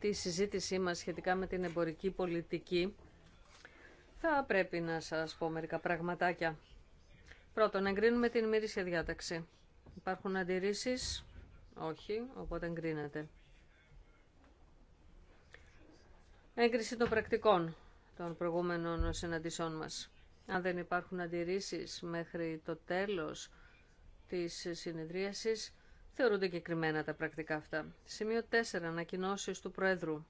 τη συζήτησή μας σχετικά με την εμπορική πολιτική, θα πρέπει να σας πω μερικά πραγματάκια. Πρώτον, εγκρίνουμε την μύρηση διάταξη. Υπάρχουν αντιρρήσεις? Όχι, οπότε εγκρίνεται. Έγκριση των πρακτικών των προηγούμενων συναντησών μας. Αν δεν υπάρχουν αντιρρήσεις μέχρι το τέλος της συνεδρίασης, θεωρούνται εγκεκριμένα τα πρακτικά αυτά. Σημείο 4. Ανακοινώσεις του Προέδρου.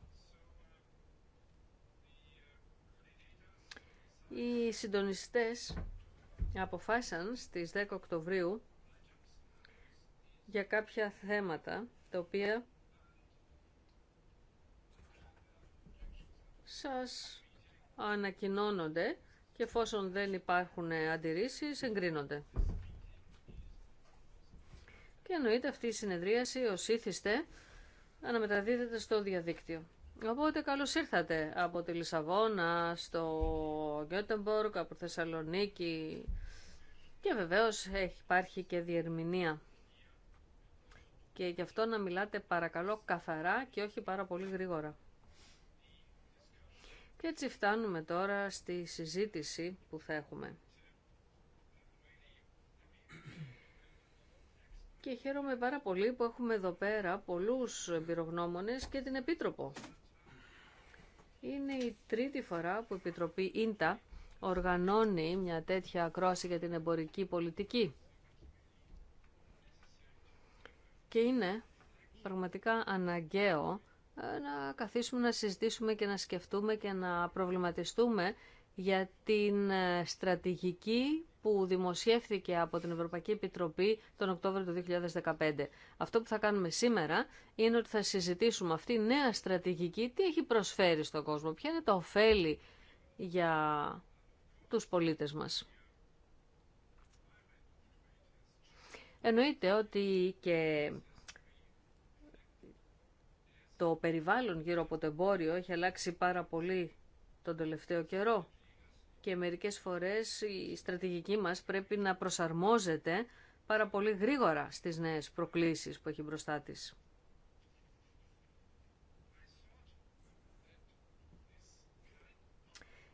Οι συντονιστές αποφάσισαν στις 10 Οκτωβρίου για κάποια θέματα τα οποία σας ανακοινώνονται και εφόσον δεν υπάρχουν αντιρρήσεις εγκρίνονται. Και εννοείται αυτή η συνεδρίαση ως ήθιστε αναμεταδίδεται στο διαδίκτυο. Οπότε καλώς ήρθατε από τη Λισαβόνα στο Γκέτεμπορκ, από Θεσσαλονίκη και βεβαίως έχει, υπάρχει και διερμηνία. Και γι' αυτό να μιλάτε παρακαλώ καθαρά και όχι πάρα πολύ γρήγορα. Και έτσι φτάνουμε τώρα στη συζήτηση που θα έχουμε. Και χαίρομαι πάρα πολύ που έχουμε εδώ πέρα πολλούς εμπειρογνώμονες και την Επίτροπο. Είναι η τρίτη φορά που η Επιτροπή Ίντα οργανώνει μια τέτοια ακρόαση για την εμπορική πολιτική. Και είναι πραγματικά αναγκαίο ε, να καθίσουμε να συζητήσουμε και να σκεφτούμε και να προβληματιστούμε για την ε, στρατηγική που δημοσιεύθηκε από την Ευρωπαϊκή Επιτροπή τον Οκτώβριο του 2015. Αυτό που θα κάνουμε σήμερα είναι ότι θα συζητήσουμε αυτή η νέα στρατηγική, τι έχει προσφέρει στον κόσμο, ποια είναι τα ωφέλη για τους πολίτες μας. Εννοείται ότι και το περιβάλλον γύρω από το εμπόριο έχει αλλάξει πάρα πολύ τον τελευταίο καιρό και μερικές φορές η στρατηγική μας πρέπει να προσαρμόζεται πάρα πολύ γρήγορα στις νέες προκλήσεις που έχει μπροστά της.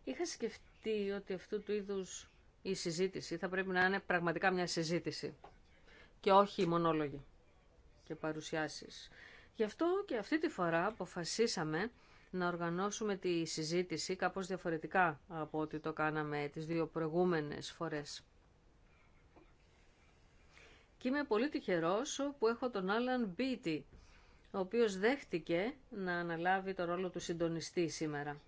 Είχα σκεφτεί ότι αυτού του είδους η συζήτηση θα πρέπει να είναι πραγματικά μια συζήτηση και όχι μονόλογοι και παρουσιάσεις. Γι' αυτό και αυτή τη φορά αποφασίσαμε να οργανώσουμε τη συζήτηση κάπως διαφορετικά από ό,τι το κάναμε τις δύο προηγούμενες φορές. Και είμαι πολύ τυχερός που έχω τον Άλαν Μπίτι, ο οποίος δέχτηκε να αναλάβει το ρόλο του συντονιστή σήμερα.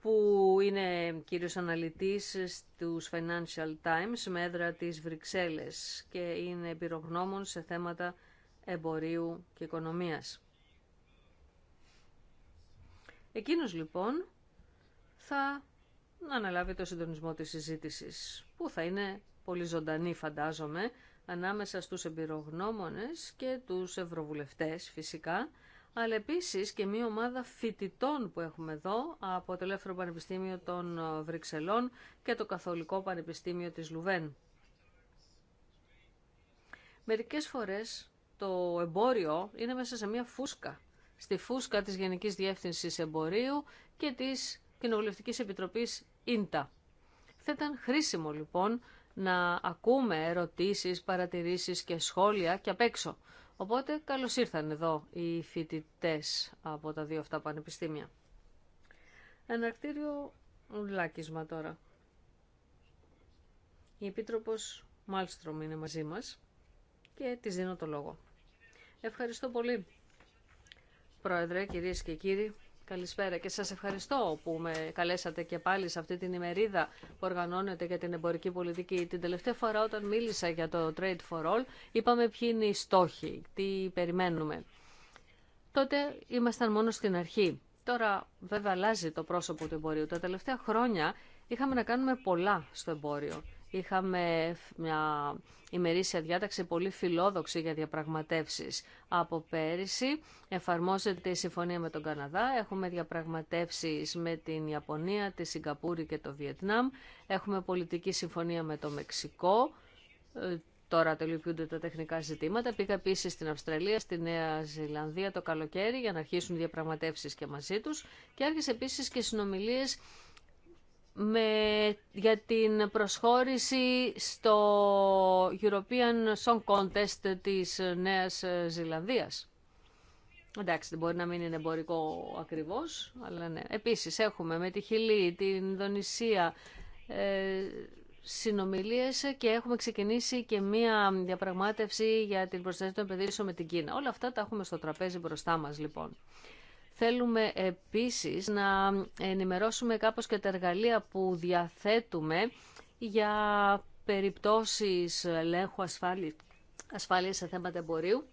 που είναι κύριος αναλυτής στους Financial Times με έδρα της Βρυξέλλες και είναι πυρογνώμων σε θέματα εμπορίου και οικονομίας. Εκείνος λοιπόν θα αναλάβει το συντονισμό της συζήτησης, που θα είναι πολύ ζωντανή φαντάζομαι, ανάμεσα στους εμπειρογνώμονες και τους ευρωβουλευτές φυσικά, αλλά επίσης και μία ομάδα φοιτητών που έχουμε εδώ από το Ελεύθερο Πανεπιστήμιο των Βρυξελών και το Καθολικό Πανεπιστήμιο της Λουβέν. Μερικές φορές το εμπόριο είναι μέσα σε μία φούσκα στη φούσκα της Γενικής Διεύθυνσης Εμπορίου και της Κοινοβουλευτικής Επιτροπής ΙΝΤΑ. Θα ήταν χρήσιμο λοιπόν να ακούμε ερωτήσεις, παρατηρήσεις και σχόλια και απ' έξω. Οπότε καλώς ήρθαν εδώ οι φοιτητέ από τα δύο αυτά πανεπιστήμια. εναρκτήριο λάκισμα τώρα. Η Επίτροπος Μάλστρομ είναι μαζί μας και της δίνω το λόγο. Ευχαριστώ πολύ. Πρόεδρε, κυρίε και κύριοι, καλησπέρα και σας ευχαριστώ που με καλέσατε και πάλι σε αυτή την ημερίδα που οργανώνεται για την εμπορική πολιτική. Την τελευταία φορά όταν μίλησα για το Trade for All, είπαμε ποιοι είναι οι στόχοι, τι περιμένουμε. Τότε ήμασταν μόνο στην αρχή. Τώρα βέβαια αλλάζει το πρόσωπο του εμπορίου. Τα τελευταία χρόνια είχαμε να κάνουμε πολλά στο εμπόριο είχαμε μια ημερήσια διάταξη πολύ φιλόδοξη για διαπραγματεύσεις. Από πέρυσι εφαρμόζεται η συμφωνία με τον Καναδά, έχουμε διαπραγματεύσεις με την Ιαπωνία, τη Σιγκαπούρη και το Βιετνάμ, έχουμε πολιτική συμφωνία με το Μεξικό, ε, Τώρα τελειοποιούνται τα τεχνικά ζητήματα. Πήγα επίση στην Αυστραλία, στη Νέα Ζηλανδία το καλοκαίρι για να αρχίσουν διαπραγματεύσει και μαζί του. Και άρχισε επίση και συνομιλίε με, για την προσχώρηση στο European Song Contest της Νέας Ζηλανδίας. Εντάξει, μπορεί να μην είναι εμπορικό ακριβώς, αλλά ναι. Επίσης έχουμε με τη Χιλή, την Ινδονησία, ε, συνομιλίες και έχουμε ξεκινήσει και μία διαπραγμάτευση για την προστασία των επενδύσεων με την Κίνα. Όλα αυτά τα έχουμε στο τραπέζι μπροστά μας λοιπόν. Θέλουμε επίσης να ενημερώσουμε κάπως και τα εργαλεία που διαθέτουμε για περιπτώσεις ελέγχου ασφάλειας σε θέματα εμπορίου.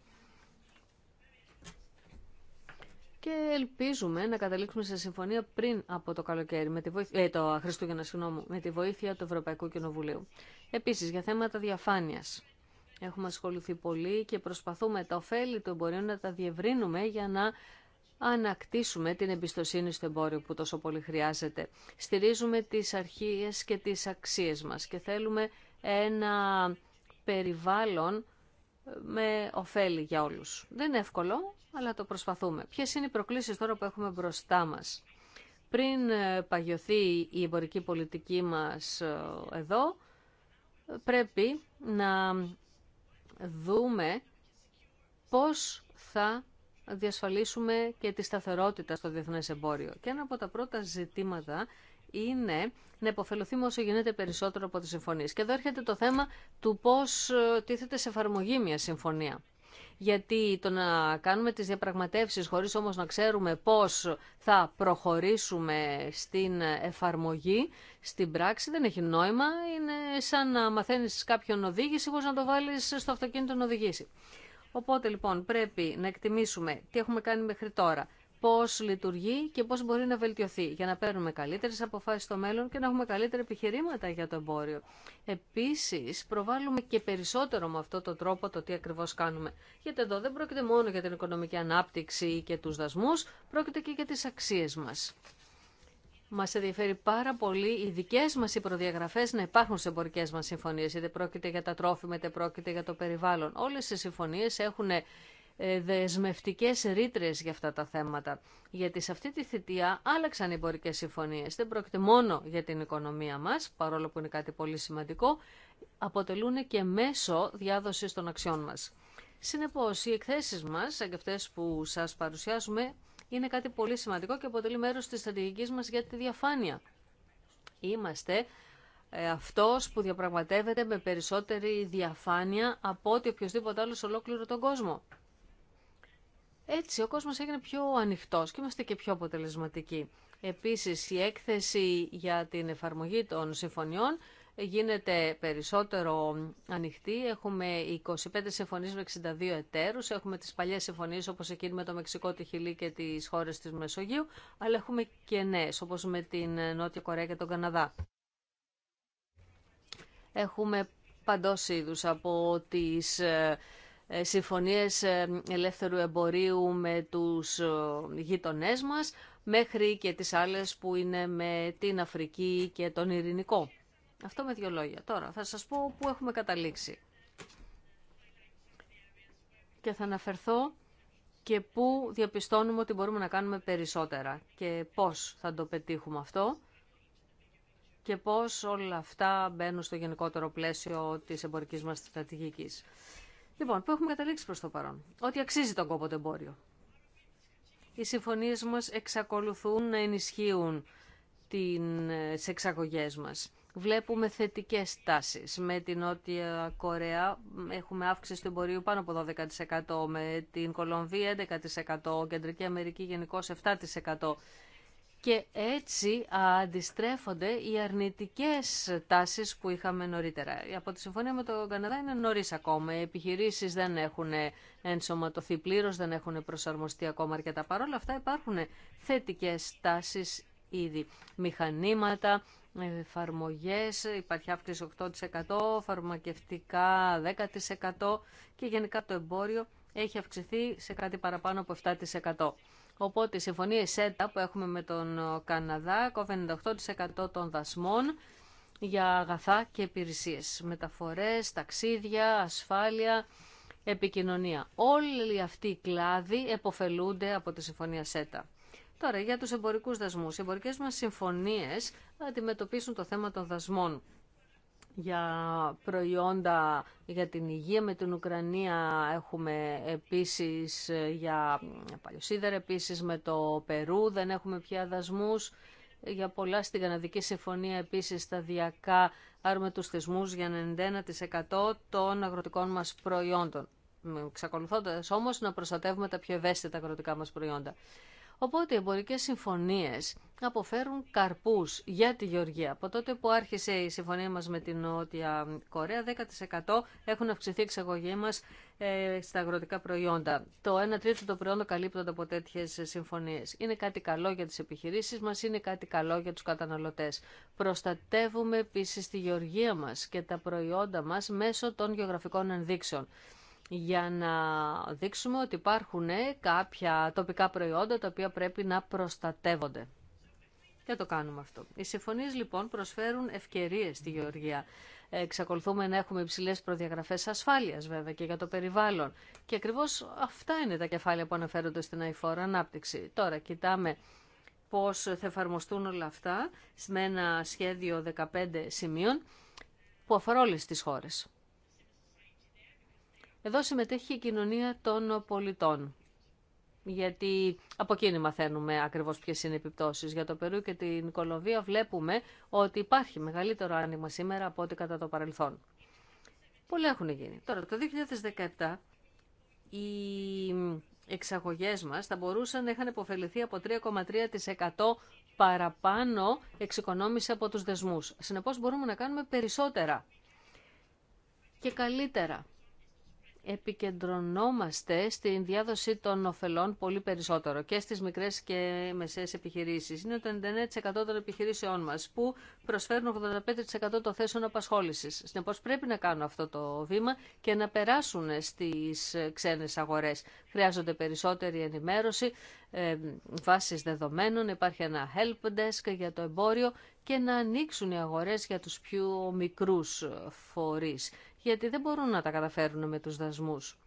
Και ελπίζουμε να καταλήξουμε σε συμφωνία πριν από το καλοκαίρι, με τη βοήθεια, ε, το Χριστούγεννα, συγγνώμη, με τη βοήθεια του Ευρωπαϊκού Κοινοβουλίου. Επίσης, για θέματα διαφάνειας. Έχουμε ασχοληθεί πολύ και προσπαθούμε τα ωφέλη του εμπορίου να τα διευρύνουμε για να ανακτήσουμε την εμπιστοσύνη στο εμπόριο που τόσο πολύ χρειάζεται. Στηρίζουμε τις αρχίες και τις αξίες μας και θέλουμε ένα περιβάλλον με ωφέλη για όλους. Δεν είναι εύκολο, αλλά το προσπαθούμε. Ποιες είναι οι προκλήσεις τώρα που έχουμε μπροστά μας. Πριν ε, παγιωθεί η εμπορική πολιτική μας ε, εδώ, πρέπει να δούμε πώς θα διασφαλίσουμε και τη σταθερότητα στο διεθνέ εμπόριο. Και ένα από τα πρώτα ζητήματα είναι να υποφελωθούμε όσο γίνεται περισσότερο από τις συμφωνίες. Και εδώ έρχεται το θέμα του πώς ε, τίθεται σε εφαρμογή μια συμφωνία. Γιατί το να κάνουμε τις διαπραγματεύσεις χωρίς όμως να ξέρουμε πώς θα προχωρήσουμε στην εφαρμογή, στην πράξη δεν έχει νόημα. Είναι σαν να μαθαίνεις κάποιον οδήγηση χωρίς να το βάλεις στο αυτοκίνητο να οδηγήσει. Οπότε λοιπόν πρέπει να εκτιμήσουμε τι έχουμε κάνει μέχρι τώρα, πώς λειτουργεί και πώς μπορεί να βελτιωθεί για να παίρνουμε καλύτερες αποφάσεις στο μέλλον και να έχουμε καλύτερα επιχειρήματα για το εμπόριο. Επίσης, προβάλλουμε και περισσότερο με αυτό τον τρόπο το τι ακριβώς κάνουμε. Γιατί εδώ δεν πρόκειται μόνο για την οικονομική ανάπτυξη και τους δασμούς, πρόκειται και για τις αξίες μας. Μα ενδιαφέρει πάρα πολύ οι δικέ μας οι προδιαγραφέ να υπάρχουν σε εμπορικέ μα συμφωνίε. είτε πρόκειται για τα τρόφιμα, είτε πρόκειται για το περιβάλλον. Όλε οι συμφωνίε έχουν ε, δεσμευτικέ ρήτρε για αυτά τα θέματα. Γιατί σε αυτή τη θητεία άλλαξαν οι εμπορικέ συμφωνίε. Δεν πρόκειται μόνο για την οικονομία μα, παρόλο που είναι κάτι πολύ σημαντικό, αποτελούν και μέσο διάδοση των αξιών μα. Συνεπώ, οι εκθέσει μα, σαν και αυτέ που σα παρουσιάζουμε, είναι κάτι πολύ σημαντικό και αποτελεί μέρος της στρατηγικής μας για τη διαφάνεια. Είμαστε ε, αυτός που διαπραγματεύεται με περισσότερη διαφάνεια από ότι οποιοδήποτε άλλο ολόκληρο τον κόσμο. Έτσι ο κόσμος έγινε πιο ανοιχτός και είμαστε και πιο αποτελεσματικοί. Επίσης η έκθεση για την εφαρμογή των συμφωνιών γίνεται περισσότερο ανοιχτή. Έχουμε 25 συμφωνίες με 62 εταίρου. έχουμε τις παλιές συμφωνίες όπως εκείνη με το Μεξικό, τη Χιλή και τις χώρες της Μεσογείου, αλλά έχουμε και νέες όπως με την Νότια Κορέα και τον Καναδά. Έχουμε παντό είδου από τις ε, ε, συμφωνίες ε, ελεύθερου εμπορίου με τους γείτονές μας, μέχρι και τις άλλες που είναι με την Αφρική και τον Ειρηνικό. Αυτό με δύο λόγια. Τώρα θα σας πω πού έχουμε καταλήξει. Και θα αναφερθώ και πού διαπιστώνουμε ότι μπορούμε να κάνουμε περισσότερα και πώς θα το πετύχουμε αυτό και πώς όλα αυτά μπαίνουν στο γενικότερο πλαίσιο της εμπορικής μας στρατηγικής. Λοιπόν, πού έχουμε καταλήξει προς το παρόν. Ότι αξίζει τον κόπο το εμπόριο. Οι συμφωνίες μας εξακολουθούν να ενισχύουν ε, τις εξαγωγές μας βλέπουμε θετικές τάσεις. Με την Νότια Κορέα έχουμε αύξηση του εμπορίου πάνω από 12%, με την Κολομβία 11%, Κεντρική Αμερική γενικώ 7%. Και έτσι αντιστρέφονται οι αρνητικές τάσεις που είχαμε νωρίτερα. Από τη συμφωνία με τον Καναδά είναι νωρίς ακόμα. Οι επιχειρήσεις δεν έχουν ενσωματωθεί πλήρως, δεν έχουν προσαρμοστεί ακόμα αρκετά. Παρ' όλα αυτά υπάρχουν θετικές τάσεις ήδη. Μηχανήματα, Εφαρμογέ, υπάρχει αύξηση 8%, φαρμακευτικά 10% και γενικά το εμπόριο έχει αυξηθεί σε κάτι παραπάνω από 7%. Οπότε οι συμφωνία ΣΕΤΑ που έχουμε με τον Καναδά κόβει 98% των δασμών για αγαθά και υπηρεσίες, μεταφορές, ταξίδια, ασφάλεια, επικοινωνία. Όλοι αυτοί οι κλάδοι εποφελούνται από τη συμφωνία ΣΕΤΑ. Τώρα, για τους εμπορικούς δασμού, Οι εμπορικές μας συμφωνίες αντιμετωπίσουν το θέμα των δασμών για προϊόντα για την υγεία με την Ουκρανία έχουμε επίσης για παλιοσίδερα επίσης με το Περού δεν έχουμε πια δασμούς για πολλά στην Καναδική Συμφωνία επίσης σταδιακά άρουμε του θεσμούς για 91% των αγροτικών μας προϊόντων εξακολουθώντας όμως να προστατεύουμε τα πιο ευαίσθητα αγροτικά μας προϊόντα. Οπότε οι εμπορικές συμφωνίες αποφέρουν καρπούς για τη Γεωργία. Από τότε που άρχισε η συμφωνία μας με την Νότια Κορέα, 10% έχουν αυξηθεί η εξαγωγή μας ε, στα αγροτικά προϊόντα. Το 1 τρίτο των προϊόντων καλύπτονται από τέτοιε συμφωνίε. Είναι κάτι καλό για τι επιχειρήσει μα, είναι κάτι καλό για του καταναλωτέ. Προστατεύουμε επίση τη γεωργία μα και τα προϊόντα μα μέσω των γεωγραφικών ενδείξεων για να δείξουμε ότι υπάρχουν κάποια τοπικά προϊόντα τα οποία πρέπει να προστατεύονται. Και το κάνουμε αυτό. Οι συμφωνίες λοιπόν προσφέρουν ευκαιρίες στη Γεωργία. Εξακολουθούμε να έχουμε υψηλέ προδιαγραφές ασφάλειας βέβαια και για το περιβάλλον. Και ακριβώ αυτά είναι τα κεφάλαια που αναφέρονται στην αηφόρα ανάπτυξη. Τώρα κοιτάμε πώ θα εφαρμοστούν όλα αυτά με ένα σχέδιο 15 σημείων που αφορά όλε τις χώρες. Εδώ συμμετέχει η κοινωνία των πολιτών. Γιατί από εκείνη μαθαίνουμε ακριβώ ποιε είναι οι επιπτώσεις. Για το Περού και την Κολομβία βλέπουμε ότι υπάρχει μεγαλύτερο άνοιγμα σήμερα από ό,τι κατά το παρελθόν. Πολλά έχουν γίνει. Τώρα, το 2017 οι εξαγωγές μας θα μπορούσαν να είχαν υποφεληθεί από 3,3% παραπάνω εξοικονόμηση από τους δεσμούς. Συνεπώς μπορούμε να κάνουμε περισσότερα και καλύτερα επικεντρωνόμαστε στην διάδοση των ωφελών πολύ περισσότερο και στις μικρές και μεσαίες επιχειρήσεις. Είναι το 99% των επιχειρήσεών μας που προσφέρουν 85% των θέσεων απασχόλησης. Συνεπώς πρέπει να κάνουν αυτό το βήμα και να περάσουν στις ξένες αγορές. Χρειάζονται περισσότερη ενημέρωση, ε, βάσεις δεδομένων, υπάρχει ένα help desk για το εμπόριο και να ανοίξουν οι αγορές για τους πιο μικρούς φορείς γιατί δεν μπορούν να τα καταφέρουν με τους δασμούς.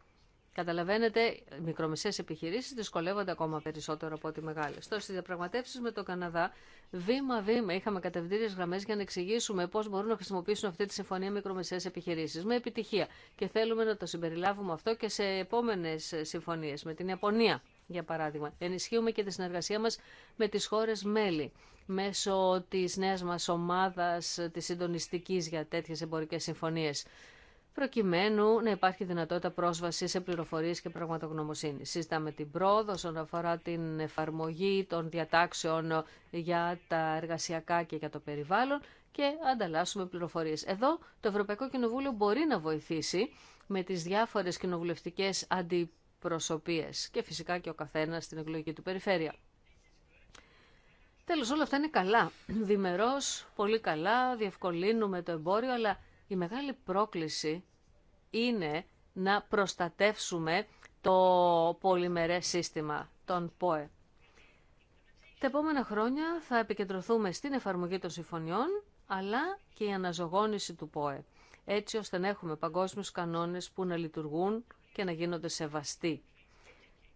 Καταλαβαίνετε, οι μικρομεσαίες επιχειρήσεις δυσκολεύονται ακόμα περισσότερο από ό,τι μεγάλες. Τώρα, στις διαπραγματεύσεις με το Καναδά, βήμα-βήμα είχαμε κατευθύντες γραμμές για να εξηγήσουμε πώς μπορούν να χρησιμοποιήσουν αυτή τη συμφωνία μικρομεσαίες επιχειρήσεις. Με επιτυχία. Και θέλουμε να το συμπεριλάβουμε αυτό και σε επόμενες συμφωνίες, με την Ιαπωνία. Για παράδειγμα, ενισχύουμε και τη συνεργασία μας με τις χώρες μέλη μέσω της νέας μας ομάδας της συντονιστικής για τέτοιες εμπορικές συμφωνίες προκειμένου να υπάρχει δυνατότητα πρόσβαση σε πληροφορίε και πραγματογνωμοσύνη. Συζητάμε την πρόοδο όσον αφορά την εφαρμογή των διατάξεων για τα εργασιακά και για το περιβάλλον και ανταλλάσσουμε πληροφορίε. Εδώ το Ευρωπαϊκό Κοινοβούλιο μπορεί να βοηθήσει με τι διάφορε κοινοβουλευτικέ αντιπροσωπίες και φυσικά και ο καθένα στην εκλογική του περιφέρεια. Τέλος όλα αυτά είναι καλά. Δημερός, πολύ καλά, διευκολύνουμε το εμπόριο, αλλά η μεγάλη πρόκληση είναι να προστατεύσουμε το πολυμερές σύστημα, των ΠΟΕ. Τα επόμενα χρόνια θα επικεντρωθούμε στην εφαρμογή των συμφωνιών, αλλά και η αναζωγόνηση του ΠΟΕ, έτσι ώστε να έχουμε παγκόσμιους κανόνες που να λειτουργούν και να γίνονται σεβαστοί.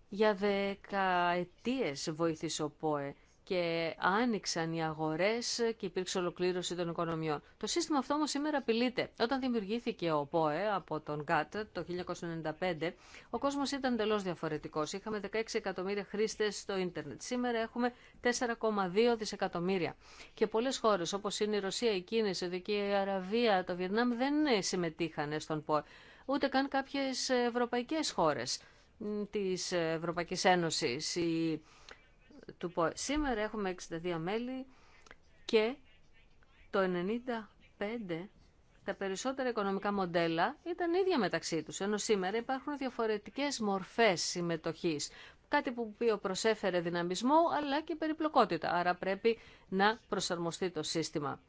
Για δεκαετίες βοήθησε ο ΠΟΕ και άνοιξαν οι αγορές και υπήρξε ολοκλήρωση των οικονομιών. Το σύστημα αυτό όμως σήμερα απειλείται. Όταν δημιουργήθηκε ο ΠΟΕ από τον ΚΑΤ το 1995, ο κόσμος ήταν τελώς διαφορετικός. Είχαμε 16 εκατομμύρια χρήστες στο ίντερνετ. Σήμερα έχουμε 4,2 δισεκατομμύρια. Και πολλές χώρες όπως είναι η Ρωσία, η Κίνα, η Σεδική Αραβία, το Βιετνάμ δεν συμμετείχαν στον ΠΟΕ. Ούτε καν κάποιες ευρωπαϊκές χώρες της Ευρωπαϊκής Ένωσης, του πω Σήμερα έχουμε 62 μέλη και το 95 τα περισσότερα οικονομικά μοντέλα ήταν ίδια μεταξύ τους, ενώ σήμερα υπάρχουν διαφορετικές μορφές συμμετοχής. Κάτι που προσέφερε δυναμισμό αλλά και περιπλοκότητα, άρα πρέπει να προσαρμοστεί το σύστημα.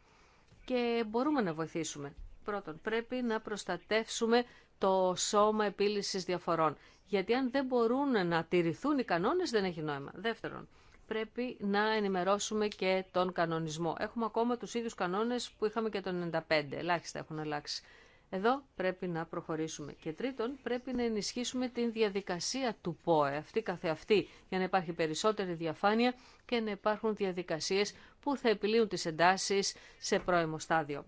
Και μπορούμε να βοηθήσουμε. Πρώτον, πρέπει να προστατεύσουμε το σώμα επίλυσης διαφορών, γιατί αν δεν μπορούν να τηρηθούν οι κανόνες δεν έχει νόημα. Δεύτερον, πρέπει να ενημερώσουμε και τον κανονισμό. Έχουμε ακόμα τους ίδιους κανόνες που είχαμε και το 95, ελάχιστα έχουν αλλάξει. Εδώ πρέπει να προχωρήσουμε. Και τρίτον, πρέπει να ενισχύσουμε την διαδικασία του ΠΟΕ, αυτή καθεαυτή, για να υπάρχει περισσότερη διαφάνεια και να υπάρχουν διαδικασίες που θα επιλύουν τις εντάσεις σε πρώιμο στάδιο.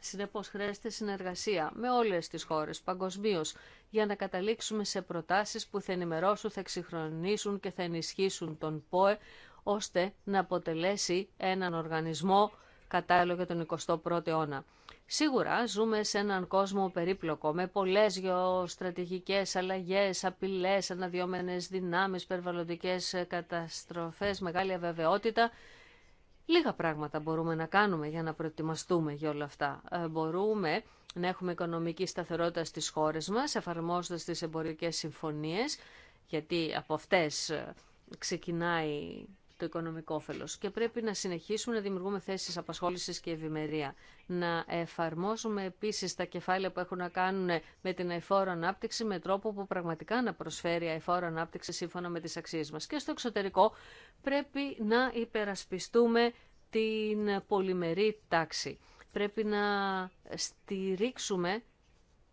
Συνεπώς χρειάζεται συνεργασία με όλες τις χώρες παγκοσμίω για να καταλήξουμε σε προτάσεις που θα ενημερώσουν, θα εξυγχρονίσουν και θα ενισχύσουν τον ΠΟΕ, ώστε να αποτελέσει έναν οργανισμό κατάλληλο για τον 21ο αιώνα. Σίγουρα ζούμε σε έναν κόσμο περίπλοκο, με πολλές γεωστρατηγικές αλλαγές, απειλές, αναδιόμενες δυνάμεις, περιβαλλοντικές καταστροφές, μεγάλη αβεβαιότητα Λίγα πράγματα μπορούμε να κάνουμε για να προετοιμαστούμε για όλα αυτά. Ε, μπορούμε να έχουμε οικονομική σταθερότητα στις χώρες μας, εφαρμόζοντας τις εμπορικές συμφωνίες, γιατί από αυτές ε, ξεκινάει το οικονομικό όφελος. Και πρέπει να συνεχίσουμε να δημιουργούμε θέσεις απασχόλησης και ευημερία. Να εφαρμόζουμε επίσης τα κεφάλαια που έχουν να κάνουν με την αηφόρο ανάπτυξη με τρόπο που πραγματικά να προσφέρει αηφόρο ανάπτυξη σύμφωνα με τις αξίες μας. Και στο εξωτερικό πρέπει να υπερασπιστούμε την πολυμερή τάξη. Πρέπει να στηρίξουμε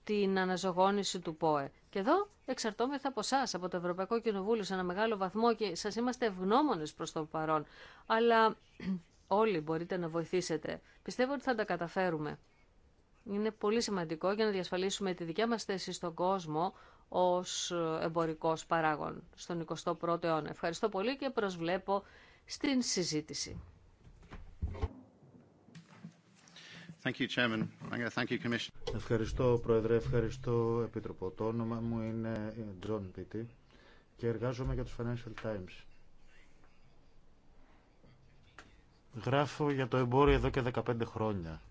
την αναζωγόνηση του ΠΟΕ. Και εδώ εξαρτώμεθα από εσά, από το Ευρωπαϊκό Κοινοβούλιο σε ένα μεγάλο βαθμό και σας είμαστε ευγνώμονες προς το παρόν. Αλλά όλοι μπορείτε να βοηθήσετε. Πιστεύω ότι θα τα καταφέρουμε. Είναι πολύ σημαντικό για να διασφαλίσουμε τη δικιά μα θέση στον κόσμο ως εμπορικό παράγων στον 21ο αιώνα. Ευχαριστώ πολύ και προσβλέπω στην συζήτηση. Ευχαριστώ, Πρόεδρε. Ευχαριστώ, Επίτροπο. Το όνομα μου είναι ε, Τζον Πίτι και εργάζομαι για τους Financial Times. Γράφω για το εμπόριο εδώ και 15 χρόνια.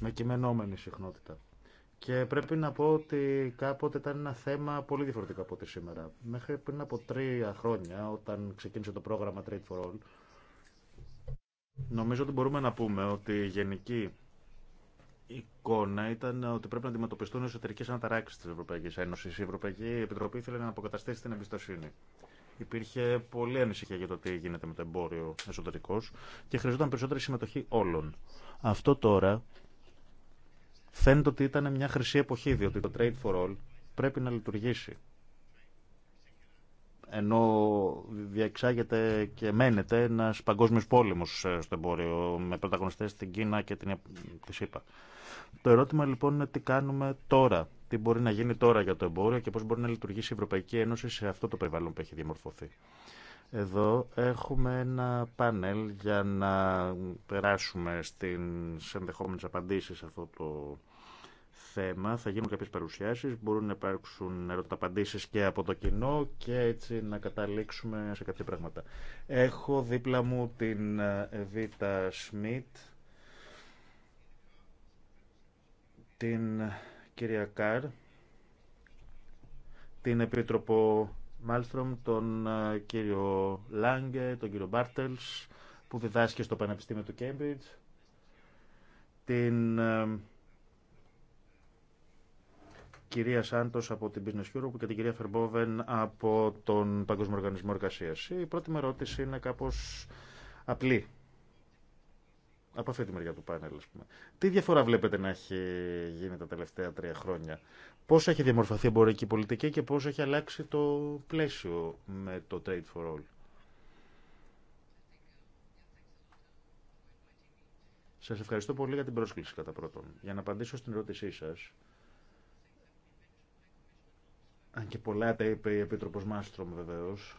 Με κειμενόμενη συχνότητα. Και πρέπει να πω ότι κάποτε ήταν ένα θέμα πολύ διαφορετικό από ό,τι σήμερα. Μέχρι πριν από τρία χρόνια, όταν ξεκίνησε το πρόγραμμα Trade for All, Νομίζω ότι μπορούμε να πούμε ότι η γενική εικόνα ήταν ότι πρέπει να αντιμετωπιστούν οι εσωτερικέ αναταράξει τη Ευρωπαϊκή Ένωση. Η Ευρωπαϊκή Επιτροπή ήθελε να αποκαταστήσει την εμπιστοσύνη. Υπήρχε πολλή ανησυχία για το τι γίνεται με το εμπόριο εσωτερικό και χρειαζόταν περισσότερη συμμετοχή όλων. Αυτό τώρα φαίνεται ότι ήταν μια χρυσή εποχή, διότι το Trade for All πρέπει να λειτουργήσει ενώ διεξάγεται και μένεται ένα παγκόσμιο πόλεμο ε, στο εμπόριο με πρωταγωνιστές στην Κίνα και την τη ΣΥΠΑ. Το ερώτημα λοιπόν είναι τι κάνουμε τώρα, τι μπορεί να γίνει τώρα για το εμπόριο και πώς μπορεί να λειτουργήσει η Ευρωπαϊκή Ένωση σε αυτό το περιβάλλον που έχει διαμορφωθεί. Εδώ έχουμε ένα πάνελ για να περάσουμε στι ενδεχόμενε απαντήσει σε αυτό το θέμα. Θα γίνουν κάποιες παρουσιάσεις, μπορούν να υπάρξουν ερωταπαντήσεις και από το κοινό και έτσι να καταλήξουμε σε κάποια πράγματα. Έχω δίπλα μου την ε, Εβίτα Σμιτ, την ε, κυρία Καρ, την Επίτροπο Μάλστρομ, τον ε, κύριο Λάγκε, τον κύριο Μπάρτελς, που διδάσκει στο Πανεπιστήμιο του Κέμπριτζ, την κυρία Σάντος από την Business Europe και την κυρία Φερμπόβεν από τον Παγκόσμιο Οργανισμό Εργασίας. Η πρώτη με ερώτηση είναι κάπως απλή. Από αυτή τη μεριά του πάνελ, ας πούμε. Τι διαφορά βλέπετε να έχει γίνει τα τελευταία τρία χρόνια. Πώς έχει διαμορφωθεί η εμπορική πολιτική και πώς έχει αλλάξει το πλαίσιο με το Trade for All. Σας ευχαριστώ πολύ για την πρόσκληση κατά πρώτον. Για να απαντήσω στην ερώτησή σας, αν και πολλά τα είπε η Επίτροπος Μάστρομ βεβαίως,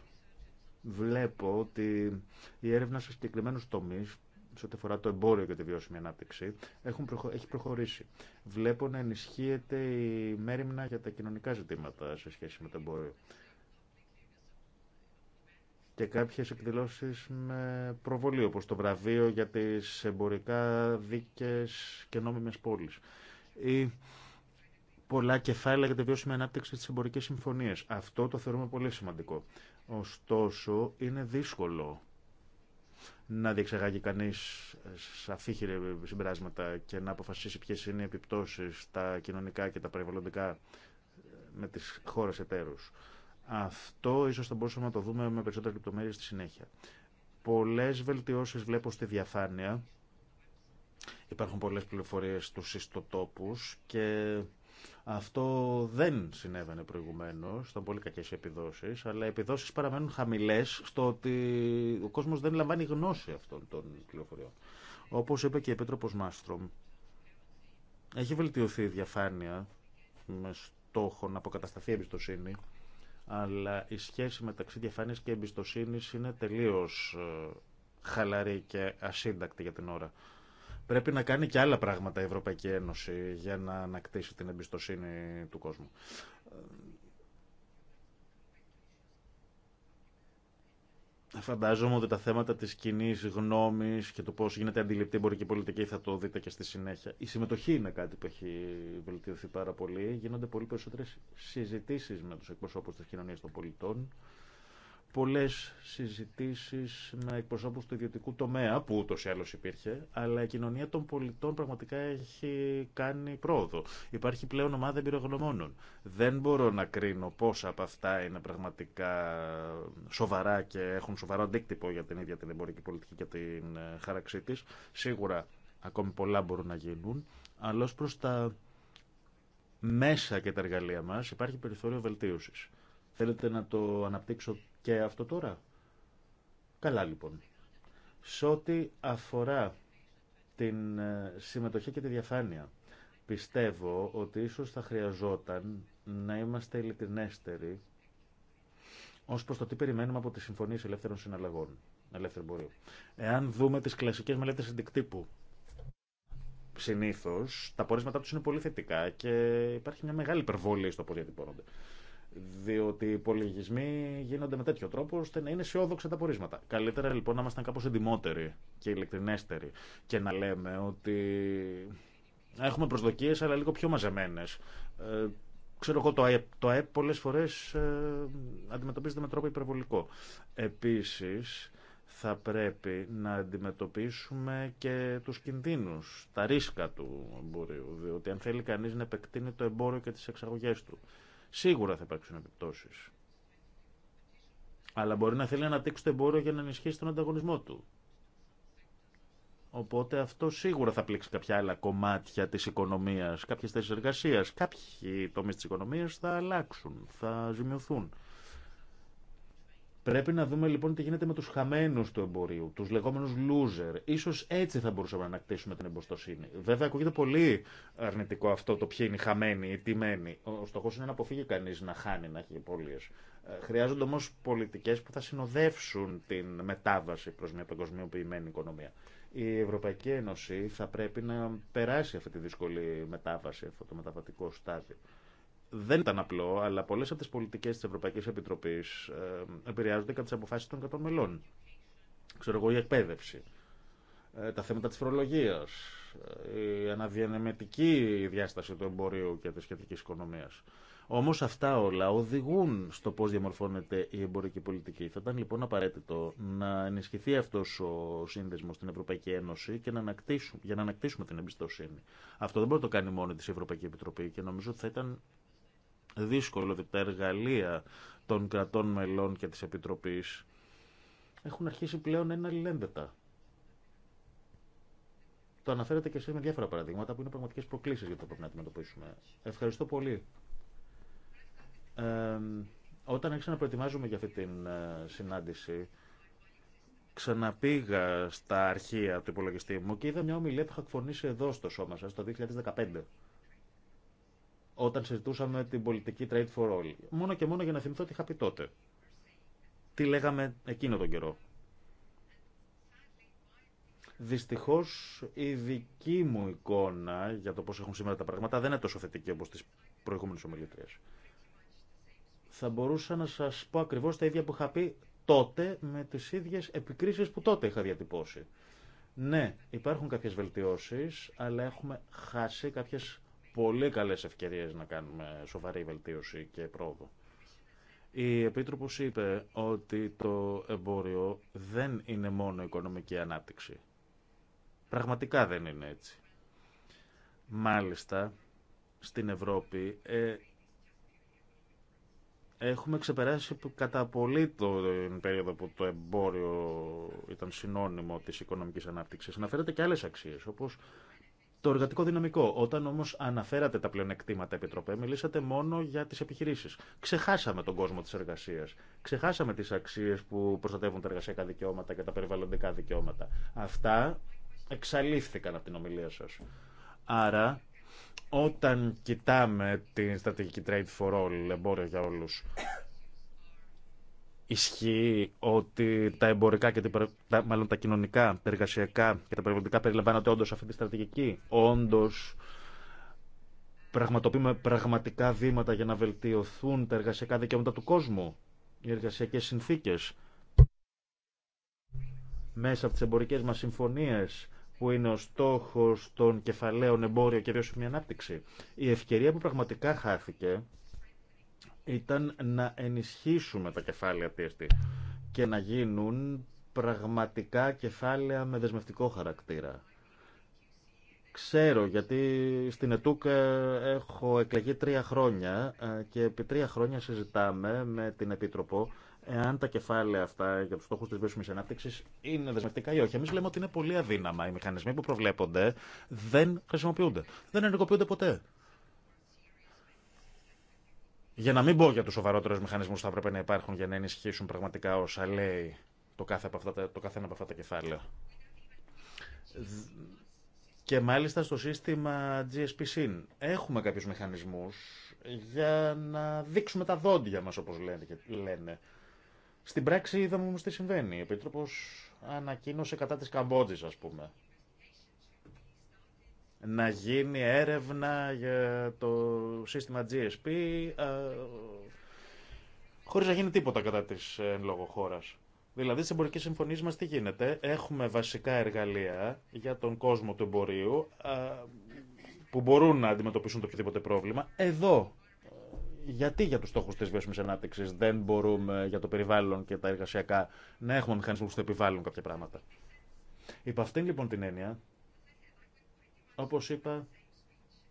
βλέπω ότι η έρευνα σε συγκεκριμένου τομεί, σε ό,τι αφορά το εμπόριο και τη βιώσιμη ανάπτυξη, έχουν έχει προχωρήσει. Βλέπω να ενισχύεται η μέρημνα για τα κοινωνικά ζητήματα σε σχέση με το εμπόριο. Και κάποιες εκδηλώσεις με προβολή, όπως το βραβείο για τις εμπορικά δίκες και νόμιμες πόλεις πολλά κεφάλαια για τη βιώσιμη ανάπτυξη τη εμπορική συμφωνία. Αυτό το θεωρούμε πολύ σημαντικό. Ωστόσο, είναι δύσκολο να διεξαγάγει κανεί σαφή συμπεράσματα και να αποφασίσει ποιε είναι οι επιπτώσει στα κοινωνικά και τα περιβαλλοντικά ε, με τι χώρε εταίρου. Αυτό ίσω θα μπορούσαμε να το δούμε με περισσότερε λεπτομέρειε στη συνέχεια. Πολλέ βελτιώσει βλέπω στη διαφάνεια. Υπάρχουν πολλές πληροφορίες στους ιστοτόπους και αυτό δεν συνέβαινε προηγουμένω, ήταν πολύ κακέ οι επιδόσει, αλλά οι επιδόσει παραμένουν χαμηλέ στο ότι ο κόσμο δεν λαμβάνει γνώση αυτών των πληροφοριών. Όπω είπε και η Επίτροπο Μάστρομ, έχει βελτιωθεί η διαφάνεια με στόχο να αποκατασταθεί η εμπιστοσύνη, αλλά η σχέση μεταξύ διαφάνεια και εμπιστοσύνη είναι τελείω ε, χαλαρή και ασύντακτη για την ώρα. Πρέπει να κάνει και άλλα πράγματα η Ευρωπαϊκή Ένωση για να ανακτήσει την εμπιστοσύνη του κόσμου. Φαντάζομαι ότι τα θέματα της κοινή γνώμης και το πώς γίνεται αντιληπτή εμπορική πολιτική θα το δείτε και στη συνέχεια. Η συμμετοχή είναι κάτι που έχει βελτιωθεί πάρα πολύ. Γίνονται πολύ περισσότερες συζητήσεις με τους εκπροσώπους της κοινωνίας των πολιτών πολλές συζητήσεις με εκπροσώπους του ιδιωτικού τομέα, που ούτω ή άλλως υπήρχε αλλά η κοινωνία των πολιτών πραγματικά έχει κάνει πρόοδο. Υπάρχει πλέον ομάδα εμπειρογνωμόνων. Δεν μπορώ να κρίνω πόσα από αυτά είναι πραγματικά σοβαρά και έχουν σοβαρό αντίκτυπο για την ίδια την εμπορική πολιτική και την ε, χάραξή τη. Σίγουρα ακόμη πολλά μπορούν να γίνουν, αλλά ως προς τα μέσα και τα εργαλεία μας υπάρχει περιθώριο βελτίωσης. Θέλετε να το αναπτύξω και αυτό τώρα. Καλά λοιπόν. Σε ό,τι αφορά την ε, συμμετοχή και τη διαφάνεια, πιστεύω ότι ίσως θα χρειαζόταν να είμαστε ειλικρινέστεροι ως προς το τι περιμένουμε από τι συμφωνίε ελεύθερων συναλλαγών, ελεύθερου Μπορεί. Εάν δούμε τις κλασικές μελέτες αντικτύπου, συνήθω τα πορίσματά τους είναι πολύ θετικά και υπάρχει μια μεγάλη υπερβολή στο πώ διατυπώνονται. Διότι οι υπολογισμοί γίνονται με τέτοιο τρόπο ώστε να είναι αισιόδοξα τα πορίσματα. Καλύτερα λοιπόν να ήμασταν κάπω εντυμότεροι και ειλικρινέστεροι και να λέμε ότι έχουμε προσδοκίε αλλά λίγο πιο μαζεμένε. Ε, ξέρω εγώ, το ΑΕΠ, το ΑΕΠ φορές ε, αντιμετωπίζεται με τρόπο υπερβολικό. Επίση, θα πρέπει να αντιμετωπίσουμε και τους κινδύνους, τα ρίσκα του εμπορίου, διότι αν θέλει κανείς να επεκτείνει το εμπόριο και τις εξαγωγές του. Σίγουρα θα υπάρξουν επιπτώσει. Αλλά μπορεί να θέλει να αναπτύξει το εμπόριο για να ενισχύσει τον ανταγωνισμό του. Οπότε αυτό σίγουρα θα πλήξει κάποια άλλα κομμάτια της οικονομίας, κάποιες θέσεις εργασία, κάποιοι τομείς τη οικονομίας θα αλλάξουν, θα ζημιωθούν. Πρέπει να δούμε λοιπόν τι γίνεται με τους χαμένους του εμπορίου, τους λεγόμενους loser. Ίσως έτσι θα μπορούσαμε να ανακτήσουμε την εμπιστοσύνη. Βέβαια ακούγεται πολύ αρνητικό αυτό το ποιοι είναι οι χαμένοι ή τιμένοι. Ο στόχος είναι να αποφύγει κανείς να χάνει, να έχει υπόλοιες. Ε, χρειάζονται όμως πολιτικές που θα συνοδεύσουν την μετάβαση προς μια παγκοσμιοποιημένη οικονομία. Η Ευρωπαϊκή Ένωση θα πρέπει να περάσει αυτή τη δύσκολη μετάβαση, αυτό το μεταβατικό στάδιο δεν ήταν απλό, αλλά πολλές από τις πολιτικές της Ευρωπαϊκής Επιτροπής ε, επηρεάζονται κατά τις αποφάσεις των κατών μελών. Ξέρω εγώ, η εκπαίδευση, ε, τα θέματα της φορολογίας, ε, η αναδιανεμετική διάσταση του εμπορίου και της σχετικής οικονομίας. Όμως αυτά όλα οδηγούν στο πώς διαμορφώνεται η εμπορική πολιτική. Θα ήταν λοιπόν απαραίτητο να ενισχυθεί αυτός ο σύνδεσμος στην Ευρωπαϊκή Ένωση και να για να ανακτήσουμε την εμπιστοσύνη. Αυτό δεν μπορεί να το κάνει μόνο της Ευρωπαϊκή Επιτροπή και νομίζω ότι θα ήταν δύσκολο ότι τα εργαλεία των κρατών μελών και της Επιτροπής έχουν αρχίσει πλέον να είναι αλληλένδετα. Το αναφέρετε και εσείς με διάφορα παραδείγματα που είναι πραγματικές προκλήσεις για το πρέπει να αντιμετωπίσουμε. Ευχαριστώ πολύ. όταν άρχισα να προετοιμάζουμε για αυτή την ε, συνάντηση, ξαναπήγα στα αρχεία του υπολογιστή μου και είδα μια ομιλία που είχα εκφωνήσει εδώ στο σώμα σας το 2015 όταν συζητούσαμε την πολιτική trade for all. Μόνο και μόνο για να θυμηθώ τι είχα πει τότε. Τι λέγαμε εκείνο τον καιρό. Δυστυχώς η δική μου εικόνα για το πώς έχουν σήμερα τα πράγματα δεν είναι τόσο θετική όπως τις προηγούμενες ομιλητρίες. Θα μπορούσα να σας πω ακριβώς τα ίδια που είχα πει τότε με τις ίδιες επικρίσεις που τότε είχα διατυπώσει. Ναι, υπάρχουν κάποιες βελτιώσεις, αλλά έχουμε χάσει κάποιες πολύ καλές ευκαιρίες να κάνουμε σοβαρή βελτίωση και πρόοδο. Η Επίτροπος είπε ότι το εμπόριο δεν είναι μόνο οικονομική ανάπτυξη. Πραγματικά δεν είναι έτσι. Μάλιστα, στην Ευρώπη ε, έχουμε ξεπεράσει κατά πολύ την περίοδο που το εμπόριο ήταν συνώνυμο της οικονομικής ανάπτυξης. Αναφέρεται και άλλες αξίες, όπως το εργατικό δυναμικό. Όταν όμω αναφέρατε τα πλεονεκτήματα, Επιτροπέ, μιλήσατε μόνο για τι επιχειρήσει. Ξεχάσαμε τον κόσμο τη εργασία. Ξεχάσαμε τι αξίε που προστατεύουν τα εργασιακά δικαιώματα και τα περιβαλλοντικά δικαιώματα. Αυτά εξαλείφθηκαν από την ομιλία σα. Άρα, όταν κοιτάμε την στρατηγική trade for all, εμπόριο για όλου, Ισχύει ότι τα εμπορικά και τα, μάλλον τα κοινωνικά, τα εργασιακά και τα περιβαλλοντικά περιλαμβάνονται όντω αυτή τη στρατηγική. Όντω πραγματοποιούμε πραγματικά βήματα για να βελτιωθούν τα εργασιακά δικαιώματα του κόσμου, οι εργασιακέ συνθήκε. Μέσα από τι εμπορικέ μα συμφωνίε, που είναι ο στόχο των κεφαλαίων εμπόριο και βιώσιμη ανάπτυξη, η ευκαιρία που πραγματικά χάθηκε ήταν να ενισχύσουμε τα κεφάλαια TST και να γίνουν πραγματικά κεφάλαια με δεσμευτικό χαρακτήρα. Ξέρω γιατί στην ΕΤΟΚ ε, έχω εκλεγεί τρία χρόνια ε, και επί τρία χρόνια συζητάμε με την Επίτροπο εάν τα κεφάλαια αυτά για του στόχου τη βιώσιμη ανάπτυξη είναι δεσμευτικά ή όχι. Εμεί λέμε ότι είναι πολύ αδύναμα. Οι μηχανισμοί που προβλέπονται δεν χρησιμοποιούνται. Δεν ενεργοποιούνται ποτέ. Για να μην πω για του σοβαρότερου μηχανισμού που θα έπρεπε να υπάρχουν για να ενισχύσουν πραγματικά όσα λέει το κάθε, από αυτά, το καθένα ένα από αυτά τα κεφάλαια. Και μάλιστα στο σύστημα GSP-SYN έχουμε κάποιους μηχανισμούς για να δείξουμε τα δόντια μας, όπως λένε. λένε. Στην πράξη είδαμε όμως τι συμβαίνει. Ο Επίτροπος ανακοίνωσε κατά της Καμπότζης, ας πούμε να γίνει έρευνα για το σύστημα GSP ε, χωρίς να γίνει τίποτα κατά της ε, εν λόγω χώρας. Δηλαδή, στι εμπορικές συμφωνίε μα τι γίνεται. Έχουμε βασικά εργαλεία για τον κόσμο του εμπορίου ε, που μπορούν να αντιμετωπίσουν το οποιοδήποτε πρόβλημα. Εδώ, γιατί για τους στόχους της βιώσιμης ανάπτυξη δεν μπορούμε για το περιβάλλον και τα εργασιακά να έχουμε μηχανισμού που θα επιβάλλουν κάποια πράγματα. Υπ' αυτήν λοιπόν την έννοια, Όπω είπα,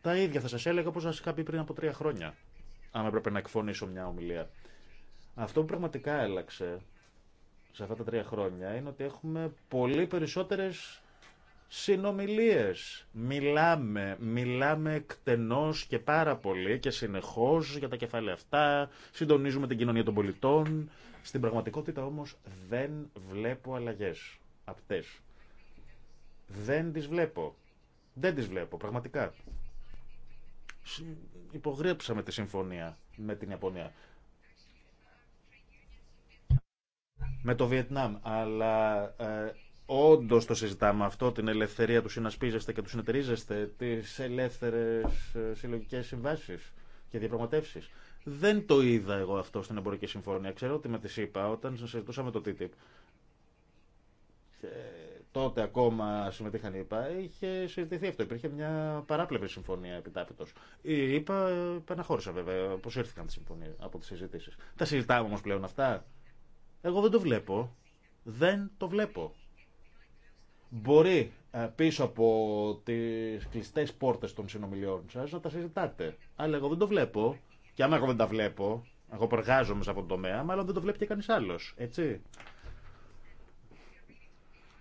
τα ίδια θα σας έλεγα όπως σα είχα πει πριν από τρία χρόνια, αν έπρεπε να εκφωνήσω μια ομιλία. Αυτό που πραγματικά έλαξε σε αυτά τα τρία χρόνια είναι ότι έχουμε πολύ περισσότερες συνομιλίες. Μιλάμε, μιλάμε εκτενώς και πάρα πολύ και συνεχώς για τα κεφάλαια αυτά, συντονίζουμε την κοινωνία των πολιτών. Στην πραγματικότητα όμως δεν βλέπω αλλαγές αυτές. Δεν τις βλέπω. Δεν τις βλέπω, πραγματικά. Υπογρέψαμε τη συμφωνία με την Ιαπωνία. Με το Βιετνάμ, αλλά ε, όντω το συζητάμε αυτό, την ελευθερία του συνασπίζεστε και του συνεταιρίζεστε, τις ελεύθερες ε, συλλογικέ συμβάσει και διαπραγματεύσει. Δεν το είδα εγώ αυτό στην εμπορική συμφωνία. Ξέρω ότι με τη είπα όταν συζητούσαμε το TTIP, ε, τότε ακόμα συμμετείχαν οι είχε συζητηθεί αυτό. Υπήρχε μια παράπλευρη συμφωνία επιτάπητο. Οι ΕΠΑ πεναχώρησαν βέβαια, ήρθηκαν τη συμφωνία από τι συζητήσει. Τα συζητάμε όμω πλέον αυτά. Εγώ δεν το βλέπω. Δεν το βλέπω. Μπορεί ε, πίσω από τι κλειστέ πόρτε των συνομιλιών σα να τα συζητάτε. Αλλά εγώ δεν το βλέπω. Και άμα εγώ δεν τα βλέπω, εγώ που εργάζομαι σε αυτόν τον τομέα, μάλλον δεν το βλέπει και κανεί άλλο. Έτσι.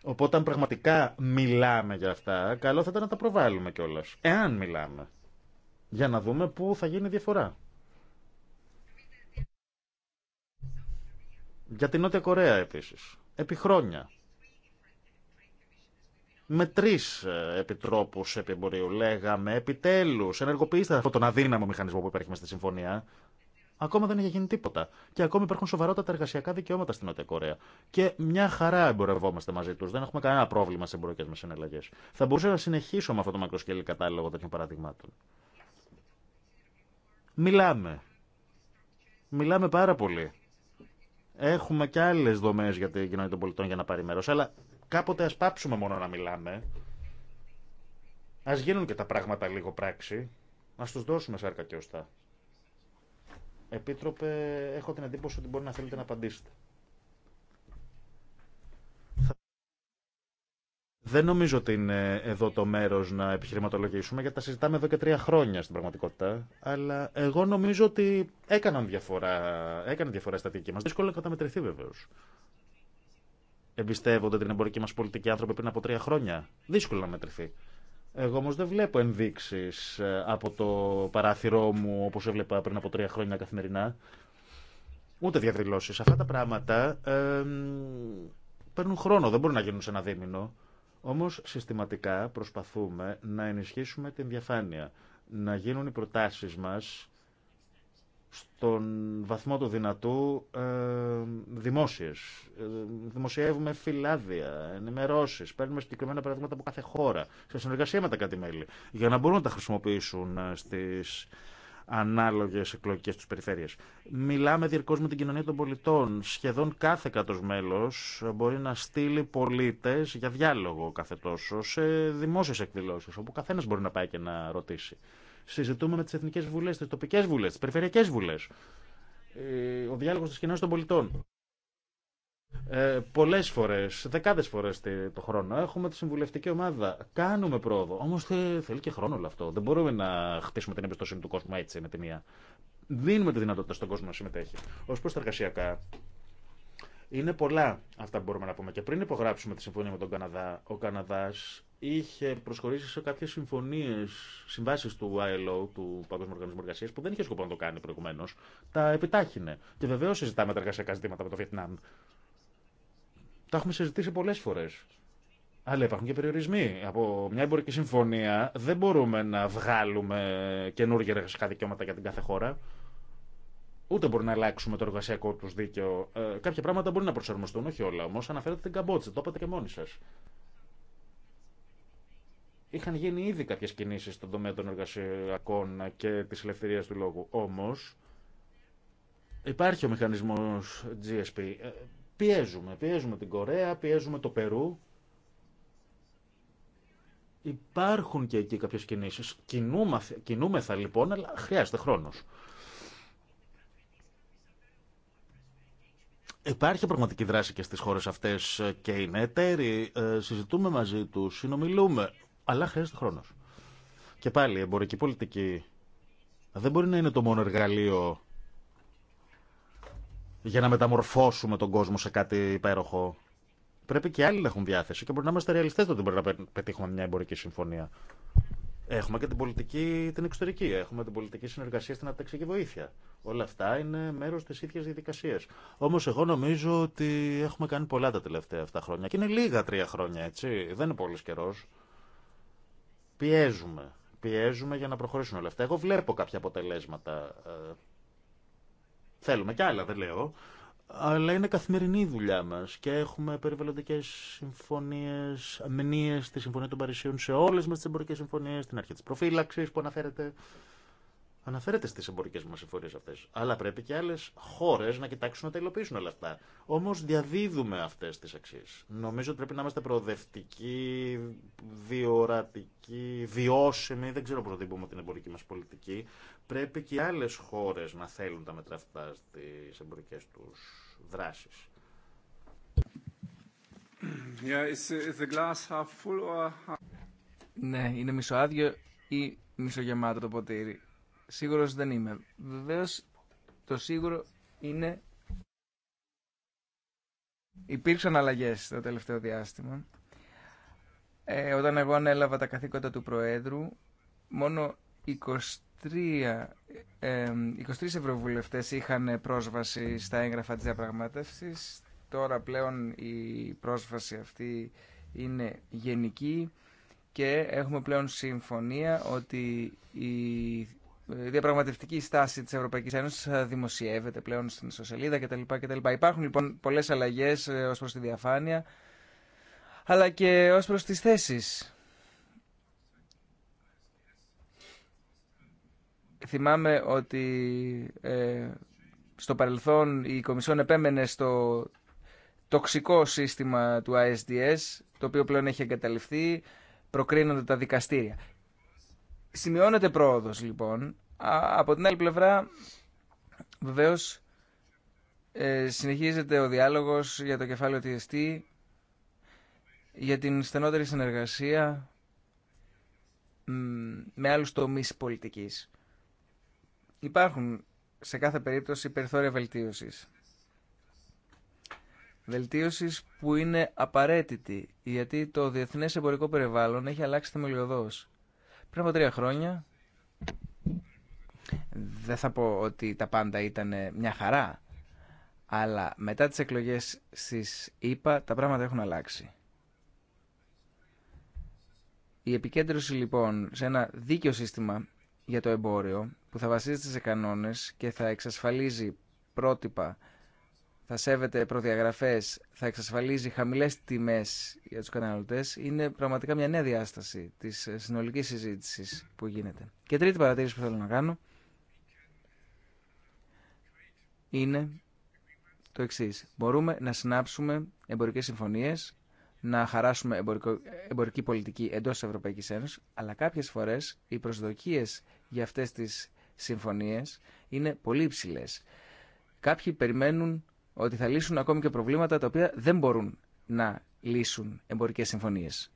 Οπότε αν πραγματικά μιλάμε για αυτά, καλό θα ήταν να τα προβάλλουμε κιόλα. Εάν μιλάμε. Για να δούμε πού θα γίνει διαφορά. Για την Νότια Κορέα επίσης. Επί χρόνια. Με τρει ε, επιτρόπου επιμπορίου. λέγαμε επιτέλου ενεργοποιήστε αυτόν τον αδύναμο μηχανισμό που υπάρχει μέσα στη συμφωνία. Ακόμα δεν έχει γίνει τίποτα. Και ακόμα υπάρχουν σοβαρότατα εργασιακά δικαιώματα στην Νότια Κορέα. Και μια χαρά εμπορευόμαστε μαζί του. Δεν έχουμε κανένα πρόβλημα σε εμπορικέ μα συναλλαγέ. Θα μπορούσα να συνεχίσω με αυτό το μακροσκελή κατάλογο τέτοιων παραδειγμάτων. Μιλάμε. Μιλάμε πάρα πολύ. Έχουμε και άλλε δομέ για την κοινωνία των πολιτών για να πάρει μέρο. Αλλά κάποτε α πάψουμε μόνο να μιλάμε. Α γίνουν και τα πράγματα λίγο πράξη. Α του δώσουμε σάρκα και ωστά. Επίτροπε, έχω την εντύπωση ότι μπορεί να θέλετε να απαντήσετε. Δεν νομίζω ότι είναι εδώ το μέρο να επιχειρηματολογήσουμε, γιατί τα συζητάμε εδώ και τρία χρόνια στην πραγματικότητα. Αλλά εγώ νομίζω ότι έκαναν διαφορά, έκανε διαφορά η στατική μα. Δύσκολο να καταμετρηθεί βεβαίω. Εμπιστεύονται την εμπορική μα πολιτική άνθρωποι πριν από τρία χρόνια. Δύσκολο να μετρηθεί. Εγώ όμω δεν βλέπω ενδείξει ε, από το παράθυρό μου όπω έβλεπα πριν από τρία χρόνια καθημερινά. Ούτε διαδηλώσει. Αυτά τα πράγματα παίρνουν χρόνο, δεν μπορούν να γίνουν σε ένα δίμηνο. Όμω συστηματικά προσπαθούμε να ενισχύσουμε την διαφάνεια. Να γίνουν οι προτάσει μα στον βαθμό του δυνατού ε, δημόσιες. Ε, δημοσιεύουμε φυλάδια, ενημερώσεις, παίρνουμε συγκεκριμένα παραδείγματα από κάθε χώρα, σε συνεργασία με τα κάτι μέλη, για να μπορούν να τα χρησιμοποιήσουν ε, στις ανάλογε εκλογικέ του περιφέρειες. Μιλάμε διερκώς με την κοινωνία των πολιτών. Σχεδόν κάθε κάτω μέλος μπορεί να στείλει πολίτε για διάλογο κάθε τόσο σε δημόσιε εκδηλώσει, όπου καθένα μπορεί να πάει και να ρωτήσει. Συζητούμε με τι εθνικέ βουλέ, τι τοπικέ βουλέ, τι περιφερειακέ βουλέ. Ε, ο διάλογο τη κοινωνία των πολιτών. Ε, Πολλέ φορέ, δεκάδε φορέ το χρόνο, έχουμε τη συμβουλευτική ομάδα. Κάνουμε πρόοδο. Όμω θέλει και χρόνο όλο αυτό. Δεν μπορούμε να χτίσουμε την εμπιστοσύνη του κόσμου έτσι με τη μία. Δίνουμε τη δυνατότητα στον κόσμο να συμμετέχει. Ω προ τα εργασιακά, είναι πολλά αυτά που μπορούμε να πούμε. Και πριν υπογράψουμε τη συμφωνία με τον Καναδά, ο Καναδά είχε προσχωρήσει σε κάποιε συμφωνίε, συμβάσει του ILO, του Παγκόσμιου Οργανισμού Εργασία, που δεν είχε σκοπό να το κάνει προηγουμένω. Τα επιτάχυνε. Και βεβαίω συζητάμε τα εργασιακά ζητήματα με το Βιετνάμ. Τα έχουμε συζητήσει πολλέ φορέ. Αλλά υπάρχουν και περιορισμοί. Από μια εμπορική συμφωνία δεν μπορούμε να βγάλουμε καινούργια εργασιακά δικαιώματα για την κάθε χώρα. Ούτε μπορεί να αλλάξουμε το εργασιακό του δίκαιο. Ε, κάποια πράγματα μπορεί να προσαρμοστούν, όχι όλα όμω. Αναφέρατε την Καμπότζη, το είπατε και μόνοι σα. Είχαν γίνει ήδη κάποιε κινήσει στον τομέα των εργασιακών και τη ελευθερία του λόγου. Όμω, υπάρχει ο μηχανισμό GSP. Ε, πιέζουμε, πιέζουμε την Κορέα, πιέζουμε το Περού. Υπάρχουν και εκεί κάποιες κινήσεις. Κινούμεθα, θα λοιπόν, αλλά χρειάζεται χρόνος. Υπάρχει πραγματική δράση και στις χώρες αυτές ε, και είναι εταίροι. Ε, συζητούμε μαζί τους, συνομιλούμε αλλά χρειάζεται χρόνο. Και πάλι η εμπορική πολιτική δεν μπορεί να είναι το μόνο εργαλείο για να μεταμορφώσουμε τον κόσμο σε κάτι υπέροχο. Πρέπει και άλλοι να έχουν διάθεση και μπορεί να είμαστε ρεαλιστέ ότι μπορεί να πετύχουμε μια εμπορική συμφωνία. Έχουμε και την πολιτική την εξωτερική. Έχουμε την πολιτική συνεργασία στην και βοήθεια. Όλα αυτά είναι μέρο τη ίδια διαδικασία. Όμω εγώ νομίζω ότι έχουμε κάνει πολλά τα τελευταία 7 χρόνια. Και είναι λίγα τρία χρόνια, έτσι. Δεν είναι πολύ καιρό. Πιέζουμε. Πιέζουμε για να προχωρήσουν όλα αυτά. Εγώ βλέπω κάποια αποτελέσματα. Ε, θέλουμε κι άλλα, δεν λέω. Αλλά είναι καθημερινή η δουλειά μα και έχουμε περιβαλλοντικέ συμφωνίε, μνήε στη Συμφωνία των Παρισίων σε όλε μα τι εμπορικέ συμφωνίε, την αρχή τη προφύλαξη που αναφέρεται αναφέρεται στι εμπορικέ μα εφορίε αυτέ. Αλλά πρέπει και άλλε χώρε να κοιτάξουν να τα υλοποιήσουν όλα αυτά. Όμω διαδίδουμε αυτέ τι αξίε. Νομίζω ότι πρέπει να είμαστε προοδευτικοί, διορατικοί, βιώσιμοι. Δεν ξέρω πώ να την εμπορική μα πολιτική. Πρέπει και άλλε χώρε να θέλουν τα μέτρα αυτά στι εμπορικέ του δράσει. Yeah, or... Ναι, είναι μισοάδιο ή μισογεμάτο το ποτήρι. Σίγουρος δεν είμαι. Βεβαίω το σίγουρο είναι υπήρξαν αλλαγές το τελευταίο διάστημα. Ε, όταν εγώ ανέλαβα τα καθήκοντα του Προέδρου, μόνο 23, ε, 23 ευρωβουλευτές είχαν πρόσβαση στα έγγραφα της διαπραγμάτευσης. Τώρα πλέον η πρόσβαση αυτή είναι γενική και έχουμε πλέον συμφωνία ότι η διαπραγματευτική στάση της Ευρωπαϊκής Ένωσης δημοσιεύεται πλέον στην ισοσελίδα κτλ. κτλ. Υπάρχουν λοιπόν πολλές αλλαγές ε, ως προς τη διαφάνεια αλλά και ως προς τις θέσεις. Θυμάμαι ότι ε, στο παρελθόν η Κομισιόν επέμενε στο τοξικό σύστημα του ISDS, το οποίο πλέον έχει εγκαταλειφθεί, προκρίνονται τα δικαστήρια. Σημειώνεται πρόοδος λοιπόν. Από την άλλη πλευρά βεβαίως ε, συνεχίζεται ο διάλογος για το κεφάλαιο TST, για την στενότερη συνεργασία με άλλους τομείς πολιτικής. Υπάρχουν σε κάθε περίπτωση περιθώρια βελτίωσης. Βελτίωσης που είναι απαραίτητη, γιατί το διεθνές εμπορικό περιβάλλον έχει αλλάξει θεμελιωδώς. Πριν από τρία χρόνια δεν θα πω ότι τα πάντα ήταν μια χαρά, αλλά μετά τις εκλογές στις ΗΠΑ τα πράγματα έχουν αλλάξει. Η επικέντρωση λοιπόν σε ένα δίκαιο σύστημα για το εμπόριο που θα βασίζεται σε κανόνες και θα εξασφαλίζει πρότυπα θα σέβεται προδιαγραφές, θα εξασφαλίζει χαμηλές τιμές για τους καταναλωτές, είναι πραγματικά μια νέα διάσταση της συνολικής συζήτησης που γίνεται. Και τρίτη παρατήρηση που θέλω να κάνω είναι το εξή. Μπορούμε να συνάψουμε εμπορικές συμφωνίες, να χαράσουμε εμπορικο, εμπορική πολιτική εντός της Ευρωπαϊκής Ένωσης, αλλά κάποιες φορές οι προσδοκίες για αυτές τις συμφωνίες είναι πολύ υψηλές. Κάποιοι περιμένουν ότι θα λύσουν ακόμη και προβλήματα τα οποία δεν μπορούν να λύσουν εμπορικές συμφωνίες.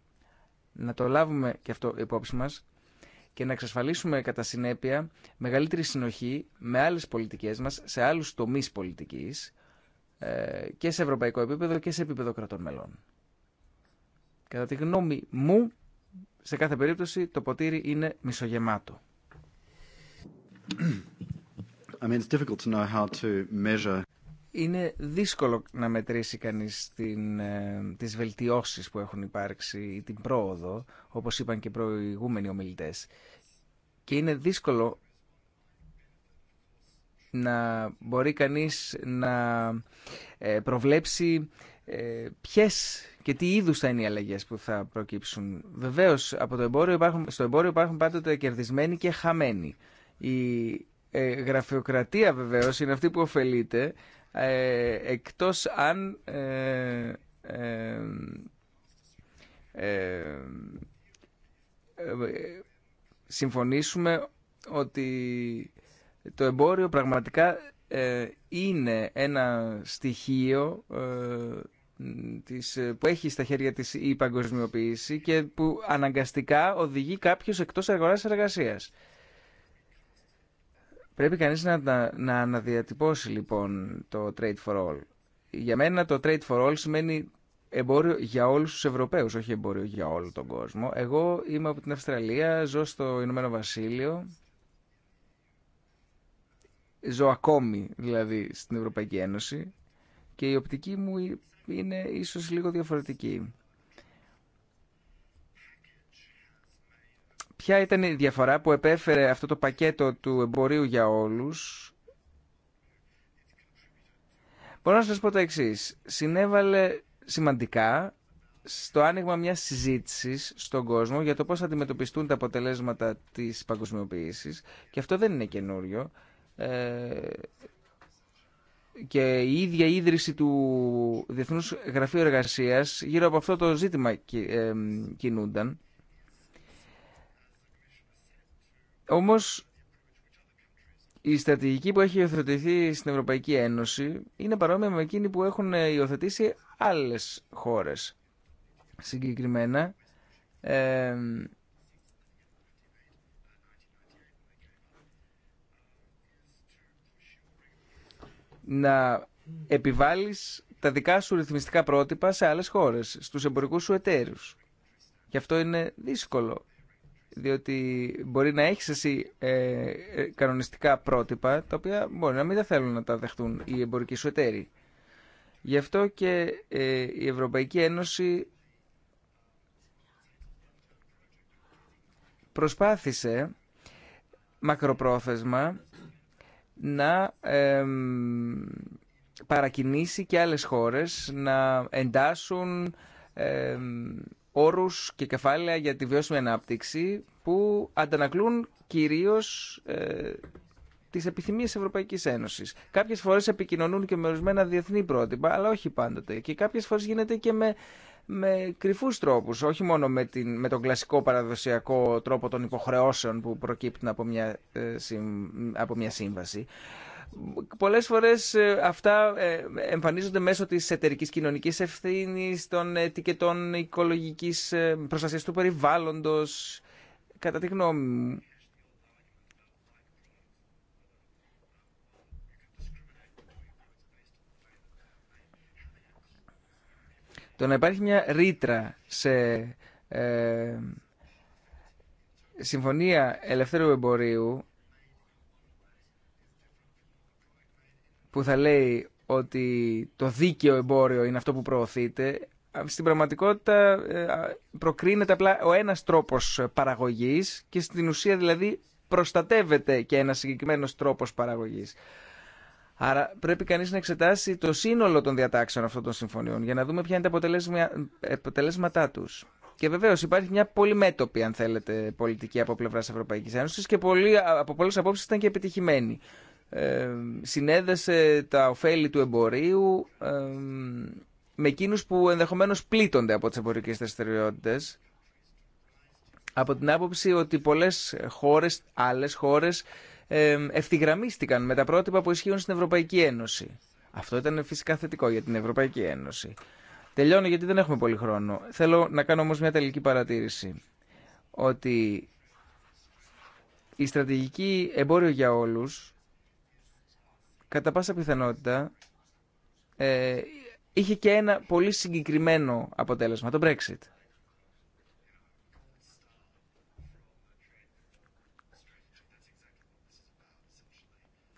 Να το λάβουμε και αυτό υπόψη μας και να εξασφαλίσουμε κατά συνέπεια μεγαλύτερη συνοχή με άλλες πολιτικές μας, σε άλλους τομείς πολιτικής ε, και σε ευρωπαϊκό επίπεδο και σε επίπεδο κρατών μελών. Κατά τη γνώμη μου, σε κάθε περίπτωση το ποτήρι είναι μισογεμάτο. I mean, difficult to know how to είναι δύσκολο να μετρήσει κανείς την, ε, τις βελτιώσεις που έχουν υπάρξει ή την πρόοδο, όπως είπαν και προηγούμενοι ομιλητές. Και είναι δύσκολο να μπορεί κανείς να ε, προβλέψει ε, ποιες και τι είδους θα είναι οι αλλαγές που θα προκύψουν. Βεβαίως, από το εμπόριο υπάρχουν, στο εμπόριο υπάρχουν πάντοτε κερδισμένοι και χαμένοι. Η ε, γραφειοκρατία βεβαίως είναι αυτή που ωφελείται ε, εκτός αν ε, ε, συμφωνήσουμε ότι το εμπόριο πραγματικά είναι ένα στοιχείο της, που έχει στα χέρια της η παγκοσμιοποίηση και που αναγκαστικά οδηγεί κάποιους εκτός αγοράς εργασίας. Πρέπει κανείς να, να, να αναδιατυπώσει λοιπόν το trade for all. Για μένα το trade for all σημαίνει εμπόριο για όλους τους Ευρωπαίους, όχι εμπόριο για όλο τον κόσμο. Εγώ είμαι από την Αυστραλία, ζω στο Ηνωμένο Βασίλειο, ζω ακόμη δηλαδή στην Ευρωπαϊκή Ένωση και η οπτική μου είναι ίσως λίγο διαφορετική. Ποια ήταν η διαφορά που επέφερε αυτό το πακέτο του εμπορίου για όλους. Μπορώ να σας πω το εξή. Συνέβαλε σημαντικά στο άνοιγμα μιας συζήτησης στον κόσμο για το πώς θα αντιμετωπιστούν τα αποτελέσματα της παγκοσμιοποίησης και αυτό δεν είναι καινούριο. Ε, και η ίδια ίδρυση του Διεθνούς Γραφείου Εργασίας γύρω από αυτό το ζήτημα ε, κινούνταν. Όμω, η στρατηγική που έχει υιοθετηθεί στην Ευρωπαϊκή Ένωση είναι παρόμοια με εκείνη που έχουν υιοθετήσει άλλε χώρες. Συγκεκριμένα, να επιβάλλεις τα δικά σου ρυθμιστικά πρότυπα σε άλλες χώρες, στους εμπορικούς σου εταίρους. Και αυτό είναι δύσκολο διότι μπορεί να έχεις εσύ ε, ε, κανονιστικά πρότυπα τα οποία μπορεί να μην τα θέλουν να τα δεχτούν οι εμπορικοί σου εταίροι. Γι' αυτό και ε, η Ευρωπαϊκή Ένωση προσπάθησε μακροπρόθεσμα να ε, παρακινήσει και άλλες χώρες να εντάσσουν όρους και κεφάλαια για τη βιώσιμη ανάπτυξη που αντανακλούν κυρίως ε, τις επιθυμίες Ευρωπαϊκής Ένωσης. Κάποιες φορές επικοινωνούν και με ορισμένα διεθνή πρότυπα, αλλά όχι πάντοτε. Και κάποιες φορές γίνεται και με, με κρυφούς τρόπους, όχι μόνο με, την, με τον κλασικό παραδοσιακό τρόπο των υποχρεώσεων που προκύπτουν από μια, ε, από μια σύμβαση. Πολλέ φορές ε, αυτά ε, εμφανίζονται μέσω της εταιρική κοινωνικής ευθύνη των ετικετών οικολογικής ε, προστασία του περιβάλλοντος. Κατά τη γνώμη μου, Το να υπάρχει μια ρήτρα σε συμφωνία ελευθέρου εμπορίου που θα λέει ότι το δίκαιο εμπόριο είναι αυτό που προωθείται, στην πραγματικότητα ε, προκρίνεται απλά ο ένας τρόπος παραγωγής και στην ουσία δηλαδή προστατεύεται και ένας συγκεκριμένος τρόπος παραγωγής. Άρα πρέπει κανείς να εξετάσει το σύνολο των διατάξεων αυτών των συμφωνιών για να δούμε ποια είναι τα αποτελέσματά τους. Και βεβαίω υπάρχει μια πολυμέτωπη, αν θέλετε, πολιτική από πλευρά Ευρωπαϊκή Ένωση και από πολλέ απόψει ήταν και επιτυχημένη συνέδεσε τα ωφέλη του εμπορίου με εκείνους που ενδεχομένως πλήττονται από τις εμπορικές δραστηριότητε. Από την άποψη ότι πολλές χώρες, άλλες χώρες, ευθυγραμμίστηκαν με τα πρότυπα που ισχύουν στην Ευρωπαϊκή Ένωση. Αυτό ήταν φυσικά θετικό για την Ευρωπαϊκή Ένωση. Τελειώνω γιατί δεν έχουμε πολύ χρόνο. Θέλω να κάνω όμως μια τελική παρατήρηση. Ότι η στρατηγική εμπόριο για όλους κατά πάσα πιθανότητα ε, είχε και ένα πολύ συγκεκριμένο αποτέλεσμα, το Brexit.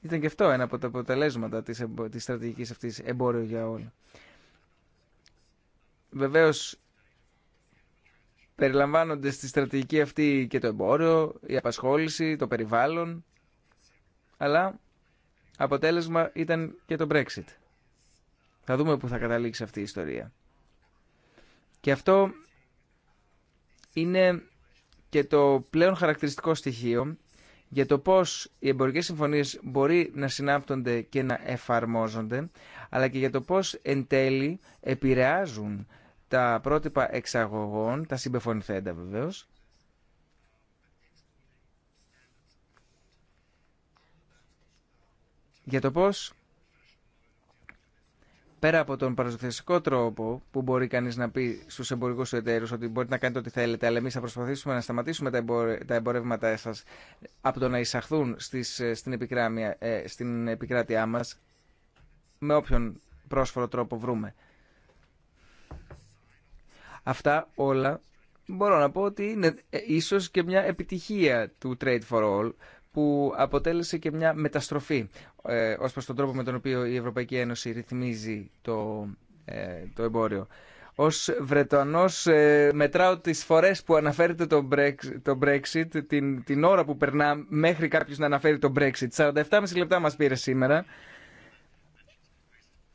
Ήταν και αυτό ένα από τα αποτελέσματα της, της στρατηγικής αυτής εμπόριο για όλα. Βεβαίως περιλαμβάνονται στη στρατηγική αυτή και το εμπόριο, η απασχόληση, το περιβάλλον, αλλά αποτέλεσμα ήταν και το Brexit. Θα δούμε πού θα καταλήξει αυτή η ιστορία. Και αυτό είναι και το πλέον χαρακτηριστικό στοιχείο για το πώς οι εμπορικές συμφωνίες μπορεί να συνάπτονται και να εφαρμόζονται, αλλά και για το πώς εν τέλει επηρεάζουν τα πρότυπα εξαγωγών, τα συμπεφωνηθέντα βεβαίως, για το πώς πέρα από τον παραδοσιακό τρόπο που μπορεί κανείς να πει στους εμπορικούς του ότι μπορείτε να κάνετε ό,τι θέλετε, αλλά εμεί θα προσπαθήσουμε να σταματήσουμε τα εμπορεύματά σας από το να εισαχθούν στις, ε, στην, επικράμια, ε, στην επικράτειά μας, με όποιον πρόσφορο τρόπο βρούμε. Αυτά όλα μπορώ να πω ότι είναι ε, ίσως και μια επιτυχία του Trade for All που αποτέλεσε και μια μεταστροφή ε, ως προς τον τρόπο με τον οποίο η Ευρωπαϊκή Ένωση ρυθμίζει το, ε, το εμπόριο. Ως Βρετανός ε, μετράω τις φορές που αναφέρεται το Brexit, το Brexit την, την ώρα που περνά μέχρι κάποιος να αναφέρει το Brexit. 47,5 λεπτά μας πήρε σήμερα.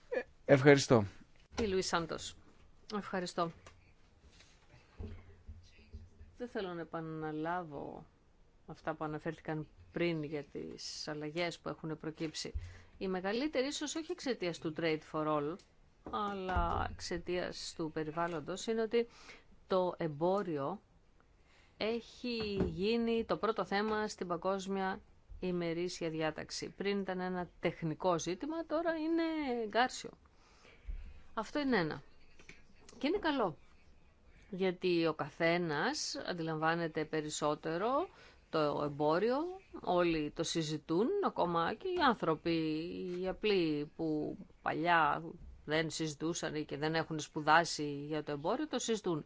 Ε, ευχαριστώ. Τι Λουίς Σάντος. Ευχαριστώ. Δεν θέλω να επαναλάβω αυτά που αναφέρθηκαν πριν για τις αλλαγές που έχουν προκύψει. Η μεγαλύτερη ίσως όχι εξαιτία του Trade for All, αλλά εξαιτία του περιβάλλοντος είναι ότι το εμπόριο έχει γίνει το πρώτο θέμα στην παγκόσμια ημερήσια διάταξη. Πριν ήταν ένα τεχνικό ζήτημα, τώρα είναι γκάρσιο. Αυτό είναι ένα. Και είναι καλό, γιατί ο καθένας αντιλαμβάνεται περισσότερο το εμπόριο, όλοι το συζητούν, ακόμα και οι άνθρωποι, οι απλοί που παλιά δεν συζητούσαν και δεν έχουν σπουδάσει για το εμπόριο, το συζητούν.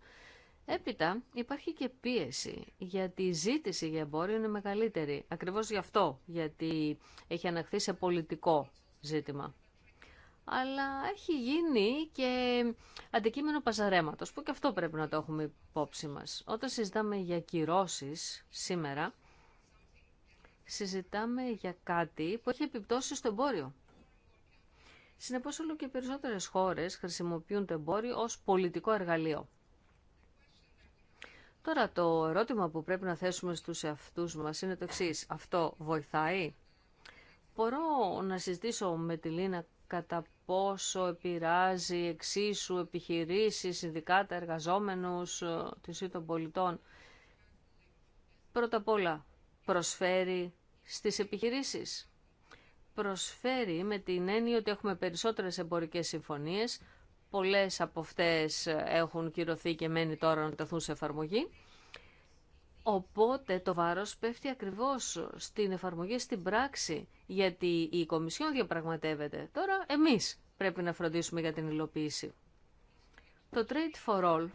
Έπειτα υπάρχει και πίεση, γιατί η ζήτηση για εμπόριο είναι μεγαλύτερη. Ακριβώς γι' αυτό, γιατί έχει αναχθεί σε πολιτικό ζήτημα αλλά έχει γίνει και αντικείμενο παζαρέματος, που και αυτό πρέπει να το έχουμε υπόψη μας. Όταν συζητάμε για κυρώσεις σήμερα, συζητάμε για κάτι που έχει επιπτώσει στο εμπόριο. Συνεπώς όλο και περισσότερες χώρες χρησιμοποιούν το εμπόριο ως πολιτικό εργαλείο. Τώρα το ερώτημα που πρέπει να θέσουμε στους εαυτούς μας είναι το εξής. Αυτό βοηθάει Μπορώ να συζητήσω με τη Λίνα κατά πόσο επηρεάζει εξίσου επιχειρήσεις, τα εργαζόμενους, ε, της ή πολιτών. Πρώτα απ' όλα, προσφέρει στις επιχειρήσεις. Προσφέρει με την έννοια ότι έχουμε περισσότερες εμπορικές συμφωνίες, πολλές από αυτές έχουν κυρωθεί και μένει τώρα να τεθούν σε εφαρμογή Οπότε το βάρος πέφτει ακριβώς στην εφαρμογή, στην πράξη, γιατί η Κομισιόν διαπραγματεύεται. Τώρα εμείς πρέπει να φροντίσουμε για την υλοποίηση. Το Trade for All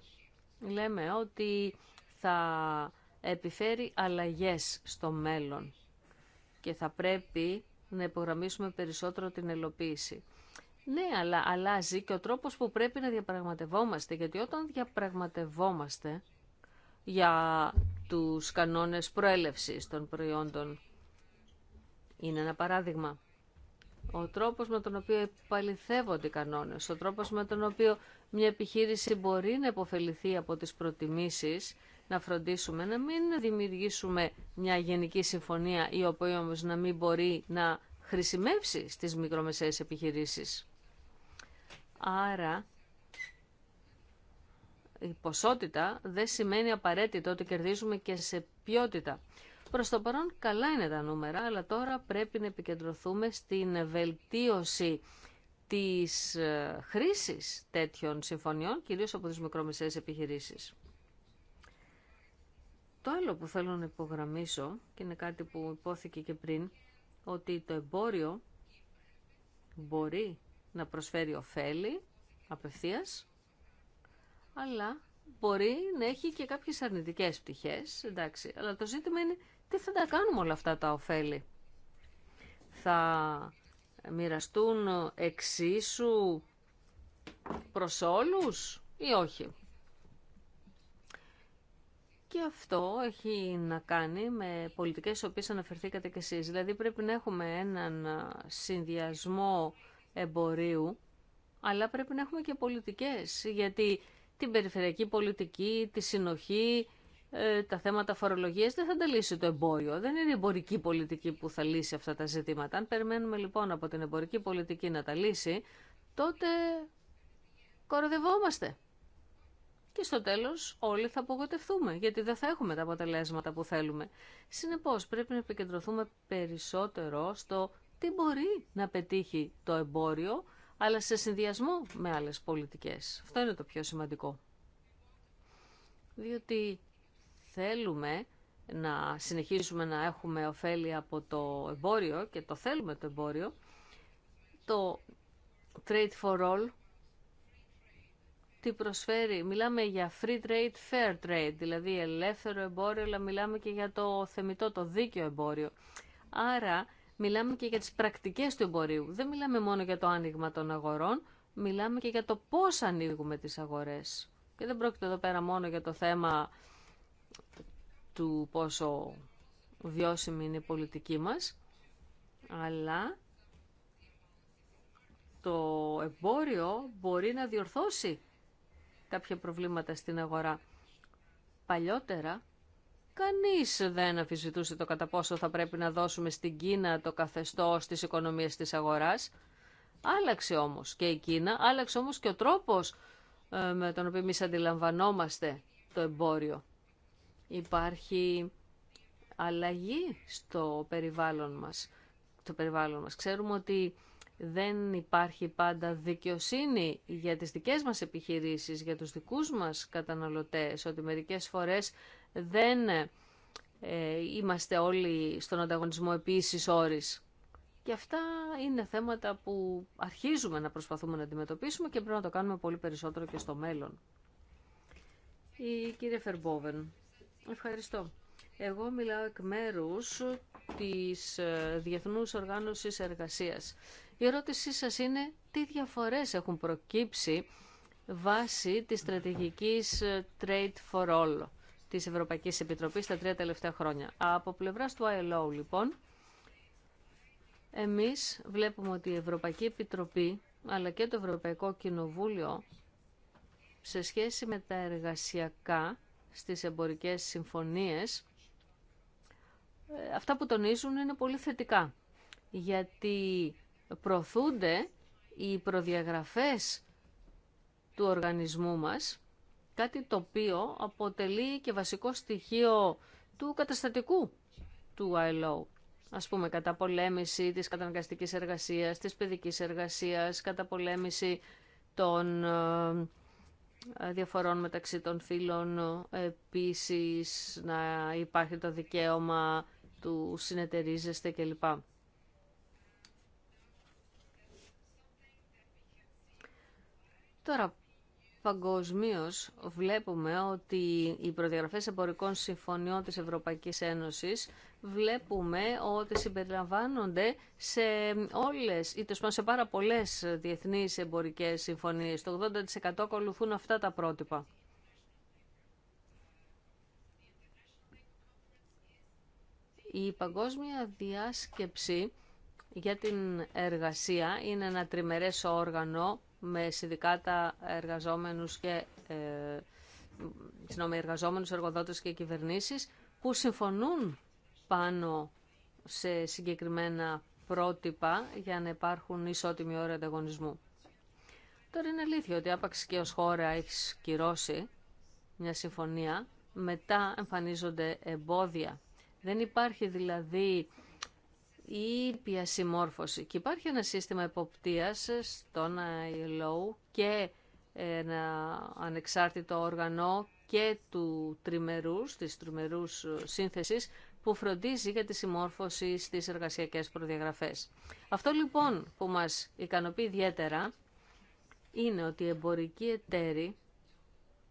λέμε ότι θα επιφέρει αλλαγές στο μέλλον και θα πρέπει να υπογραμμίσουμε περισσότερο την ελοποίηση. Ναι, αλλά αλλάζει και ο τρόπος που πρέπει να διαπραγματευόμαστε, γιατί όταν διαπραγματευόμαστε για τους κανόνες προέλευσης των προϊόντων. Είναι ένα παράδειγμα. Ο τρόπος με τον οποίο επαληθεύονται οι κανόνες, ο τρόπος με τον οποίο μια επιχείρηση μπορεί να υποφεληθεί από τις προτιμήσεις, να φροντίσουμε να μην δημιουργήσουμε μια γενική συμφωνία η οποία όμως να μην μπορεί να χρησιμεύσει στις μικρομεσαίες επιχειρήσεις. Άρα η ποσότητα δεν σημαίνει απαραίτητο ότι κερδίζουμε και σε ποιότητα. Προς το παρόν καλά είναι τα νούμερα, αλλά τώρα πρέπει να επικεντρωθούμε στην βελτίωση της ε, χρήσης τέτοιων συμφωνιών, κυρίως από τις μικρομεσαίες επιχειρήσεις. Το άλλο που θέλω να υπογραμμίσω, και είναι κάτι που υπόθηκε και πριν, ότι το εμπόριο μπορεί να προσφέρει ωφέλη απευθείας, αλλά μπορεί να έχει και κάποιες αρνητικές πτυχές, εντάξει. Αλλά το ζήτημα είναι τι θα τα κάνουμε όλα αυτά τα ωφέλη. Θα μοιραστούν εξίσου προς όλους ή όχι. Και αυτό έχει να κάνει με πολιτικές στις οποίες αναφερθήκατε κι εσείς. Δηλαδή πρέπει να έχουμε έναν συνδυασμό εμπορίου, αλλά πρέπει να έχουμε και πολιτικές. Γιατί την περιφερειακή πολιτική, τη συνοχή, ε, τα θέματα φορολογίας δεν θα τα λύσει το εμπόριο. Δεν είναι η εμπορική πολιτική που θα λύσει αυτά τα ζητήματα. Αν περιμένουμε λοιπόν από την εμπορική πολιτική να τα λύσει, τότε κοροδευόμαστε. Και στο τέλος όλοι θα απογοητευτούμε, γιατί δεν θα έχουμε τα αποτελέσματα που θέλουμε. Συνεπώς πρέπει να επικεντρωθούμε περισσότερο στο τι μπορεί να πετύχει το εμπόριο αλλά σε συνδυασμό με άλλες πολιτικές. Αυτό είναι το πιο σημαντικό. Διότι θέλουμε να συνεχίσουμε να έχουμε ωφέλη από το εμπόριο και το θέλουμε το εμπόριο, το Trade for All τι προσφέρει. Μιλάμε για free trade, fair trade, δηλαδή ελεύθερο εμπόριο, αλλά μιλάμε και για το θεμητό, το δίκαιο εμπόριο. Άρα μιλάμε και για τις πρακτικές του εμπορίου. Δεν μιλάμε μόνο για το άνοιγμα των αγορών, μιλάμε και για το πώς ανοίγουμε τις αγορές. Και δεν πρόκειται εδώ πέρα μόνο για το θέμα του πόσο βιώσιμη είναι η πολιτική μας, αλλά το εμπόριο μπορεί να διορθώσει κάποια προβλήματα στην αγορά. Παλιότερα Κανείς δεν αφισβητούσε το κατά πόσο θα πρέπει να δώσουμε στην Κίνα το καθεστώς της οικονομίας της αγοράς. Άλλαξε όμως και η Κίνα, άλλαξε όμως και ο τρόπος ε, με τον οποίο εμεί αντιλαμβανόμαστε το εμπόριο. Υπάρχει αλλαγή στο περιβάλλον μας. Το περιβάλλον μας. Ξέρουμε ότι δεν υπάρχει πάντα δικαιοσύνη για τις δικές μας επιχειρήσεις, για τους δικούς μας καταναλωτές, ότι μερικές φορές δεν ε, είμαστε όλοι στον ανταγωνισμό επίσης όρης. Και αυτά είναι θέματα που αρχίζουμε να προσπαθούμε να αντιμετωπίσουμε και πρέπει να το κάνουμε πολύ περισσότερο και στο μέλλον. Η κύριε Φερμπόβεν, ευχαριστώ. Εγώ μιλάω εκ μέρους της ε, Διεθνούς Οργάνωσης Εργασίας. Η ερώτησή σας είναι τι διαφορές έχουν προκύψει βάσει της στρατηγικής ε, Trade for All Τη Ευρωπαϊκή Επιτροπής τα τρία τελευταία χρόνια. Από πλευράς του ILO λοιπόν, εμείς βλέπουμε ότι η Ευρωπαϊκή Επιτροπή αλλά και το Ευρωπαϊκό Κοινοβούλιο σε σχέση με τα εργασιακά στις εμπορικές συμφωνίες ε, αυτά που τονίζουν είναι πολύ θετικά γιατί προωθούνται οι προδιαγραφές του οργανισμού μας κάτι το οποίο αποτελεί και βασικό στοιχείο του καταστατικού του ILO. Ας πούμε, κατά πολέμηση της καταναγκαστικής εργασίας, της παιδικής εργασίας, πολέμηση των ε, διαφορών μεταξύ των φύλων, ε, επίσης να υπάρχει το δικαίωμα του συνεταιρίζεστε κλπ. Τώρα, Παγκοσμίω βλέπουμε ότι οι προδιαγραφές εμπορικών συμφωνιών της Ευρωπαϊκής Ένωσης βλέπουμε ότι συμπεριλαμβάνονται σε όλες ή τόσο σε πάρα πολλές διεθνείς εμπορικές συμφωνίες. Το 80% ακολουθούν αυτά τα πρότυπα. Η παγκόσμια διάσκεψη για την εργασία είναι ένα τριμερές όργανο με συνδικάτα εργαζόμενους και ε, εργοδότες και κυβερνήσεις που συμφωνούν πάνω σε συγκεκριμένα πρότυπα για να υπάρχουν ισότιμοι όροι ανταγωνισμού. Τώρα είναι αλήθεια ότι άπαξ και ως χώρα έχει κυρώσει μια συμφωνία, μετά εμφανίζονται εμπόδια. Δεν υπάρχει δηλαδή η ήπια συμμόρφωση. Και υπάρχει ένα σύστημα εποπτείας στον ILO και ένα ανεξάρτητο όργανο και του τριμερούς, της τριμερούς σύνθεσης που φροντίζει για τη συμμόρφωση στις εργασιακές προδιαγραφές. Αυτό λοιπόν που μας ικανοποιεί ιδιαίτερα είναι ότι οι εμπορικοί εταίροι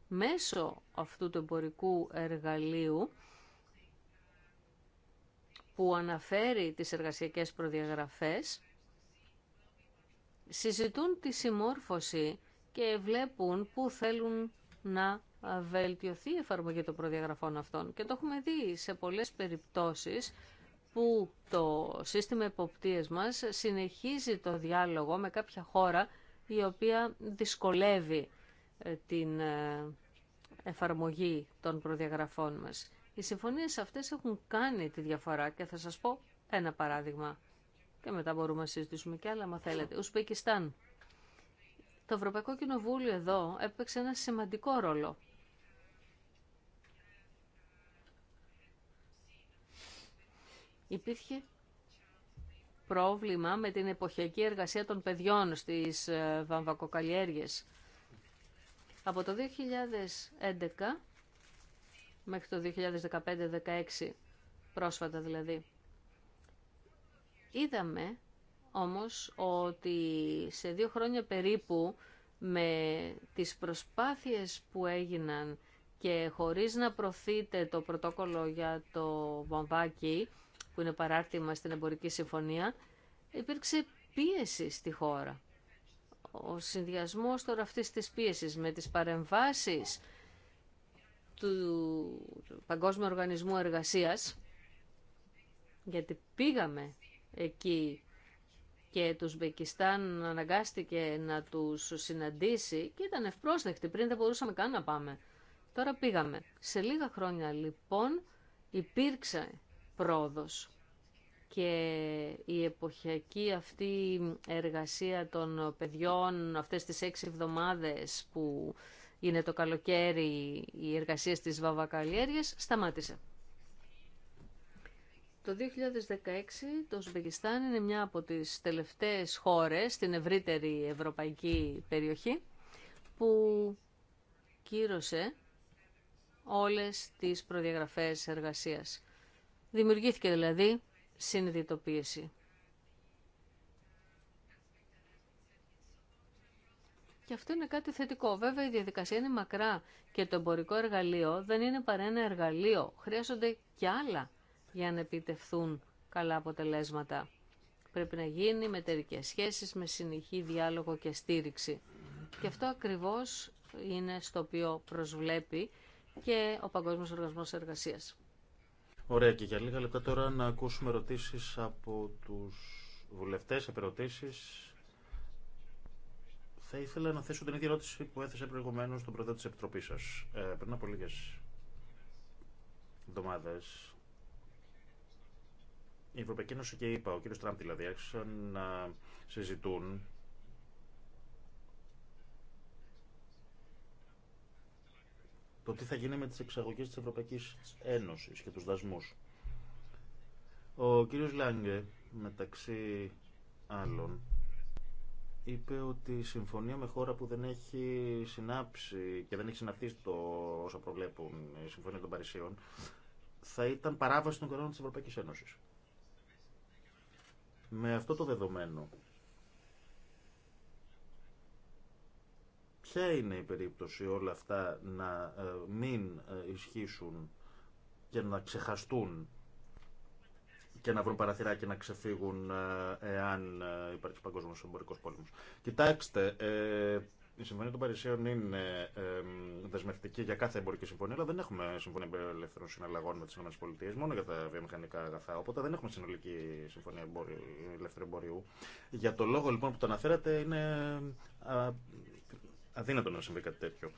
μέσω αυτού του εμπορικού εργαλείου που αναφέρει τις εργασιακές προδιαγραφές συζητούν τη συμμόρφωση και βλέπουν πού θέλουν να βελτιωθεί η εφαρμογή των προδιαγραφών αυτών. Και το έχουμε δει σε πολλές περιπτώσεις που το σύστημα εποπτείας μας συνεχίζει το διάλογο με κάποια χώρα η οποία δυσκολεύει ε, την ε, εφαρμογή των προδιαγραφών μας. Οι συμφωνίες αυτές έχουν κάνει τη διαφορά και θα σας πω ένα παράδειγμα. Και μετά μπορούμε να συζητήσουμε κι άλλα, μα θέλετε. Ουσπεκιστάν. Το Ευρωπαϊκό Κοινοβούλιο εδώ έπαιξε ένα σημαντικό ρόλο. Υπήρχε πρόβλημα με την εποχιακή εργασία των παιδιών στις ε, βαμβακοκαλλιέργειες. Από το 2011 μέχρι το 2015-16, πρόσφατα δηλαδή. Είδαμε όμως ότι σε δύο χρόνια περίπου με τις προσπάθειες που έγιναν και χωρίς να προθείτε το πρωτόκολλο για το βομβάκι που είναι παράρτημα στην εμπορική συμφωνία υπήρξε πίεση στη χώρα. Ο συνδυασμός τώρα αυτής της πίεσης με τις παρεμβάσεις του Παγκόσμιου Οργανισμού Εργασίας, γιατί πήγαμε εκεί και το Μπεκιστάν αναγκάστηκε να τους συναντήσει και ήταν ευπρόσδεκτη, πριν δεν μπορούσαμε καν να πάμε. Τώρα πήγαμε. Σε λίγα χρόνια λοιπόν υπήρξε πρόοδος και η εποχιακή αυτή εργασία των παιδιών αυτές τις έξι εβδομάδες που είναι το καλοκαίρι η εργασία της βαβακαλλιέργειας, σταμάτησε. Το 2016 το Ουσμπεκιστάν είναι μια από τις τελευταίες χώρες στην ευρύτερη ευρωπαϊκή περιοχή που κύρωσε όλες τις προδιαγραφές εργασίας. Δημιουργήθηκε δηλαδή συνειδητοποίηση. Και αυτό είναι κάτι θετικό. Βέβαια η διαδικασία είναι μακρά και το εμπορικό εργαλείο δεν είναι παρά ένα εργαλείο. Χρειάζονται και άλλα για να επιτευθούν καλά αποτελέσματα. Πρέπει να γίνει με τερικές σχέσεις, με συνεχή διάλογο και στήριξη. Και αυτό ακριβώς είναι στο οποίο προσβλέπει και ο Παγκόσμιος Οργασμός Εργασίας. Ωραία και για λίγα λεπτά τώρα να ακούσουμε ερωτήσεις από τους βουλευτές, επερωτήσεις θα ήθελα να θέσω την ίδια ερώτηση που έθεσε προηγουμένω στον Πρόεδρο τη Επιτροπή σα. Ε, πριν από λίγε εβδομάδε, η Ευρωπαϊκή Ένωση και η ο κ. Τραμπ δηλαδή, άρχισαν να συζητούν το τι θα γίνει με τις εξαγωγές της Ευρωπαϊκής Ένωσης και τους δασμούς. Ο κύριος Λάγκε, μεταξύ άλλων, είπε ότι η συμφωνία με χώρα που δεν έχει συνάψει και δεν έχει συναυθεί το όσα προβλέπουν η Συμφωνία των Παρισίων θα ήταν παράβαση των κανόνων της Ευρωπαϊκής Ένωσης. Με αυτό το δεδομένο, ποια είναι η περίπτωση όλα αυτά να ε, μην ε, ισχύσουν και να ξεχαστούν και να βρουν και να ξεφύγουν ε, εάν ε, υπάρξει παγκόσμιο εμπορικό πόλεμο. Κοιτάξτε, ε, η Συμφωνία των Παρισίων είναι ε, δεσμευτική για κάθε εμπορική συμφωνία, αλλά δεν έχουμε συμφωνία ελεύθερων συναλλαγών με τι ΗΠΑ, μόνο για τα βιομηχανικά αγαθά. Οπότε δεν έχουμε συνολική συμφωνία ελεύθερου εμπορίου. Για το λόγο λοιπόν που το αναφέρατε, είναι αδύνατο να συμβεί κάτι τέτοιο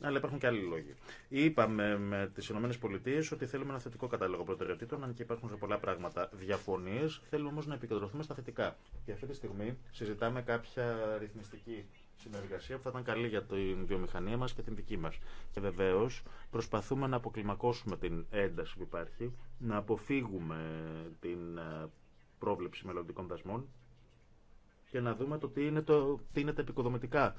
αλλά υπάρχουν και άλλοι λόγοι. Είπαμε με τι ΗΠΑ ότι θέλουμε ένα θετικό κατάλογο προτεραιοτήτων, αν και υπάρχουν σε πολλά πράγματα διαφωνίε. Θέλουμε όμω να επικεντρωθούμε στα θετικά. Και αυτή τη στιγμή συζητάμε κάποια ρυθμιστική συνεργασία που θα ήταν καλή για την βιομηχανία μα και την δική μα. Και βεβαίω προσπαθούμε να αποκλιμακώσουμε την ένταση που υπάρχει, να αποφύγουμε την ε, πρόβλεψη μελλοντικών δασμών και να δούμε το τι είναι, το, τι είναι τα επικοδομητικά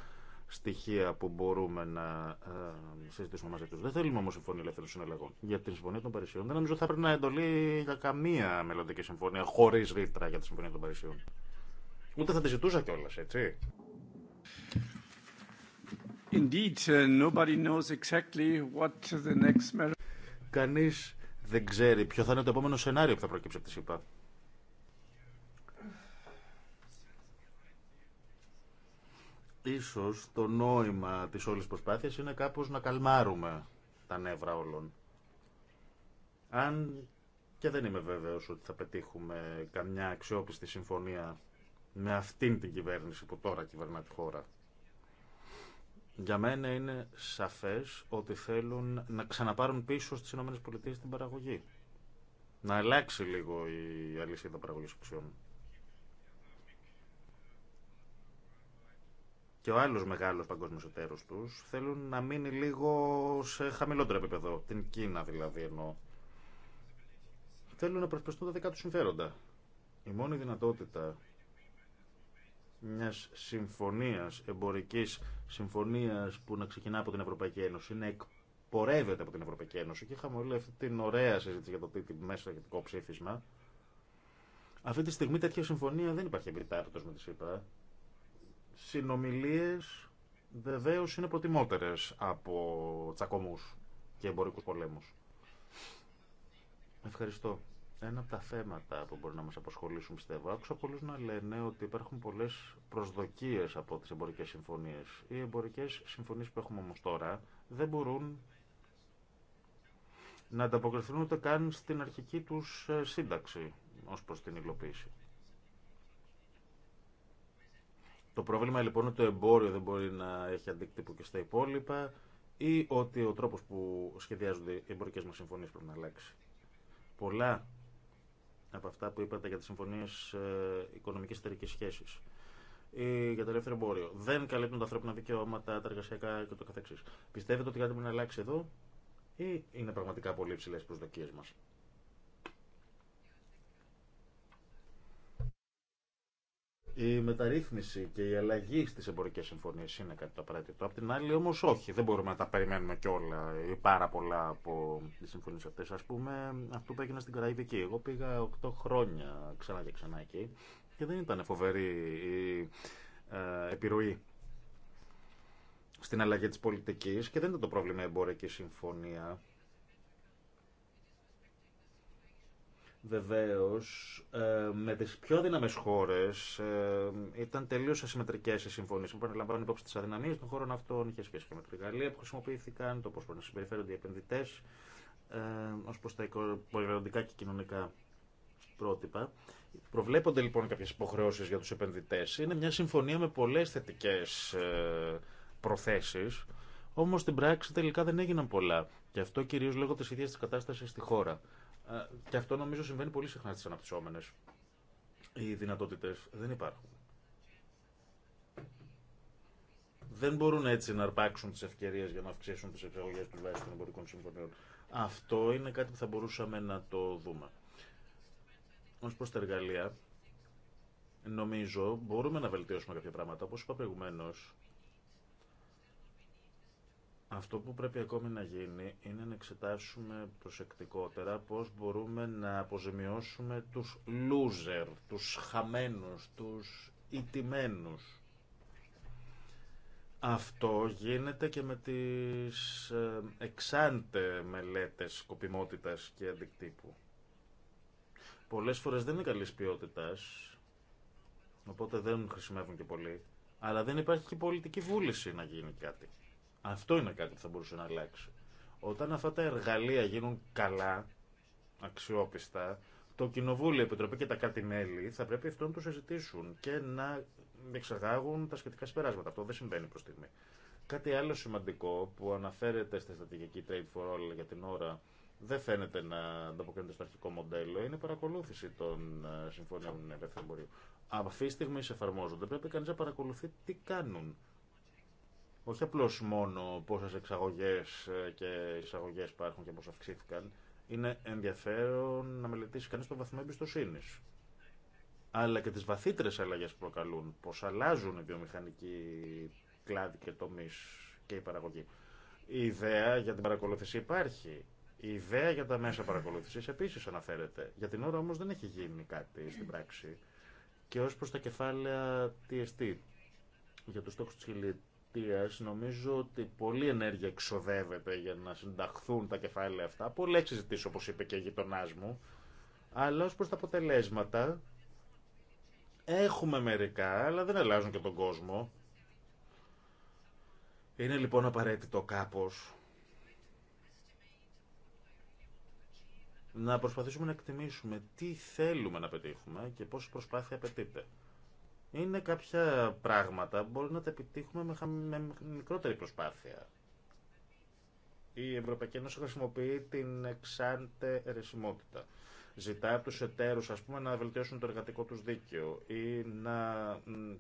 στοιχεία που μπορούμε να ε, συζητήσουμε μαζί του. Δεν θέλουμε όμω συμφωνία ελεύθερων συναλλαγών. Για την συμφωνία των Παρισιών δεν νομίζω θα πρέπει να εντολή για καμία μελλοντική συμφωνία χωρί ρήτρα για τη συμφωνία των Παρισιών. Ούτε θα τη ζητούσα κιόλα, έτσι. Indeed, uh, nobody knows exactly what the next... Κανείς δεν ξέρει ποιο θα είναι το επόμενο σενάριο που θα προκύψει από τη ΣΥΠΑ. Ίσως το νόημα της όλης προσπάθειας είναι κάπως να καλμάρουμε τα νεύρα όλων. Αν και δεν είμαι βέβαιος ότι θα πετύχουμε καμιά αξιόπιστη συμφωνία με αυτήν την κυβέρνηση που τώρα κυβερνά τη χώρα. Για μένα είναι σαφές ότι θέλουν να ξαναπάρουν πίσω στις ΗΠΑ την παραγωγή. Να αλλάξει λίγο η αλυσίδα παραγωγής οξιών. και ο άλλος μεγάλος παγκόσμιος εταίρος τους θέλουν να μείνει λίγο σε χαμηλότερο επίπεδο, την Κίνα δηλαδή εννοώ. Θέλουν να προσπαθούν τα δικά τους συμφέροντα. Η μόνη δυνατότητα μιας συμφωνίας, εμπορικής συμφωνίας που να ξεκινά από την Ευρωπαϊκή Ένωση, να εκπορεύεται από την Ευρωπαϊκή Ένωση και είχαμε όλη αυτή την ωραία συζήτηση για το τι μέσα για το ψήφισμα. Αυτή τη στιγμή τέτοια συμφωνία δεν υπάρχει εμπειρητά με τη ΣΥΠΑ συνομιλίες βεβαίως είναι προτιμότερες από τσακωμούς και εμπορικούς πολέμους. Ευχαριστώ. Ένα από τα θέματα που μπορεί να μας απασχολήσουν, πιστεύω, άκουσα πολλούς να λένε ότι υπάρχουν πολλές προσδοκίες από τις εμπορικές συμφωνίες. Οι εμπορικές συμφωνίες που έχουμε όμως τώρα δεν μπορούν να ανταποκριθούν ούτε καν στην αρχική τους ε, σύνταξη ως προς την υλοποίηση. Το πρόβλημα λοιπόν είναι ότι το εμπόριο δεν μπορεί να έχει αντίκτυπο και στα υπόλοιπα ή ότι ο τρόπος που σχεδιάζονται οι εμπορικές μας συμφωνίες πρέπει να αλλάξει. Πολλά από αυτά που είπατε για τις συμφωνίες ε, οικονομικής εταιρικής σχέσης ή για το ελεύθερο εμπόριο. Δεν καλύπτουν τα ανθρώπινα δικαιώματα, τα εργασιακά και το καθεξής. Πιστεύετε ότι κάτι πρέπει να αλλάξει εδώ ή είναι πραγματικά πολύ υψηλέ προσδοκίε μας. Η μεταρρύθμιση και η αλλαγή στι εμπορικέ συμφωνίε είναι κάτι το απαραίτητο. Απ' την άλλη, όμω, όχι. Δεν μπορούμε να τα περιμένουμε κιόλα ή πάρα πολλά από τι συμφωνίε αυτέ. Α πούμε, αυτό που έγινε στην Καραϊβική. Εγώ πήγα 8 χρόνια ξανά και ξανά εκεί και δεν ήταν φοβερή η ε, επιρροή στην αλλαγή τη πολιτική και δεν ήταν το πρόβλημα η εμπορική συμφωνία. Βεβαίω, ε, με τι πιο δύναμε χώρε ε, ήταν τελείω ασυμμετρικέ οι συμφωνίε. Που λαμβάνουν υπόψη τι αδυναμίε των χώρων αυτών, είχε σχέση και με τη Γαλλία που χρησιμοποιήθηκαν, το πώ μπορεί να συμπεριφέρονται οι επενδυτέ ε, ω προ τα περιβαλλοντικά και κοινωνικά πρότυπα. Προβλέπονται λοιπόν κάποιε υποχρεώσει για του επενδυτέ. Είναι μια συμφωνία με πολλέ θετικέ προθέσει. Όμω στην πράξη τελικά δεν έγιναν πολλά. Και αυτό κυρίω λόγω τη ίδια τη κατάσταση στη χώρα. Ε, και αυτό νομίζω συμβαίνει πολύ συχνά στι αναπτυσσόμενε. Οι δυνατότητε δεν υπάρχουν. Δεν μπορούν έτσι να αρπάξουν τι ευκαιρίε για να αυξήσουν τι εξαγωγέ του βάσει των εμπορικών συμφωνιών. Αυτό είναι κάτι που θα μπορούσαμε να το δούμε. Ω προ τα εργαλεία, νομίζω μπορούμε να βελτιώσουμε κάποια πράγματα. Όπω είπα προηγουμένω, αυτό που πρέπει ακόμη να γίνει είναι να εξετάσουμε προσεκτικότερα πώς μπορούμε να αποζημιώσουμε τους loser, τους χαμένους, τους ιτημένους. Αυτό γίνεται και με τις ε, εξάντε μελέτες σκοπιμότητας και αντικτύπου. Πολλές φορές δεν είναι καλής ποιότητας, οπότε δεν χρησιμεύουν και πολύ, αλλά δεν υπάρχει και πολιτική βούληση να γίνει κάτι. Αυτό είναι κάτι που θα μπορούσε να αλλάξει. Όταν αυτά τα εργαλεία γίνουν καλά, αξιόπιστα, το Κοινοβούλιο, η Επιτροπή και τα κάτι μέλη θα πρέπει αυτό να το συζητήσουν και να εξαγάγουν τα σχετικά συμπεράσματα. Αυτό δεν συμβαίνει προ στιγμή. Κάτι άλλο σημαντικό που αναφέρεται στη στρατηγική Trade for All για την ώρα δεν φαίνεται να ανταποκρίνεται στο αρχικό μοντέλο, είναι η παρακολούθηση των ε, συμφωνίων ελεύθερου εμπορίου. Από αυτή τη στιγμή εφαρμόζονται. Πρέπει κανεί να παρακολουθεί τι κάνουν όχι απλώ μόνο πόσε εξαγωγέ ε, και εισαγωγέ υπάρχουν και πώ αυξήθηκαν, είναι ενδιαφέρον να μελετήσει κανεί το βαθμό εμπιστοσύνη. Αλλά και τι βαθύτερε αλλαγέ που προκαλούν, πω αλλάζουν οι βιομηχανικοί κλάδοι και τομεί και η παραγωγή. Η ιδέα για την παρακολούθηση υπάρχει. Η ιδέα για τα μέσα παρακολούθησης επίση αναφέρεται. Για την ώρα όμω δεν έχει γίνει κάτι στην πράξη. Και ω προ τα κεφάλαια TST, για του στόχου τη της νομίζω ότι πολλή ενέργεια εξοδεύεται για να συνταχθούν τα κεφάλαια αυτά. Πολλέ συζητήσει, όπως είπε και η γειτονά μου. Αλλά ω προ τα αποτελέσματα έχουμε μερικά αλλά δεν αλλάζουν και τον κόσμο. Είναι λοιπόν απαραίτητο κάπως να προσπαθήσουμε να εκτιμήσουμε τι θέλουμε να πετύχουμε και πόση προσπάθεια απαιτείται. Είναι κάποια πράγματα που μπορούμε να τα επιτύχουμε με μικρότερη προσπάθεια. Η Ευρωπαϊκή Ένωση χρησιμοποιεί την εξάντε ερεσιμότητα. Ζητά από του εταίρου, πούμε, να βελτιώσουν το εργατικό τους δίκαιο ή να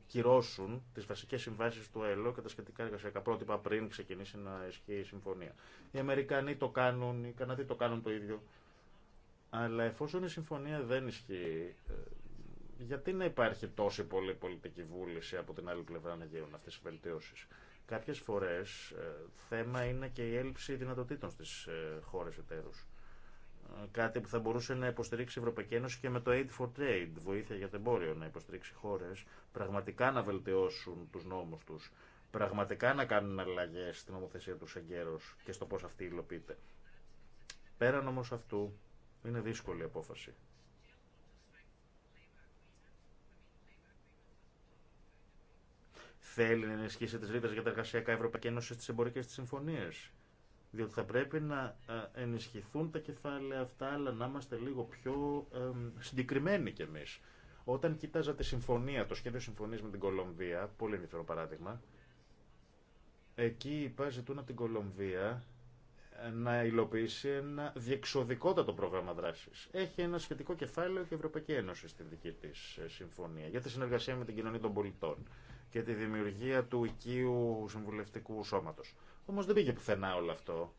κυρώσουν τις βασικές συμβάσει του ΕΛΟ και τα σχετικά εργασιακά πρότυπα πριν ξεκινήσει να ισχύει η συμφωνία. Οι Αμερικανοί το κάνουν, οι Καναδοί το κάνουν το ίδιο. Αλλά εφόσον η συμφωνία δεν ισχύει, ε, γιατί να υπάρχει τόση πολύ πολιτική βούληση από την άλλη πλευρά να γίνουν αυτές οι βελτιώσεις. Κάποιες φορές ε, θέμα είναι και η έλλειψη δυνατοτήτων στις ε, χώρες εταίρους. Ε, κάτι που θα μπορούσε να υποστηρίξει η Ευρωπαϊκή Ένωση και με το Aid for Trade, βοήθεια για το εμπόριο, να υποστηρίξει χώρε, πραγματικά να βελτιώσουν του νόμου του, πραγματικά να κάνουν αλλαγέ στην νομοθεσία του εγκαίρω και στο πώ αυτή υλοποιείται. Πέραν όμω αυτού, είναι δύσκολη η απόφαση. θέλει να ενισχύσει τι ρήτρε για τα εργασιακά Ευρωπαϊκή Ένωση στι εμπορικέ τη συμφωνίε. Διότι θα πρέπει να ε, ενισχυθούν τα κεφάλαια αυτά, αλλά να είμαστε λίγο πιο συγκεκριμένοι κι εμεί. Όταν κοιτάζα τη συμφωνία, το σχέδιο συμφωνία με την Κολομβία, πολύ ενδιαφέρον παράδειγμα, εκεί είπα ζητούν από την Κολομβία ε, να υλοποιήσει ένα διεξοδικότατο πρόγραμμα δράση. Έχει ένα σχετικό κεφάλαιο και η Ευρωπαϊκή Ένωση στη δική τη ε, συμφωνία για τη συνεργασία με την κοινωνία των πολιτών και τη δημιουργία του οικίου συμβουλευτικού σώματος. Όμω δεν πήγε πουθενά όλο αυτό.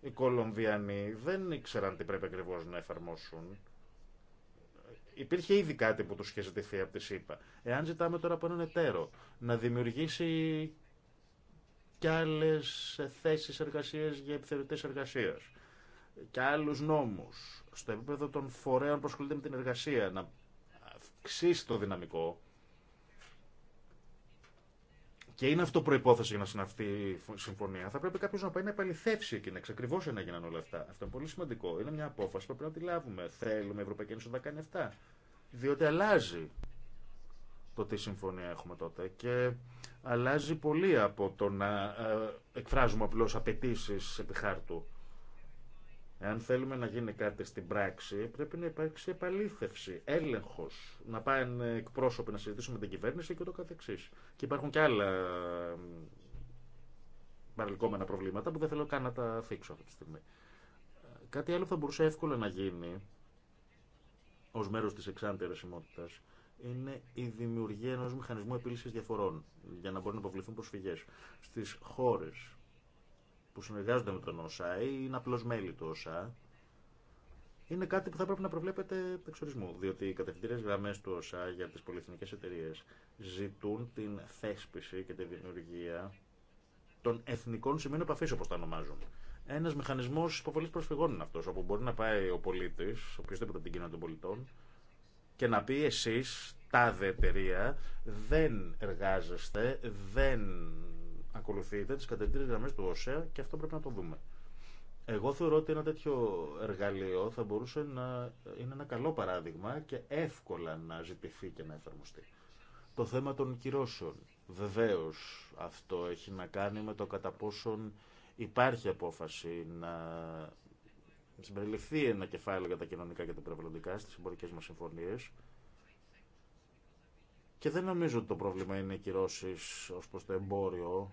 Οι Κολομβιανοί δεν ήξεραν τι πρέπει ακριβώ να εφαρμόσουν. Υπήρχε ήδη κάτι που του είχε ζητηθεί από τη ΣΥΠΑ. Εάν ζητάμε τώρα από έναν εταίρο να δημιουργήσει και άλλε θέσει εργασία για επιθεωρητέ εργασία και άλλου νόμους στο επίπεδο των φορέων που ασχολούνται με την εργασία να αυξήσει το δυναμικό και είναι αυτό προπόθεση για να συναυθεί η συμφωνία, θα πρέπει κάποιο να πάει να επαληθεύσει και να εξακριβώσει να γίνανε όλα αυτά. Αυτό είναι πολύ σημαντικό. Είναι μια απόφαση που πρέπει να τη λάβουμε. Θέλουμε η Ευρωπαϊκή Ένωση να κάνει αυτά. Διότι αλλάζει το τι συμφωνία έχουμε τότε και αλλάζει πολύ από το να ε, εκφράζουμε απλώ απαιτήσει επί χάρτου. Εάν θέλουμε να γίνει κάτι στην πράξη, πρέπει να υπάρξει επαλήθευση, έλεγχο, να πάνε εκπρόσωποι να συζητήσουν με την κυβέρνηση και ούτω καθεξή. Και υπάρχουν και άλλα παρελκόμενα προβλήματα που δεν θέλω καν να τα αφήξω αυτή τη στιγμή. Κάτι άλλο που θα μπορούσε εύκολα να γίνει ω μέρο τη εξάντια ρεσιμότητα είναι η δημιουργία ενό μηχανισμού επίλυση διαφορών για να μπορούν να αποβληθούν προσφυγέ στι χώρε που συνεργάζονται με τον ΩΣΑ ή είναι απλώ μέλη του ΩΣΑ, είναι κάτι που θα πρέπει να προβλέπετε προβλέπεται ορισμού. Διότι οι κατευθυντήριε γραμμέ του ΩΣΑ για τι πολυεθνικέ εταιρείε ζητούν την θέσπιση και τη δημιουργία των εθνικών σημείων επαφή, όπω τα ονομάζουν. Ένα μηχανισμό υποβολή προσφυγών είναι αυτό, όπου μπορεί να πάει ο πολίτη, οποιοδήποτε από την κοινότητα των πολιτών, και να πει εσεί, τάδε εταιρεία, δεν εργάζεστε, δεν ακολουθείτε τι κατευθυντήριε γραμμέ του ΩΣΕΑ και αυτό πρέπει να το δούμε. Εγώ θεωρώ ότι ένα τέτοιο εργαλείο θα μπορούσε να είναι ένα καλό παράδειγμα και εύκολα να ζητηθεί και να εφαρμοστεί. Το θέμα των κυρώσεων. Βεβαίω αυτό έχει να κάνει με το κατά πόσον υπάρχει απόφαση να συμπεριληφθεί ένα κεφάλαιο για τα κοινωνικά και τα περιβαλλοντικά στι εμπορικέ μα συμφωνίε. Και δεν νομίζω ότι το πρόβλημα είναι οι κυρώσει ω προ το εμπόριο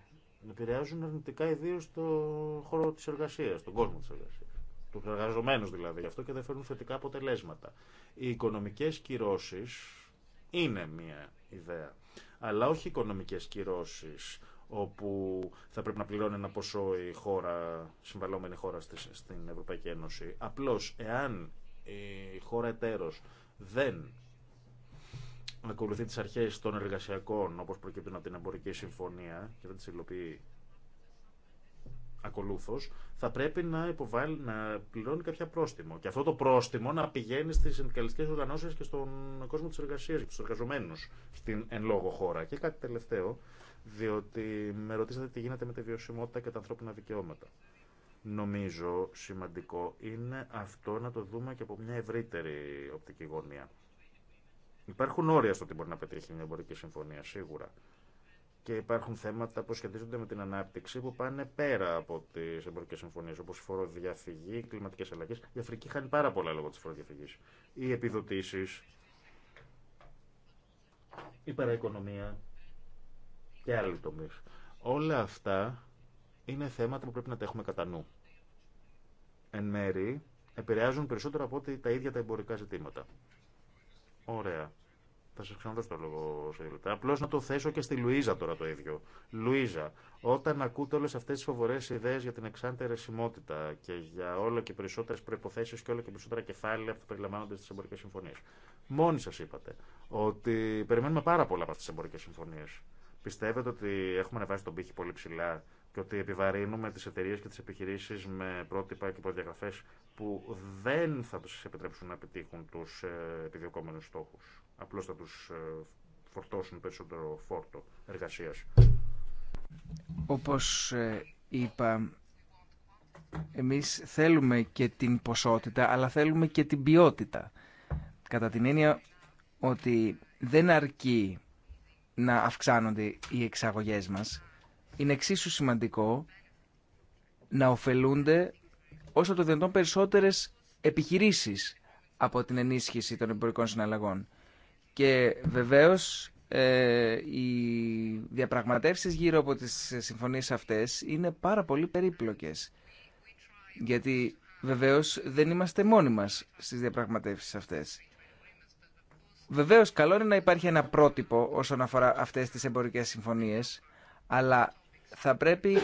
επηρεάζουν αρνητικά ιδίω στο χώρο τη εργασία, τον κόσμο τη εργασία. Του εργαζομένου δηλαδή γι' αυτό και δεν φέρνουν θετικά αποτελέσματα. Οι οικονομικέ κυρώσει είναι μια ιδέα. Αλλά όχι οικονομικέ κυρώσει όπου θα πρέπει να πληρώνει ένα ποσό η χώρα, συμβαλόμενη χώρα στην Ευρωπαϊκή Ένωση. Απλώ εάν η χώρα εταίρο δεν ακολουθεί τις αρχές των εργασιακών όπως προκύπτουν από την εμπορική συμφωνία και δεν τις υλοποιεί ακολούθως, θα πρέπει να, υποβάλει, να πληρώνει κάποια πρόστιμο. Και αυτό το πρόστιμο να πηγαίνει στις συνδικαλιστικές οργανώσεις και στον κόσμο της εργασίας και στους εργαζομένους στην εν λόγω χώρα. Και κάτι τελευταίο, διότι με ρωτήσατε τι γίνεται με τη βιωσιμότητα και τα ανθρώπινα δικαιώματα. Νομίζω σημαντικό είναι αυτό να το δούμε και από μια ευρύτερη οπτική γωνία. Υπάρχουν όρια στο τι μπορεί να πετύχει μια εμπορική συμφωνία, σίγουρα. Και υπάρχουν θέματα που σχετίζονται με την ανάπτυξη που πάνε πέρα από τι εμπορικέ συμφωνίε, όπω η φοροδιαφυγή, οι κλιματικέ αλλαγέ. Η Αφρική χάνει πάρα πολλά λόγω τη φοροδιαφυγή. Οι επιδοτήσει, η παραοικονομία και άλλοι τομεί. Όλα αυτά είναι θέματα που πρέπει να τα έχουμε κατά νου. Εν μέρη, επηρεάζουν περισσότερο από ότι τα ίδια τα εμπορικά ζητήματα. Ωραία. Θα σα ξαναδώσω το λόγο σε λεπτά. Απλώ να το θέσω και στη Λουίζα τώρα το ίδιο. Λουίζα, όταν ακούτε όλε αυτέ τι φοβερέ ιδέε για την εξάντερη αιρεσιμότητα και για όλο και περισσότερε προποθέσει και όλο και περισσότερα κεφάλαια που περιλαμβάνονται στι εμπορικέ συμφωνίε, μόνοι σα είπατε ότι περιμένουμε πάρα πολλά από αυτέ τι εμπορικέ συμφωνίε. Πιστεύετε ότι έχουμε βάσει τον πύχη πολύ ψηλά και ότι επιβαρύνουμε τι εταιρείε και τι επιχειρήσει με πρότυπα και προδιαγραφέ που δεν θα τους επιτρέψουν να επιτύχουν τους ε, επιδιωκόμενους στόχους. Απλώς θα τους ε, φορτώσουν περισσότερο φόρτο εργασίας. Όπως ε, είπα, εμείς θέλουμε και την ποσότητα, αλλά θέλουμε και την ποιότητα. Κατά την έννοια ότι δεν αρκεί να αυξάνονται οι εξαγωγές μας. Είναι εξίσου σημαντικό να ωφελούνται όσο το δυνατόν περισσότερες επιχειρήσεις από την ενίσχυση των εμπορικών συναλλαγών. Και βεβαίως ε, οι διαπραγματεύσεις γύρω από τις συμφωνίες αυτές είναι πάρα πολύ περίπλοκες. Γιατί βεβαίως δεν είμαστε μόνοι μα στις διαπραγματεύσεις αυτές. Βεβαίως καλό είναι να υπάρχει ένα πρότυπο όσον αφορά αυτές τι εμπορικέ συμφωνίε, αλλά θα πρέπει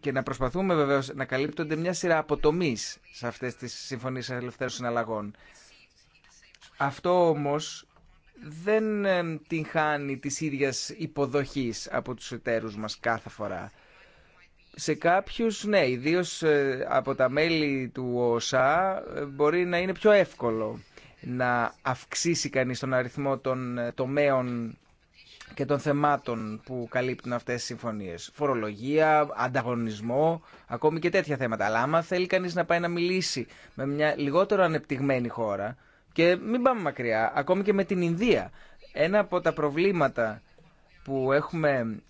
και να προσπαθούμε βεβαίω να καλύπτονται μια σειρά αποτομή σε αυτέ τι συμφωνίες ελευθέρων συναλλαγών. Αυτό όμως δεν την χάνει της ίδιας υποδοχής από τους εταίρους μας κάθε φορά. Σε κάποιους, ναι, ιδίω ε, από τα μέλη του ΟΣΑ ε, μπορεί να είναι πιο εύκολο να αυξήσει κανείς τον αριθμό των ε, τομέων και των θεμάτων που καλύπτουν αυτέ τι συμφωνίε. Φορολογία, ανταγωνισμό, ακόμη και τέτοια θέματα. Αλλά άμα θέλει κανεί να πάει να μιλήσει με μια λιγότερο ανεπτυγμένη χώρα, και μην πάμε μακριά, ακόμη και με την Ινδία, ένα από τα προβλήματα που έχουμε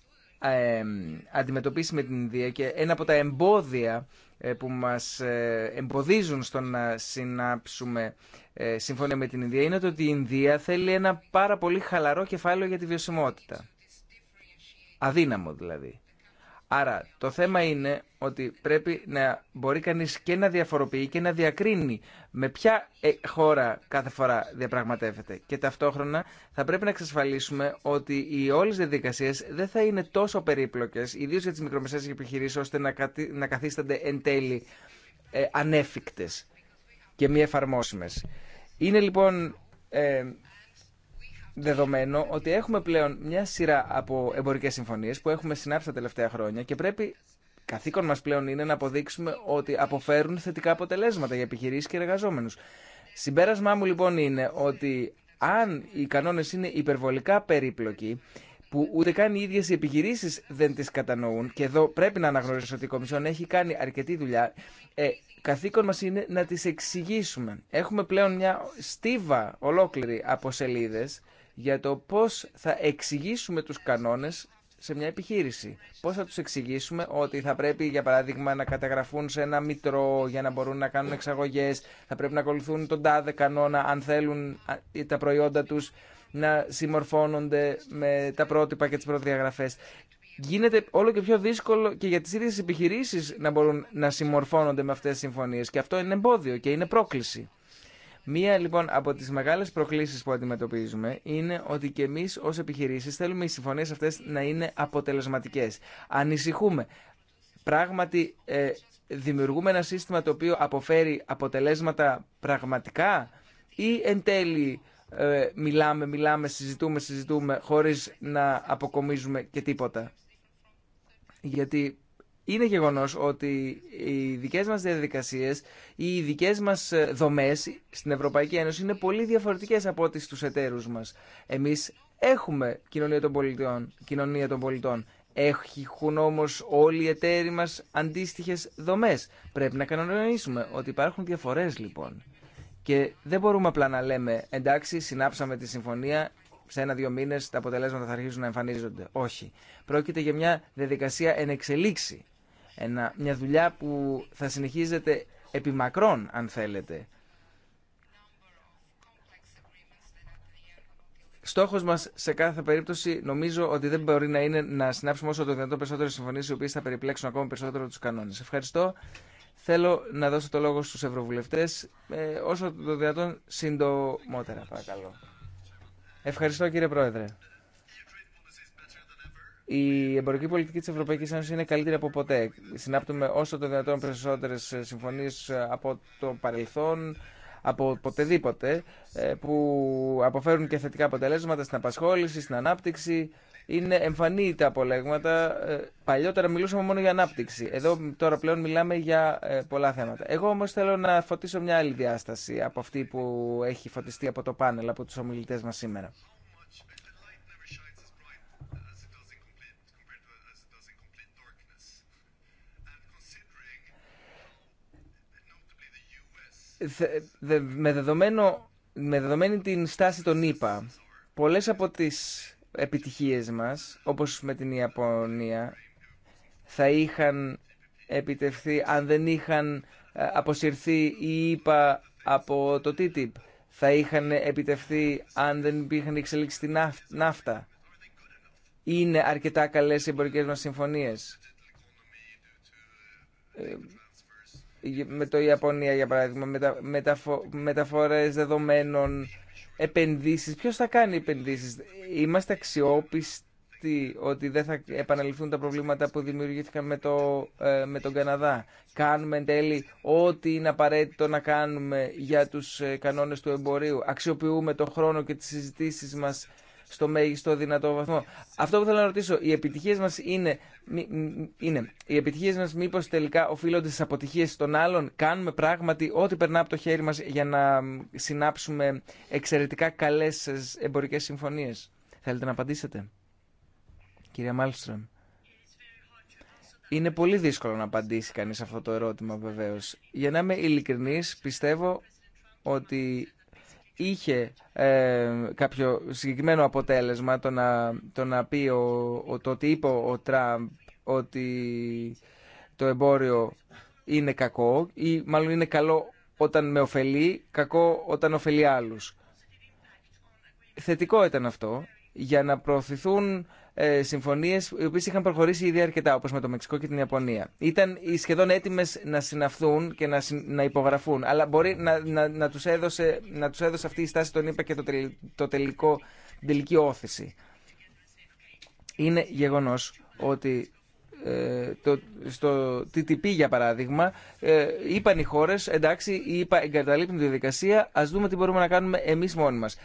αντιμετωπίσει με την Ινδία και ένα από τα εμπόδια ε, που μας ε, εμποδίζουν στο να συνάψουμε ε, συμφωνία με την Ινδία είναι το ότι η Ινδία θέλει ένα πάρα πολύ χαλαρό κεφάλαιο για τη βιωσιμότητα. Αδύναμο δηλαδή. Άρα το θέμα είναι ότι πρέπει να μπορεί κανείς και να διαφοροποιεί και να διακρίνει με ποια ε, χώρα κάθε φορά διαπραγματεύεται. Και ταυτόχρονα θα πρέπει να εξασφαλίσουμε ότι οι όλες οι διαδικασίες δεν θα είναι τόσο περίπλοκες, ιδίως για τις μικρομεσαίες επιχειρήσεις, ώστε να καθίστανται εν τέλει ε, ανέφικτες και μη εφαρμόσιμες. Είναι λοιπόν ε, δεδομένο ότι έχουμε πλέον μια σειρά από εμπορικές συμφωνίες που έχουμε συνάψει τα τελευταία χρόνια και πρέπει καθήκον μας πλέον είναι να αποδείξουμε ότι αποφέρουν θετικά αποτελέσματα για επιχειρήσεις και εργαζόμενους. Συμπέρασμά μου λοιπόν είναι ότι αν οι κανόνες είναι υπερβολικά περίπλοκοι, που ούτε καν οι ίδιες οι επιχειρήσεις δεν τις κατανοούν και εδώ πρέπει να αναγνωρίσω ότι η Κομισιόν έχει κάνει αρκετή δουλειά ε, καθήκον μας είναι να τις εξηγήσουμε. Έχουμε πλέον μια στίβα ολόκληρη από σελίδε για το πώς θα εξηγήσουμε τους κανόνες σε μια επιχείρηση. Πώς θα τους εξηγήσουμε ότι θα πρέπει, για παράδειγμα, να καταγραφούν σε ένα μητρό για να μπορούν να κάνουν εξαγωγές, θα πρέπει να ακολουθούν τον τάδε κανόνα αν θέλουν τα προϊόντα τους να συμμορφώνονται με τα πρότυπα και τις προδιαγραφές. Γίνεται όλο και πιο δύσκολο και για τις ίδιες επιχειρήσεις να μπορούν να συμμορφώνονται με αυτές τις συμφωνίες και αυτό είναι εμπόδιο και είναι πρόκληση. Μία λοιπόν από τις μεγάλες προκλήσεις που αντιμετωπίζουμε είναι ότι και εμείς ως επιχειρήσεις θέλουμε οι συμφωνίε αυτές να είναι αποτελεσματικές. Ανησυχούμε. Πράγματι ε, δημιουργούμε ένα σύστημα το οποίο αποφέρει αποτελέσματα πραγματικά ή εν τέλει ε, μιλάμε, μιλάμε, συζητούμε, συζητούμε χωρίς να αποκομίζουμε και τίποτα. Γιατί είναι γεγονό ότι οι δικέ μα διαδικασίε ή οι δικέ μα ε, δομέ στην Ευρωπαϊκή Ένωση είναι πολύ διαφορετικέ από ό,τι στου εταίρου μα. Εμεί έχουμε κοινωνία των πολιτών, κοινωνία των πολιτών. Έχουν όμω όλοι οι εταίροι μα αντίστοιχε δομέ. Πρέπει να κανονίσουμε ότι υπάρχουν διαφορέ λοιπόν. Και δεν μπορούμε απλά να λέμε εντάξει, συνάψαμε τη συμφωνία, σε ένα-δύο μήνε τα αποτελέσματα θα αρχίσουν να εμφανίζονται. Όχι. Πρόκειται για μια διαδικασία εν εξελίξη. Ένα, μια δουλειά που θα συνεχίζεται επιμακρών, αν θέλετε. Στόχο μα σε κάθε περίπτωση νομίζω ότι δεν μπορεί να είναι να συνάψουμε όσο το δυνατόν περισσότερε συμφωνίε οι οποίε θα περιπλέξουν ακόμα περισσότερο του κανόνε. Ευχαριστώ. Θέλω να δώσω το λόγο στου ευρωβουλευτέ ε, όσο το δυνατόν συντομότερα, παρακαλώ. Ευχαριστώ κύριε Πρόεδρε. Η εμπορική πολιτική τη Ευρωπαϊκή Ένωση είναι καλύτερη από ποτέ. Συνάπτουμε όσο το δυνατόν περισσότερε ε, συμφωνίε ε, από το παρελθόν, από ποτεδήποτε, ε, που αποφέρουν και θετικά αποτελέσματα στην απασχόληση, στην ανάπτυξη. Είναι εμφανή τα απολέγματα. Παλιότερα μιλούσαμε μόνο για ανάπτυξη. Εδώ τώρα πλέον μιλάμε για πολλά θέματα. Εγώ όμω θέλω να φωτίσω μια άλλη διάσταση από αυτή που έχει φωτιστεί από το πάνελ, από του ομιλητέ μα σήμερα. με, δεδομένο, με δεδομένη την στάση των ΗΠΑ, πολλές από τις επιτυχίες μας, όπως με την Ιαπωνία, θα είχαν επιτευχθεί αν δεν είχαν ε, αποσυρθεί οι ΗΠΑ από το TTIP. Θα είχαν επιτευχθεί αν δεν είχαν εξελίξει την ναύτα. Είναι αρκετά καλές οι εμπορικές μας συμφωνίες. Ε, με το Ιαπωνία για παράδειγμα, μετα, μεταφορές δεδομένων, επενδύσεις. Ποιος θα κάνει επενδύσεις. Είμαστε αξιόπιστοι ότι δεν θα επαναληφθούν τα προβλήματα που δημιουργήθηκαν με, το, ε, με τον Καναδά. Κάνουμε εν τέλει ό,τι είναι απαραίτητο να κάνουμε για τους ε, κανόνες του εμπορίου. Αξιοποιούμε τον χρόνο και τις συζητήσεις μας στο μέγιστο δυνατό βαθμό. Αυτό που θέλω να ρωτήσω, οι επιτυχίε μα είναι, είναι. Οι επιτυχίε μα μήπω τελικά οφείλονται στι αποτυχίε των άλλων. Κάνουμε πράγματι ό,τι περνά από το χέρι μα για να συνάψουμε εξαιρετικά καλέ εμπορικέ συμφωνίε. Θέλετε να απαντήσετε, κυρία Μάλστρομ. Είναι πολύ δύσκολο να απαντήσει κανείς αυτό το ερώτημα βεβαίως. Για να είμαι ειλικρινής, πιστεύω ότι είχε ε, κάποιο συγκεκριμένο αποτέλεσμα το να, το να πει ο, το ότι είπε ο Τραμπ ότι το εμπόριο είναι κακό ή μάλλον είναι καλό όταν με ωφελεί, κακό όταν ωφελεί άλλους. Θετικό ήταν αυτό για να προωθηθούν ε, συμφωνίε οι οποίε είχαν προχωρήσει ήδη αρκετά, όπω με το Μεξικό και την Ιαπωνία. Ήταν σχεδόν έτοιμε να συναυθούν και να, να υπογραφούν, αλλά μπορεί να, να, του έδωσε, έδωσε αυτή η στάση, τον είπα και το, τελικό, την τελική όθηση. Είναι γεγονό ότι ε, το, στο TTP για παράδειγμα ε, είπαν οι χώρες εντάξει είπα εγκαταλείπουν τη διαδικασία ας δούμε τι μπορούμε να κάνουμε εμείς μόνοι μας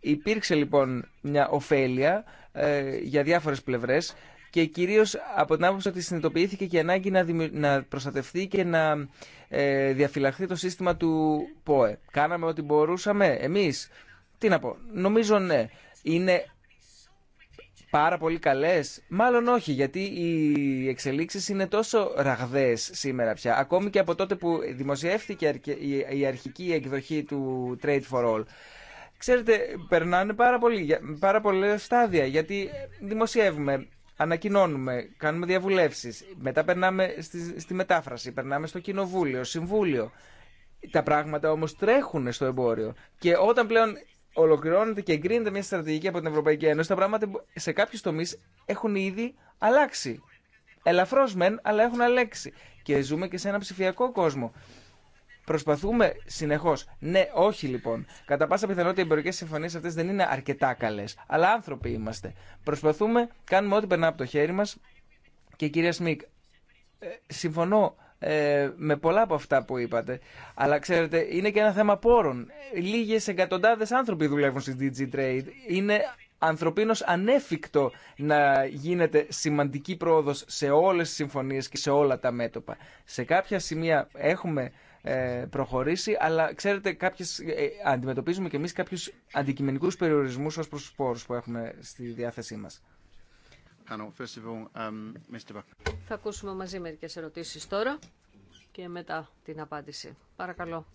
υπήρξε λοιπόν μια ωφέλεια ε, για διάφορες πλευρές και κυρίως από την άποψη ότι συνειδητοποιήθηκε και η ανάγκη να, να προστατευτεί και να ε, διαφυλαχθεί το σύστημα του ΠΟΕ. Κάναμε ό,τι μπορούσαμε εμείς. Τι να πω, νομίζω ναι. Είναι πάρα πολύ καλές. Μάλλον όχι, γιατί οι εξελίξεις είναι τόσο ραγδαίες σήμερα πια. Ακόμη και από τότε που δημοσιεύτηκε η αρχική εκδοχή του Trade for All. Ξέρετε, περνάνε πάρα, πολύ, πάρα πολλά στάδια, γιατί δημοσιεύουμε, ανακοινώνουμε, κάνουμε διαβουλεύσεις, μετά περνάμε στη, στη μετάφραση, περνάμε στο κοινοβούλιο, συμβούλιο. Τα πράγματα όμως τρέχουν στο εμπόριο και όταν πλέον ολοκληρώνεται και εγκρίνεται μια στρατηγική από την Ευρωπαϊκή Ένωση, τα πράγματα σε κάποιου τομεί έχουν ήδη αλλάξει. Ελαφρώς μεν, αλλά έχουν αλλάξει. Και ζούμε και σε ένα ψηφιακό κόσμο. Προσπαθούμε συνεχώ. Ναι, όχι λοιπόν. Κατά πάσα πιθανότητα οι εμπορικέ συμφωνίε αυτέ δεν είναι αρκετά καλέ. Αλλά άνθρωποι είμαστε. Προσπαθούμε, κάνουμε ό,τι περνά από το χέρι μα. Και κυρία Σμικ, ε, συμφωνώ ε, με πολλά από αυτά που είπατε. Αλλά ξέρετε, είναι και ένα θέμα πόρων. Λίγε εκατοντάδε άνθρωποι δουλεύουν στη DG Trade. Είναι ανθρωπίνω ανέφικτο να γίνεται σημαντική πρόοδο σε όλε τι συμφωνίε και σε όλα τα μέτωπα. Σε κάποια σημεία έχουμε ε, προχωρήσει, αλλά ξέρετε, κάποιες, ε, αντιμετωπίζουμε και εμεί κάποιου αντικειμενικούς περιορισμούς ως προς τους πόρους που έχουμε στη διάθεσή μας. Um, Θα ακούσουμε μαζί μερικές ερωτήσεις τώρα και μετά την απάντηση. Παρακαλώ.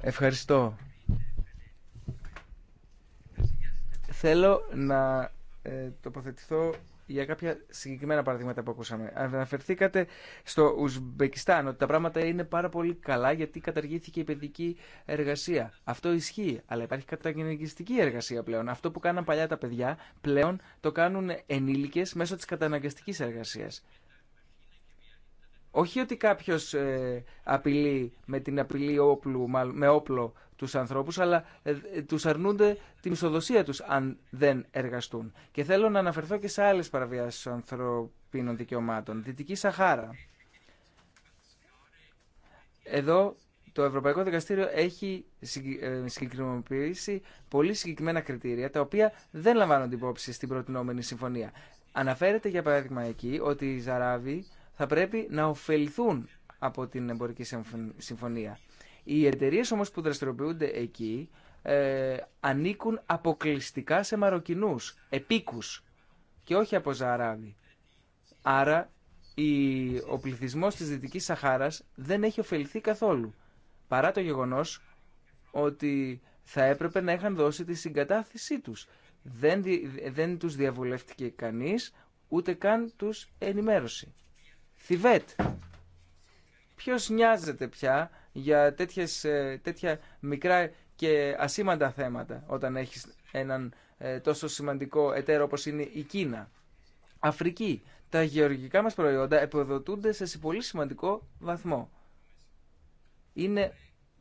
Ευχαριστώ. Θέλω να το ε, τοποθετηθώ για κάποια συγκεκριμένα παραδείγματα που ακούσαμε. Αναφερθήκατε στο Ουσμπεκιστάν ότι τα πράγματα είναι πάρα πολύ καλά γιατί καταργήθηκε η παιδική εργασία. Αυτό ισχύει, αλλά υπάρχει καταναγκαστική εργασία πλέον. Αυτό που κάναν παλιά τα παιδιά πλέον το κάνουν ενήλικες μέσω τη καταναγκαστικής εργασία. Όχι ότι κάποιος ε, απειλεί με την απειλή όπλου, με όπλο τους ανθρώπους, αλλά ε, τους αρνούνται τη μισθοδοσία τους αν δεν εργαστούν. Και θέλω να αναφερθώ και σε άλλες παραβιάσεις ανθρωπίνων δικαιωμάτων. Δυτική Σαχάρα. Εδώ το Ευρωπαϊκό Δικαστήριο έχει ε, συγκεκριμένοποιήσει πολύ συγκεκριμένα κριτήρια, τα οποία δεν λαμβάνονται υπόψη στην προτινόμενη συμφωνία. Αναφέρεται, για παράδειγμα, εκεί ότι οι Ζαράβοι θα πρέπει να ωφεληθούν από την εμπορική συμφωνία. Οι εταιρείε όμως που δραστηριοποιούνται εκεί ε, ανήκουν αποκλειστικά σε Μαροκινούς, επίκους και όχι από Ζαράβη. Άρα η, ο πληθυσμό της Δυτικής Σαχάρας δεν έχει ωφεληθεί καθόλου. Παρά το γεγονός ότι θα έπρεπε να είχαν δώσει τη συγκατάθεσή τους. Δεν, δεν τους διαβουλεύτηκε κανείς, ούτε καν τους ενημέρωσε. Θιβέτ. ποιο νοιάζεται πια για τέτοιες, ε, τέτοια μικρά και ασήμαντα θέματα όταν έχεις έναν ε, τόσο σημαντικό εταίρο όπως είναι η Κίνα. Αφρική. Τα γεωργικά μας προϊόντα επιδοτούνται σε πολύ σημαντικό βαθμό. Είναι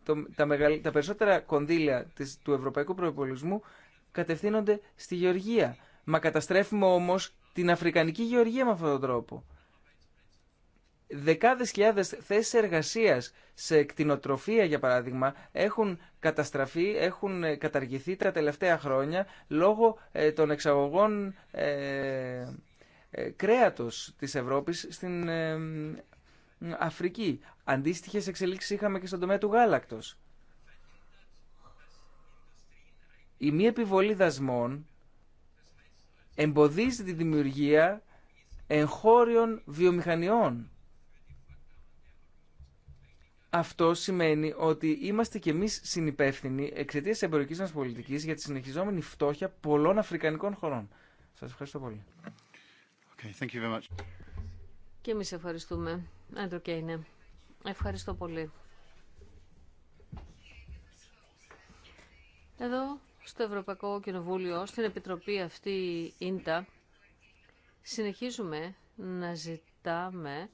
το, τα, μεγαλ, τα περισσότερα κονδύλια της, του ευρωπαϊκού προϋπολογισμού κατευθύνονται στη γεωργία. Μα καταστρέφουμε όμως την αφρικανική γεωργία με αυτόν τον τρόπο δεκάδες χιλιάδες θέσεις εργασίας σε κτηνοτροφία για παράδειγμα έχουν καταστραφεί, έχουν ε, καταργηθεί τα τελευταία χρόνια λόγω ε, των εξαγωγών ε, κρέατος της Ευρώπης στην Αφρική. Αντίστοιχες εξελίξεις είχαμε και στον τομέα του γάλακτος. Η μη επιβολή δασμών εμποδίζει τη δημιουργία εγχώριων βιομηχανιών αυτό σημαίνει ότι είμαστε κι εμεί συνυπεύθυνοι εξαιτία τη εμπορική μα πολιτική για τη συνεχιζόμενη φτώχεια πολλών Αφρικανικών χωρών. Σα ευχαριστώ πολύ. Okay, thank you very much. Και εμεί ευχαριστούμε. Άντρο και Ευχαριστώ πολύ. Εδώ στο Ευρωπαϊκό Κοινοβούλιο, στην Επιτροπή αυτή ίντα, συνεχίζουμε να ζητάμε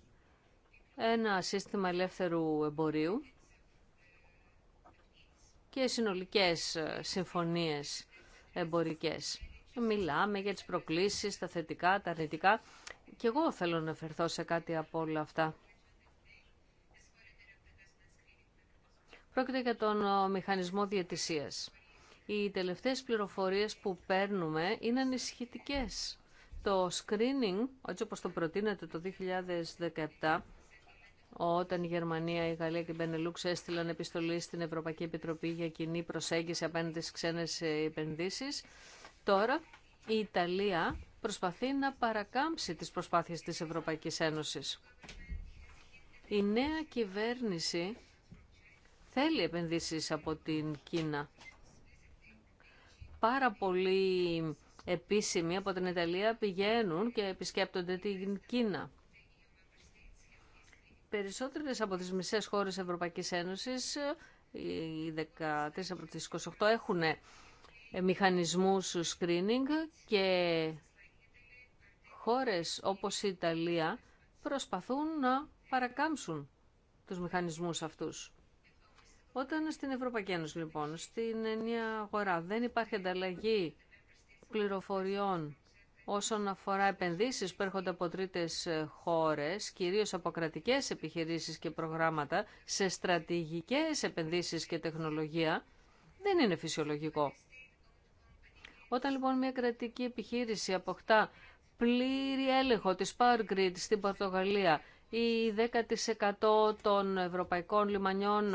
ένα σύστημα ελεύθερου εμπορίου και συνολικές ε, συμφωνίες εμπορικές. Μιλάμε για τις προκλήσεις, τα θετικά, τα αρνητικά. Και εγώ θέλω να φερθώ σε κάτι από όλα αυτά. Πρόκειται για τον ε, μηχανισμό διαιτησίας. Οι τελευταίες πληροφορίες που παίρνουμε είναι ανησυχητικέ. Το screening, έτσι όπως το προτείνεται το 2017, όταν η Γερμανία, η Γαλλία και η Μπενελούξ έστειλαν επιστολή στην Ευρωπαϊκή Επιτροπή για κοινή προσέγγιση απέναντι στις ξένες επενδύσεις. Τώρα η Ιταλία προσπαθεί να παρακάμψει τις προσπάθειες της Ευρωπαϊκής Ένωσης. Η νέα κυβέρνηση θέλει επενδύσεις από την Κίνα. Πάρα πολλοί επίσημοι από την Ιταλία πηγαίνουν και επισκέπτονται την Κίνα περισσότερες από τις μισές χώρες Ευρωπαϊκής Ένωσης, οι 13 από τις 28 έχουν ε, μηχανισμούς screening και χώρες όπως η Ιταλία προσπαθούν να παρακάμψουν τους μηχανισμούς αυτούς. Όταν στην Ευρωπαϊκή Ένωση λοιπόν, στην ενιαία αγορά δεν υπάρχει ανταλλαγή πληροφοριών όσον αφορά επενδύσεις που έρχονται από τρίτες ε, χώρες, κυρίως από κρατικές επιχειρήσεις και προγράμματα, σε στρατηγικές επενδύσεις και τεχνολογία, δεν είναι φυσιολογικό. Όταν λοιπόν μια κρατική επιχείρηση αποκτά πλήρη έλεγχο της Power Grid στην Πορτογαλία ή 10% των ευρωπαϊκών λιμανιών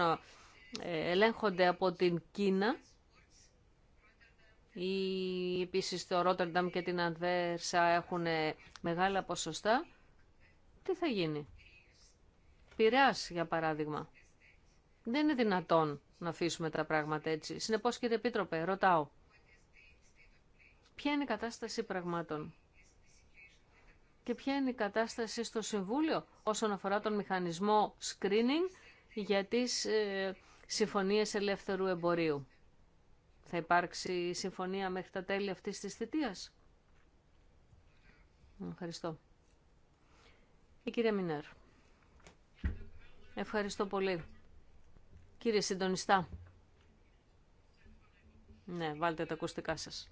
ε, ελέγχονται από την Κίνα, ή επίση το Ρότερνταμ και την Ανδέρσα έχουν μεγάλα ποσοστά. Τι θα γίνει. Πειραιά, για παράδειγμα. Δεν είναι δυνατόν να αφήσουμε τα πράγματα έτσι. Συνεπώς, κύριε Επίτροπε, ρωτάω. Ποια είναι η κατάσταση πραγμάτων και ποια είναι η κατάσταση στο Συμβούλιο όσον αφορά τον μηχανισμό screening για τις ε, συμφωνίες ελεύθερου εμπορίου. Θα υπάρξει συμφωνία μέχρι τα τέλη αυτής της θητείας. Ευχαριστώ. Η κυρία Μινέρ. Ευχαριστώ πολύ. Κύριε συντονιστά. Ναι, βάλτε τα ακουστικά σας.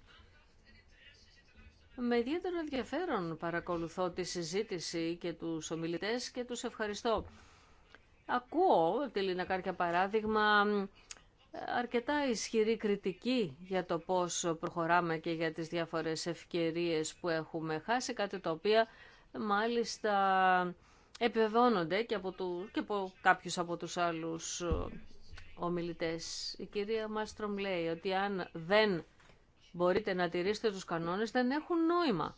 Με ιδιαίτερο ενδιαφέρον παρακολουθώ τη συζήτηση και τους ομιλητές και τους ευχαριστώ. Ακούω τη Λίνα Κάρκια παράδειγμα, αρκετά ισχυρή κριτική για το πώς προχωράμε και για τις διάφορες ευκαιρίες που έχουμε χάσει, κάτι το οποίο μάλιστα επιβεβαιώνονται και από, από κάποιους από τους άλλους ε, ομιλητές. Η κυρία Μάστρομ λέει ότι αν δεν μπορείτε να τηρήσετε τους κανόνες δεν έχουν νόημα.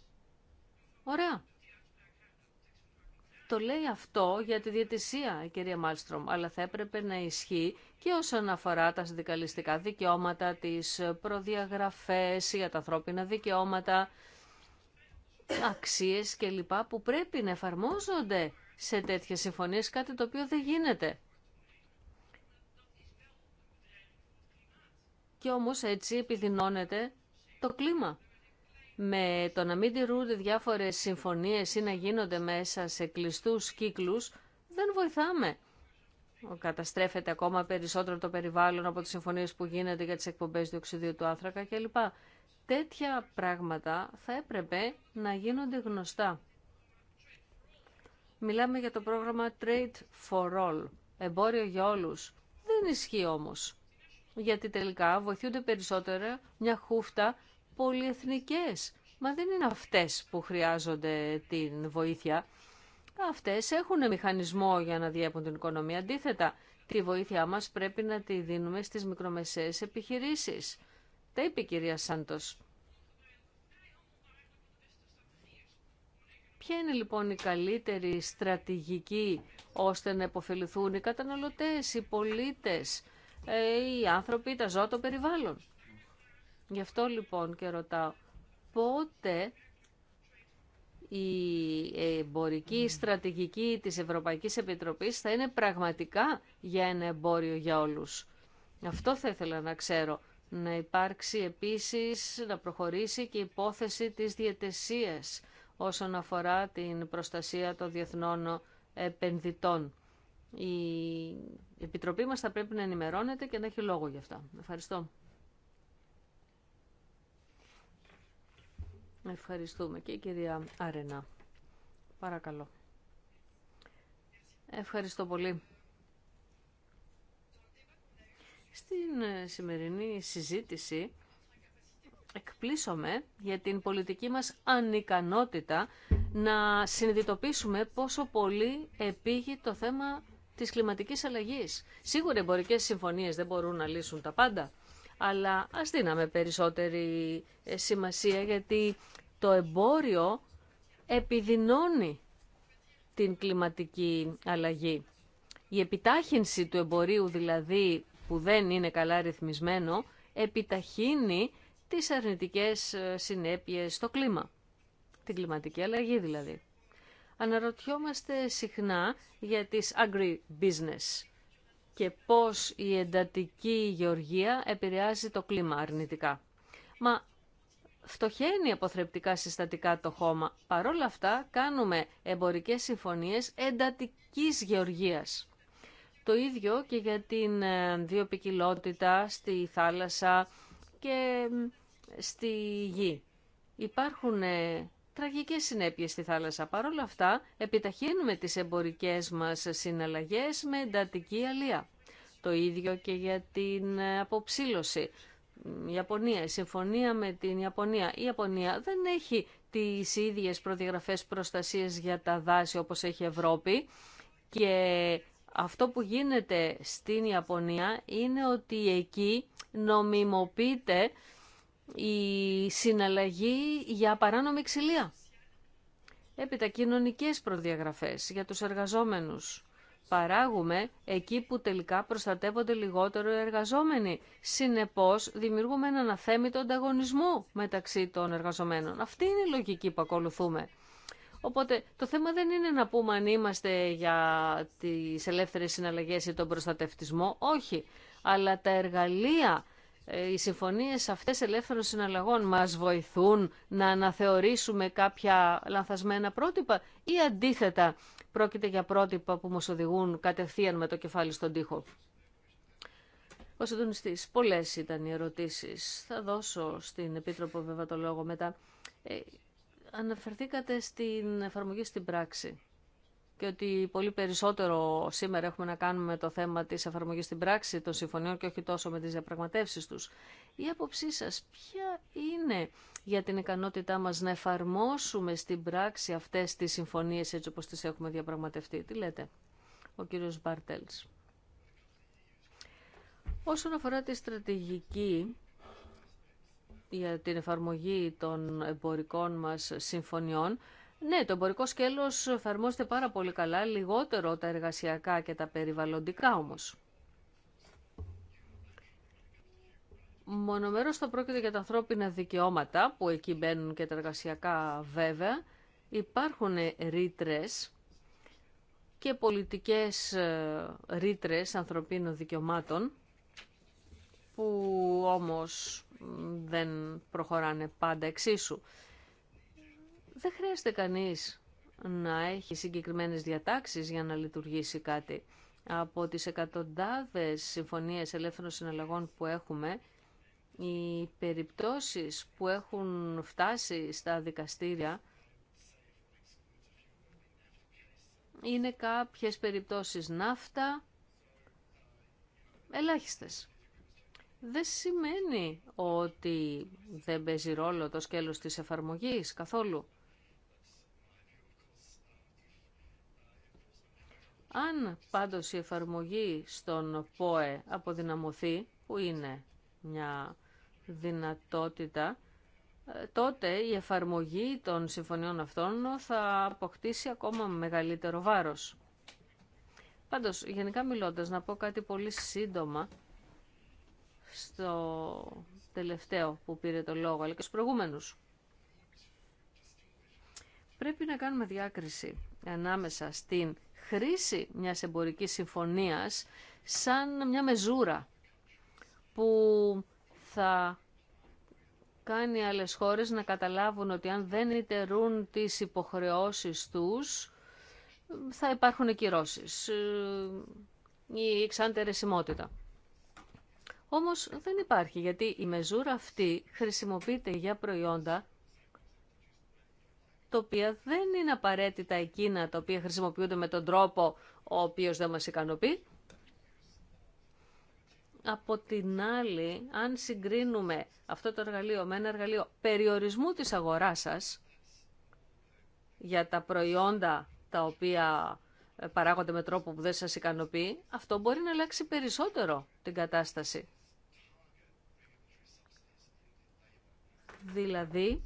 Ωραία. Το λέει αυτό για τη διαιτησία κυρία Μάλστρομ, αλλά θα έπρεπε να ισχύει και όσον αφορά τα συνδικαλιστικά δικαιώματα, τις προδιαγραφές για τα ανθρώπινα δικαιώματα, αξίες κλπ. που πρέπει να εφαρμόζονται σε τέτοιες συμφωνίες, κάτι το οποίο δεν γίνεται. Και όμως έτσι επιδεινώνεται το κλίμα με το να μην τηρούνται διάφορες συμφωνίες ή να γίνονται μέσα σε κλειστούς κύκλους, δεν βοηθάμε. Καταστρέφεται ακόμα περισσότερο το περιβάλλον από τις συμφωνίες που γίνονται για τις εκπομπές διοξιδίου του άνθρακα κλπ. Τέτοια πράγματα θα έπρεπε να γίνονται γνωστά. Μιλάμε για το πρόγραμμα Trade for All, εμπόριο για όλους. Δεν ισχύει όμως, γιατί τελικά βοηθούνται περισσότερο μια χούφτα πολυεθνικές. Μα δεν είναι αυτές που χρειάζονται την βοήθεια. Αυτές έχουν μηχανισμό για να διέπουν την οικονομία. Αντίθετα, τη βοήθειά μας πρέπει να τη δίνουμε στις μικρομεσαίες επιχειρήσεις. Τα είπε η κυρία Σάντος. Ποια είναι λοιπόν η καλύτερη στρατηγική ώστε να υποφεληθούν οι καταναλωτές, οι πολίτες, ε, οι άνθρωποι, τα ζώα, το περιβάλλον. Γι' αυτό λοιπόν και ρωτάω πότε η εμπορική στρατηγική της Ευρωπαϊκής Επιτροπής θα είναι πραγματικά για ένα εμπόριο για όλους. Αυτό θα ήθελα να ξέρω. Να υπάρξει επίσης, να προχωρήσει και η υπόθεση της διαιτησίας όσον αφορά την προστασία των διεθνών επενδυτών. Η Επιτροπή μας θα πρέπει να ενημερώνεται και να έχει λόγο γι' αυτά. Ευχαριστώ. Ευχαριστούμε και η κυρία Αρενά. Παρακαλώ. Ευχαριστώ πολύ. Στην ε, σημερινή συζήτηση εκπλήσωμε για την πολιτική μας ανικανότητα να συνειδητοποιήσουμε πόσο πολύ επήγει το θέμα της κλιματικής αλλαγής. Σίγουρα εμπορικές συμφωνίες δεν μπορούν να λύσουν τα πάντα, αλλά ας δίναμε περισσότερη ε, σημασία γιατί το εμπόριο επιδεινώνει την κλιματική αλλαγή. Η επιτάχυνση του εμπορίου δηλαδή που δεν είναι καλά ρυθμισμένο επιταχύνει τις αρνητικές ε, συνέπειες στο κλίμα. Την κλιματική αλλαγή δηλαδή. Αναρωτιόμαστε συχνά για τις agri-business και πώς η εντατική γεωργία επηρεάζει το κλίμα αρνητικά. Μα φτωχαίνει αποθρεπτικά συστατικά το χώμα. Παρόλα αυτά κάνουμε εμπορικές συμφωνίες εντατικής γεωργίας. Το ίδιο και για την ε, βιοπικιλότητα στη θάλασσα και στη γη. Υπάρχουν ε, Τραγικέ συνέπειε στη θάλασσα. Παρ' όλα αυτά, επιταχύνουμε τις εμπορικές μας συναλλαγές με εντατική αλεία. Το ίδιο και για την ε, αποψήλωση. Η Ιαπωνία, η συμφωνία με την Ιαπωνία. Η Ιαπωνία δεν έχει τις ίδιες προδιαγραφέ προστασίες για τα δάση όπως έχει η Ευρώπη και αυτό που γίνεται στην Ιαπωνία είναι ότι εκεί νομιμοποιείται η συναλλαγή για παράνομη ξυλία. Έπειτα κοινωνικές προδιαγραφές για τους εργαζόμενους. Παράγουμε εκεί που τελικά προστατεύονται λιγότερο οι εργαζόμενοι. Συνεπώς δημιουργούμε έναν αθέμητο ανταγωνισμό μεταξύ των εργαζομένων. Αυτή είναι η λογική που ακολουθούμε. Οπότε το θέμα δεν είναι να πούμε αν είμαστε για τις ελεύθερες συναλλαγές ή τον προστατευτισμό. Όχι. Αλλά τα εργαλεία ε, οι συμφωνίες αυτές ελεύθερων συναλλαγών μας βοηθούν να αναθεωρήσουμε κάποια λανθασμένα πρότυπα ή αντίθετα πρόκειται για πρότυπα που μας οδηγούν κατευθείαν με το κεφάλι στον τοίχο. Ο συντονιστής, πολλές ήταν οι ερωτήσεις. Θα δώσω στην Επίτροπο βέβαια το λόγο μετά. Ε, αναφερθήκατε στην εφαρμογή στην πράξη και ότι πολύ περισσότερο σήμερα έχουμε να κάνουμε το θέμα της εφαρμογής στην πράξη των συμφωνιών και όχι τόσο με τις διαπραγματεύσεις τους. Η άποψή σας ποια είναι για την ικανότητά μας να εφαρμόσουμε στην πράξη αυτές τις συμφωνίες έτσι όπως τις έχουμε διαπραγματευτεί. Τι λέτε, ο κύριος Μπαρτέλ. Όσον αφορά τη στρατηγική για την εφαρμογή των εμπορικών μας συμφωνιών, ναι, το εμπορικό σκέλος εφαρμόζεται πάρα πολύ καλά, λιγότερο τα εργασιακά και τα περιβαλλοντικά όμως. Μονομερός θα πρόκειται για τα ανθρώπινα δικαιώματα, που εκεί μπαίνουν και τα εργασιακά βέβαια. Υπάρχουν ρήτρε και πολιτικές ε, ρήτρε ανθρωπίνων δικαιωμάτων, που όμως δεν προχωράνε πάντα εξίσου. Δεν χρειάζεται κανείς να έχει συγκεκριμένες διατάξεις για να λειτουργήσει κάτι. Από τις εκατοντάδες συμφωνίες ελεύθερων συναλλαγών που έχουμε, οι περιπτώσεις που έχουν φτάσει στα δικαστήρια είναι κάποιες περιπτώσεις ναύτα, ελάχιστες. Δεν σημαίνει ότι δεν παίζει ρόλο το σκέλος της εφαρμογής καθόλου. Αν πάντως η εφαρμογή στον ΠΟΕ αποδυναμωθεί, που είναι μια δυνατότητα, ε, τότε η εφαρμογή των συμφωνιών αυτών θα αποκτήσει ακόμα μεγαλύτερο βάρος. Πάντως, γενικά μιλώντας, να πω κάτι πολύ σύντομα στο τελευταίο που πήρε το λόγο, αλλά και στους προηγούμενους. Πρέπει να κάνουμε διάκριση ανάμεσα στην χρήση μιας εμπορικής συμφωνίας σαν μια μεζούρα που θα κάνει άλλες χώρες να καταλάβουν ότι αν δεν ιτερούν τις υποχρεώσεις τους θα υπάρχουν κυρώσεις ή ε, εξάντερεσιμότητα. Όμως δεν υπάρχει, γιατί η μεζούρα αυτή χρησιμοποιείται για προϊόντα τα οποία δεν είναι απαραίτητα εκείνα τα οποία χρησιμοποιούνται με τον τρόπο ο οποίος δεν μας ικανοποιεί. Από την άλλη, αν συγκρίνουμε αυτό το εργαλείο με ένα εργαλείο περιορισμού της αγοράς σας για τα προϊόντα τα οποία ε, παράγονται με τρόπο που δεν σας ικανοποιεί, αυτό μπορεί να αλλάξει περισσότερο την κατάσταση. Δηλαδή,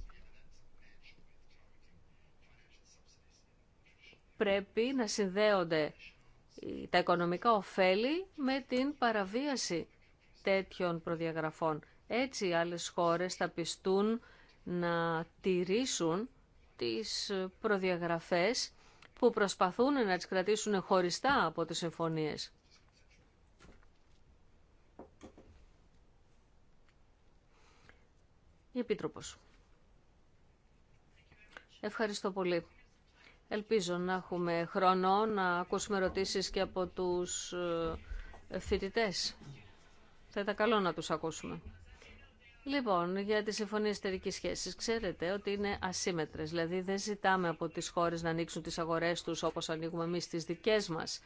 πρέπει να συνδέονται τα οικονομικά ωφέλη με την παραβίαση τέτοιων προδιαγραφών. Έτσι οι άλλες χώρες θα πιστούν να τηρήσουν τις προδιαγραφές που προσπαθούν να τις κρατήσουν χωριστά από τις συμφωνίες. Η Επίτροπος. Ευχαριστώ πολύ. Ελπίζω να έχουμε χρόνο να ακούσουμε ερωτήσεις και από τους ε, φοιτητέ. Θα ήταν καλό να τους ακούσουμε. Λοιπόν, για τις συμφωνίες εταιρικής σχέσης, ξέρετε ότι είναι ασύμετρες. Δηλαδή δεν ζητάμε από τις χώρες να ανοίξουν τις αγορές τους όπως ανοίγουμε εμείς τις δικές μας.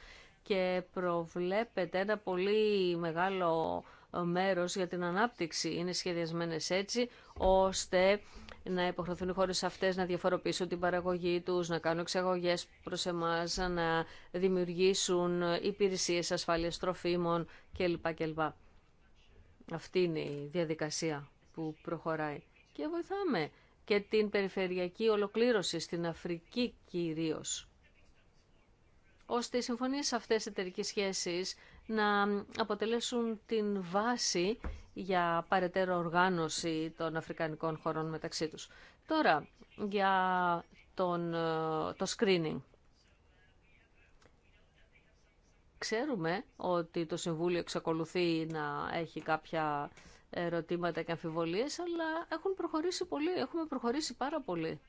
Και προβλέπεται ένα πολύ μεγάλο μέρος για την ανάπτυξη είναι σχεδιασμένες έτσι, ώστε να υποχρεωθούν οι χώρες αυτές να διαφοροποιήσουν την παραγωγή τους, να κάνουν εξαγωγέ προ εμά, να δημιουργήσουν υπηρεσίες ασφάλεια τροφίμων κλπ. Αυτή είναι η διαδικασία που προχωράει. Και βοηθάμε και την περιφερειακή ολοκλήρωση στην Αφρική κυρίως ώστε οι συμφωνίες αυτές εταιρικές σχέσεις να αποτελέσουν την βάση για παρετέρω οργάνωση των αφρικανικών χωρών μεταξύ τους. Τώρα, για τον, ε, το screening. Ξέρουμε ότι το Συμβούλιο εξακολουθεί να έχει κάποια ερωτήματα και αμφιβολίες, αλλά έχουν προχωρήσει πολύ, έχουμε προχωρήσει πάρα πολύ.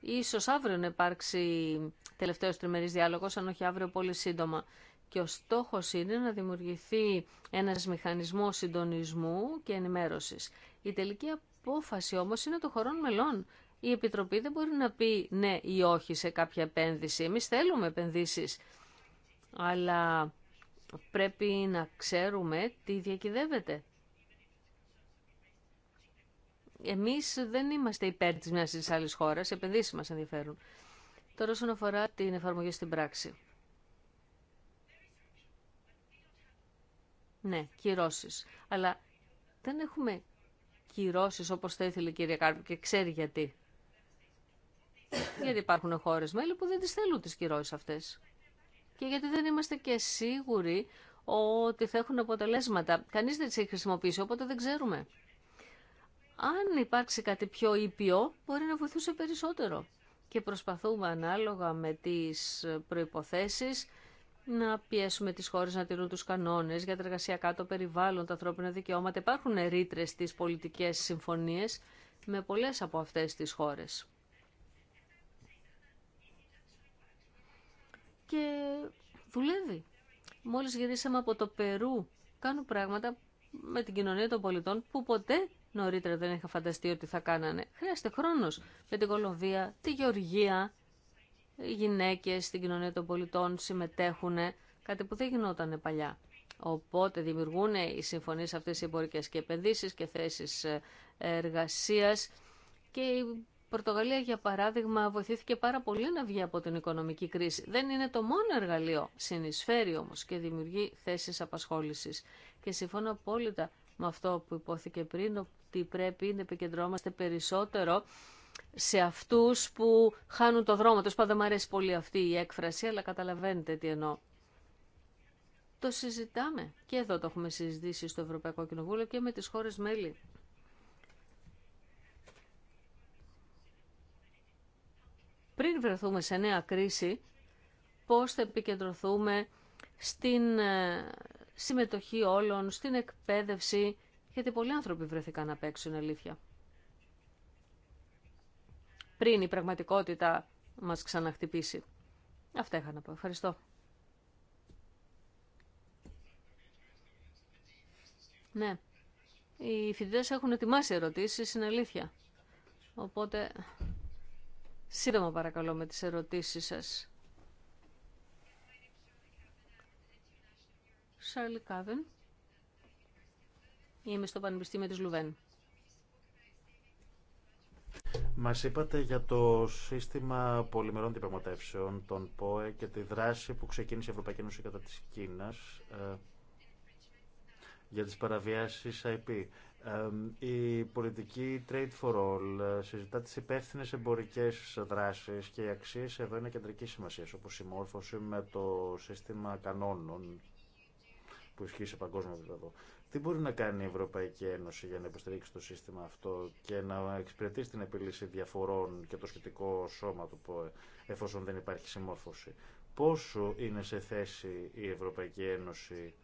Ίσως αύριο να υπάρξει τελευταίος τριμερής διάλογος, αν όχι αύριο πολύ σύντομα και ο στόχος είναι να δημιουργηθεί ένας μηχανισμός συντονισμού και ενημέρωσης. Η τελική απόφαση όμως είναι το χωρών μελών. Η Επιτροπή δεν μπορεί να πει ναι ή όχι σε κάποια επένδυση. Εμείς θέλουμε επενδύσεις, αλλά πρέπει να ξέρουμε τι διακυδεύεται. Εμείς δεν είμαστε υπέρ της μιας της άλλης χώρας, οι επενδύσεις μας ενδιαφέρουν. Τώρα όσον αφορά την εφαρμογή στην πράξη. Ναι, κυρώσεις. Αλλά δεν έχουμε κυρώσεις όπως θα ήθελε η κυρία Κάρπου και ξέρει γιατί. γιατί υπάρχουν χώρες μέλη που δεν τις θέλουν τις κυρώσεις αυτές. Και γιατί δεν είμαστε και σίγουροι ότι θα έχουν αποτελέσματα. Κανείς δεν τις έχει χρησιμοποιήσει, οπότε δεν ξέρουμε. Αν υπάρξει κάτι πιο ήπιο, μπορεί να βοηθούσε περισσότερο. Και προσπαθούμε ανάλογα με τις προϋποθέσεις να πιέσουμε τις χώρες να τηρούν τους κανόνες για τα εργασιακά, το περιβάλλον, τα ανθρώπινα δικαιώματα. Υπάρχουν ρήτρε στις πολιτικές συμφωνίες με πολλές από αυτές τις χώρες. Και δουλεύει. Μόλις γυρίσαμε από το Περού, κάνουν πράγματα με την κοινωνία των πολιτών που ποτέ νωρίτερα δεν είχα φανταστεί ότι θα κάνανε. Χρειάζεται χρόνος με την Κολοβία, τη Γεωργία, οι γυναίκες στην κοινωνία των πολιτών συμμετέχουν, κάτι που δεν γινόταν παλιά. Οπότε δημιουργούν οι συμφωνίες αυτές οι εμπορικές και επενδύσεις και θέσεις ε, εργασίας και η Πορτογαλία για παράδειγμα βοηθήθηκε πάρα πολύ να βγει από την οικονομική κρίση. Δεν είναι το μόνο εργαλείο, συνεισφέρει όμως και δημιουργεί θέσεις απασχόλησης. Και συμφωνώ απόλυτα με αυτό που υπόθηκε πριν ότι πρέπει να επικεντρώμαστε περισσότερο σε αυτούς που χάνουν το δρόμο. Τους πάντα μου αρέσει πολύ αυτή η έκφραση, αλλά καταλαβαίνετε τι εννοώ. Το συζητάμε και εδώ το έχουμε συζητήσει στο Ευρωπαϊκό Κοινοβούλιο και με τις χώρες μέλη. Πριν βρεθούμε σε νέα κρίση, πώς θα επικεντρωθούμε στην ε, συμμετοχή όλων, στην εκπαίδευση, γιατί πολλοί άνθρωποι βρεθήκαν να παίξουν αλήθεια πριν η πραγματικότητα μας ξαναχτυπήσει. Αυτά είχα να πω. Ευχαριστώ. Ναι. Οι φοιτητές έχουν ετοιμάσει ερωτήσεις, είναι αλήθεια. Οπότε, σύντομα παρακαλώ με τις ερωτήσεις σας. Σάρλι Κάβεν. Είμαι στο Πανεπιστήμιο της Λουβέν. Μα είπατε για το σύστημα πολυμερών διαπραγματεύσεων, των ΠΟΕ και τη δράση που ξεκίνησε η Ευρωπαϊκή Ένωση κατά της Κίνας ε, για τι παραβιάσει IP. Ε, η πολιτική Trade for All ε, συζητά τι υπεύθυνε εμπορικέ δράσει και οι αξίε εδώ είναι κεντρική σημασία, όπω η μόρφωση με το σύστημα κανόνων που ισχύει σε παγκόσμιο επίπεδο. Τι μπορεί να κάνει η Ευρωπαϊκή Ένωση για να υποστηρίξει το σύστημα αυτό και να εξυπηρετήσει την επίλυση διαφορών και το σχετικό σώμα του ΠΟΕ, εφόσον δεν υπάρχει συμμόρφωση. Πόσο είναι σε θέση η Ευρωπαϊκή Ένωση,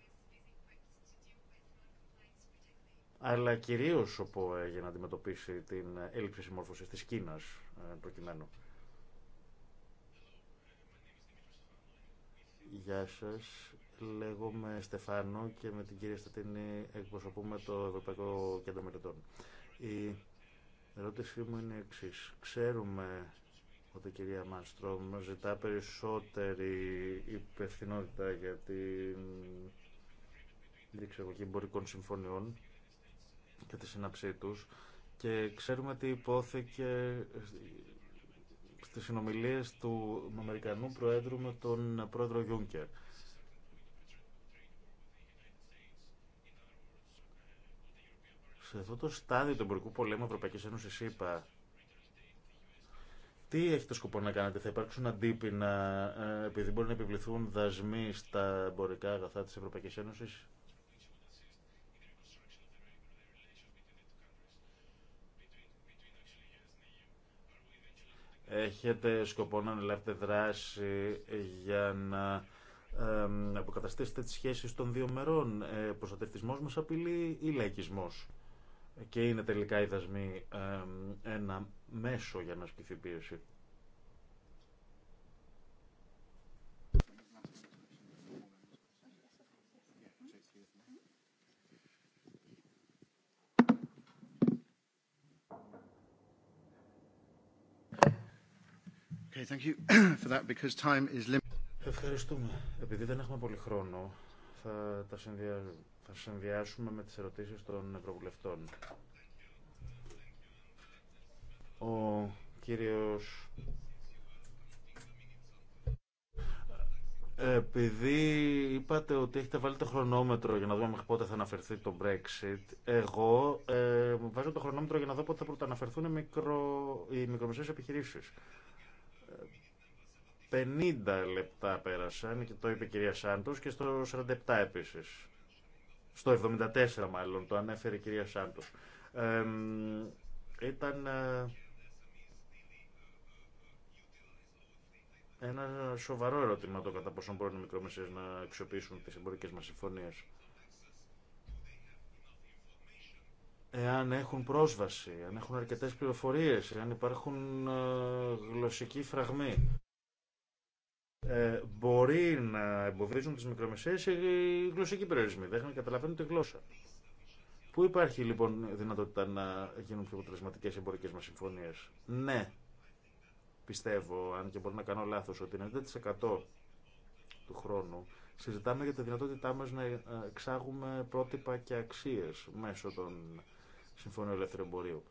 αλλά κυρίως ο ΠΟΕ, για να αντιμετωπίσει την έλλειψη συμμόρφωση τη Κίνας, ε, προκειμένου. Γεια σας. Λέγομαι Στεφάνο και με την κυρία Στατίνη εκπροσωπούμε το Ευρωπαϊκό Κέντρο Μελετών. Η ερώτησή μου είναι εξή. Ξέρουμε ότι η κυρία Μάνστρομ ζητά περισσότερη υπευθυνότητα για την διεξαγωγή εμπορικών συμφωνιών και τη σύναψή τους και ξέρουμε τι υπόθηκε στις συνομιλίες του Αμερικανού Προέδρου με τον Πρόεδρο Γιούνκερ. σε αυτό το στάδιο του εμπορικού πολέμου Ευρωπαϊκή Ένωση είπα. Τι έχετε σκοπό να κάνετε, θα υπάρξουν αντίπεινα ε, επειδή μπορεί να επιβληθούν δασμοί στα εμπορικά αγαθά τη Ευρωπαϊκή Ένωση. Έχετε σκοπό να αναλάβετε δράση για να ε, αποκαταστήσετε τις σχέσεις των δύο μερών. Ε, προστατευτισμός μας απειλεί ή λαϊκισμός και είναι τελικά οι δασμοί ένα μέσο για να ασκηθεί πίεση. Ευχαριστούμε. Επειδή δεν έχουμε πολύ χρόνο, θα τα συνδυαζούμε. Θα συνδυάσουμε με τις ερωτήσεις των Ευρωβουλευτών. Ο κύριος... Επειδή είπατε ότι έχετε βάλει το χρονόμετρο για να δούμε μέχρι πότε θα αναφερθεί το Brexit, εγώ ε, βάζω το χρονόμετρο για να δω πότε θα πρωταναφερθούν οι, μικρο, οι μικρομεσαίες επιχειρήσεις. 50 λεπτά πέρασαν και το είπε η κυρία Σάντος και στο 47 επίσης στο 74 μάλλον, το ανέφερε η κυρία Σάντος. ήταν ε, ένα σοβαρό ερώτημα το κατά πόσο μπορούν οι μικρομεσαίες να αξιοποιήσουν τις εμπορικές μας συμφωνίες. Εάν έχουν πρόσβαση, αν έχουν αρκετές πληροφορίες, αν υπάρχουν ε, γλωσσικοί φραγμοί ε, μπορεί να εμποδίζουν τις μικρομεσαίες οι γλωσσικοί περιορισμοί. Δεν καταλαβαίνουν τη γλώσσα. Πού υπάρχει λοιπόν δυνατότητα να γίνουν πιο αποτελεσματικέ εμπορικέ μα συμφωνίε. Ναι, πιστεύω, αν και μπορεί να κάνω λάθο, ότι 90% του χρόνου συζητάμε για τη δυνατότητά μα να εξάγουμε πρότυπα και αξίε μέσω των συμφωνίων ελεύθερου εμπορίου.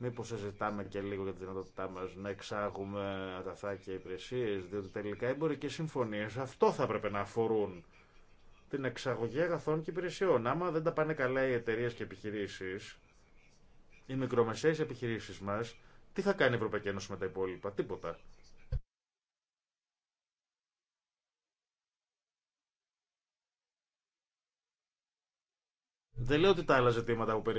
Μήπω συζητάμε και λίγο για τη δυνατότητά μα να εξάγουμε αγαθάκια υπηρεσίε, διότι τελικά οι εμπορικέ συμφωνίε αυτό θα έπρεπε να αφορούν. Την εξαγωγή αγαθών και υπηρεσιών. Άμα δεν τα πάνε καλά οι εταιρείε και επιχειρήσει, οι μικρομεσαίε επιχειρήσει μα, τι θα κάνει η Ευρωπαϊκή Ένωση με τα υπόλοιπα, τίποτα. Δεν λέω ότι τα άλλα ζητήματα που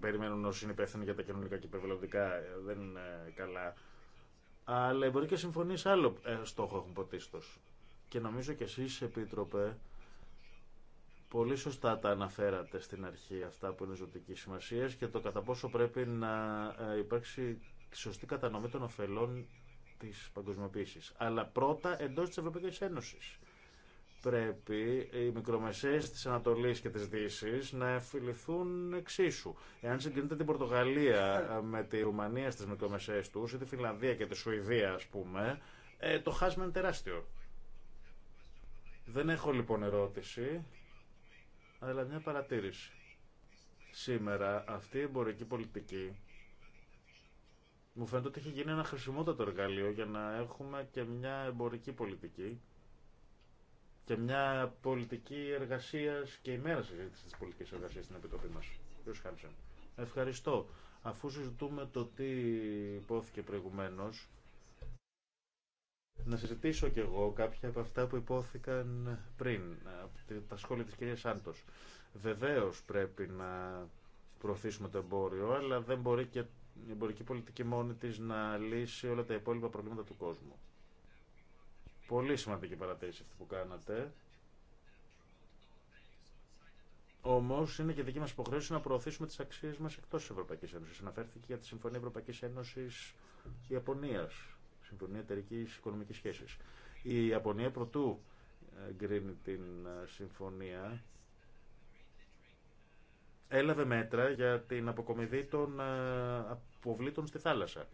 περιμένουν όσοι είναι υπεύθυνοι για τα κοινωνικά και περιβαλλοντικά ε, δεν είναι ε, καλά. Αλλά εμπορικέ συμφωνίε άλλο ε, στόχο έχουν ποτίστω. Και νομίζω και εσεί, Επίτροπε, πολύ σωστά τα αναφέρατε στην αρχή αυτά που είναι ζωτική σημασία και το κατά πόσο πρέπει να υπάρξει σωστή κατανομή των ωφελών τη παγκοσμιοποίηση. Αλλά πρώτα εντό τη Ευρωπαϊκή Ένωση πρέπει οι μικρομεσαίες της Ανατολής και της Δύσης να εφηληθούν εξίσου. Εάν συγκρίνετε την Πορτογαλία με τη Ρουμανία στις μικρομεσαίες τους ή τη Φιλανδία και τη Σουηδία ας πούμε, ε, το χάσμα είναι τεράστιο. Δεν έχω λοιπόν ερώτηση, αλλά μια παρατήρηση. Σήμερα αυτή η εμπορική πολιτική μου φαίνεται ότι έχει γίνει ένα χρησιμότατο εργαλείο για να έχουμε και μια εμπορική πολιτική και μια πολιτική εργασία και ημέρα συζήτηση τη πολιτική εργασία στην Επιτροπή μα. Ευχαριστώ. Αφού συζητούμε το τι υπόθηκε προηγουμένω, να συζητήσω κι εγώ κάποια από αυτά που υπόθηκαν πριν, από τα σχόλια της κυρίας Σάντο. Βεβαίω πρέπει να προωθήσουμε το εμπόριο, αλλά δεν μπορεί και η εμπορική πολιτική μόνη τη να λύσει όλα τα υπόλοιπα προβλήματα του κόσμου. Πολύ σημαντική παρατήρηση αυτή που κάνατε. Όμω είναι και δική μα υποχρέωση να προωθήσουμε τι αξίε μα εκτό τη Ευρωπαϊκή Ένωση. Αναφέρθηκε για τη Συμφωνία Ευρωπαϊκή Ένωση Ιαπωνία, Συμφωνία Εταιρική Οικονομική Σχέση. Η Ιαπωνία πρωτού γκρίνει την ε, συμφωνία έλαβε μέτρα για την αποκομιδή των ε, αποβλήτων στη θάλασσα.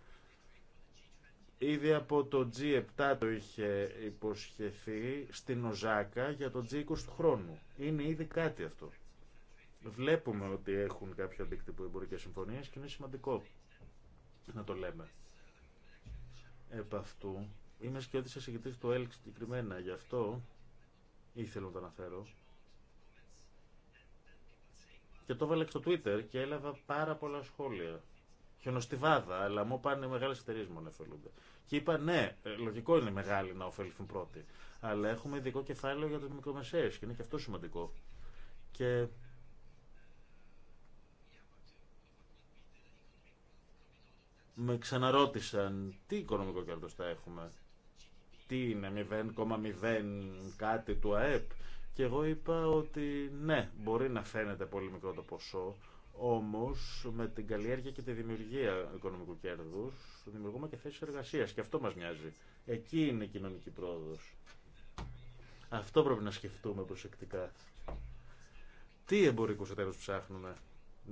Ήδη από το G7 το είχε υποσχεθεί στην Οζάκα για το G20 του χρόνου. Είναι ήδη κάτι αυτό. Βλέπουμε ότι έχουν κάποιο αντίκτυπο εμπορικέ συμφωνίε και είναι σημαντικό να το λέμε. Επ' αυτού είμαι σκιώδης εισηγητή του ΕΛΚ συγκεκριμένα. Γι' αυτό ήθελα να το αναφέρω. Και το έβαλε στο Twitter και έλαβα πάρα πολλά σχόλια χιονοστιβάδα, αλλά μου πάνε μεγάλε εταιρείε μόνο ωφελούνται. Και είπα, ναι, ε, λογικό είναι μεγάλοι να ωφεληθούν πρώτοι. Αλλά έχουμε ειδικό κεφάλαιο για του μικρομεσαίε και είναι και αυτό σημαντικό. Και με ξαναρώτησαν τι οικονομικό κέρδο θα έχουμε. Τι είναι 0,0 κάτι του ΑΕΠ. Και εγώ είπα ότι ναι, μπορεί να φαίνεται πολύ μικρό το ποσό, Όμω, με την καλλιέργεια και τη δημιουργία οικονομικού κέρδους δημιουργούμε και θέσεις εργασία και αυτό μας μοιάζει. Εκεί είναι η κοινωνική πρόοδο. Αυτό πρέπει να σκεφτούμε προσεκτικά. Τι εμπορικού εταίρους ψάχνουμε.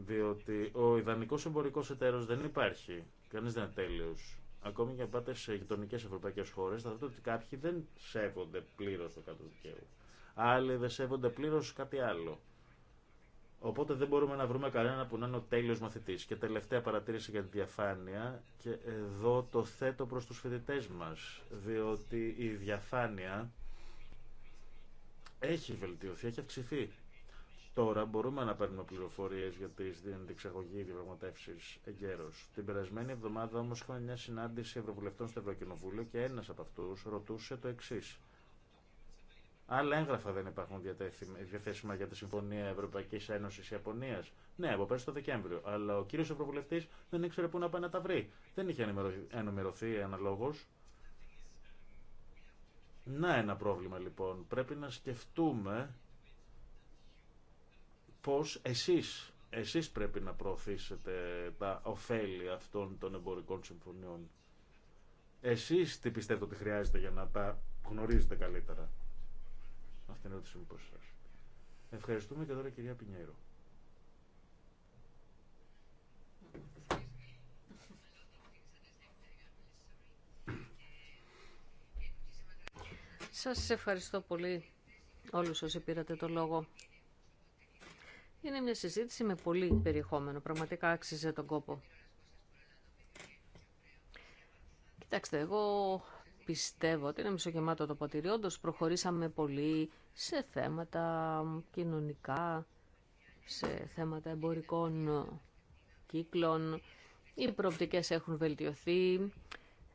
Διότι ο ιδανικός εμπορικός εταίρος δεν υπάρχει. Κανείς δεν είναι τέλειο. Ακόμη και αν πάτε σε γειτονικέ ευρωπαϊκέ χώρε, θα δείτε ότι κάποιοι δεν σέβονται πλήρω το κάτω δικαίου. Άλλοι δεν σέβονται πλήρω κάτι άλλο. Οπότε δεν μπορούμε να βρούμε κανένα που να είναι ο τέλειο μαθητή. Και τελευταία παρατήρηση για τη διαφάνεια. Και εδώ το θέτω προ του φοιτητέ μα. Διότι η διαφάνεια έχει βελτιωθεί, έχει αυξηθεί. Τώρα μπορούμε να παίρνουμε πληροφορίε για τι διεξαγωγή διαπραγματεύσει εγκαίρω. Την περασμένη εβδομάδα όμω είχαμε μια συνάντηση ευρωβουλευτών στο Ευρωκοινοβούλιο και ένα από αυτού ρωτούσε το εξή. Άλλα έγγραφα δεν υπάρχουν διαθέσιμα για τη Συμφωνία Ευρωπαϊκή Ένωση Ιαπωνία. Ναι, από πέρσι το Δεκέμβριο. Αλλά ο κύριο Ευρωβουλευτή δεν ήξερε πού να πάει να τα βρει. Δεν είχε ενημερωθεί αναλόγω. Να ένα πρόβλημα λοιπόν. Πρέπει να σκεφτούμε πώς εσείς, εσείς πρέπει να προωθήσετε τα ωφέλη αυτών των εμπορικών συμφωνιών. Εσείς τι πιστεύετε ότι χρειάζεται για να τα γνωρίζετε καλύτερα την ερώτηση προς σας. Ευχαριστούμε και τώρα κυρία Πινιέρο. Σας ευχαριστώ πολύ όλους όσοι πήρατε το λόγο. Είναι μια συζήτηση με πολύ περιεχόμενο. Πραγματικά άξιζε τον κόπο. Κοιτάξτε, εγώ πιστεύω ότι είναι μισογεμάτο το ποτήρι. Όντως προχωρήσαμε πολύ σε θέματα κοινωνικά, σε θέματα εμπορικών κύκλων. Οι προοπτικές έχουν βελτιωθεί.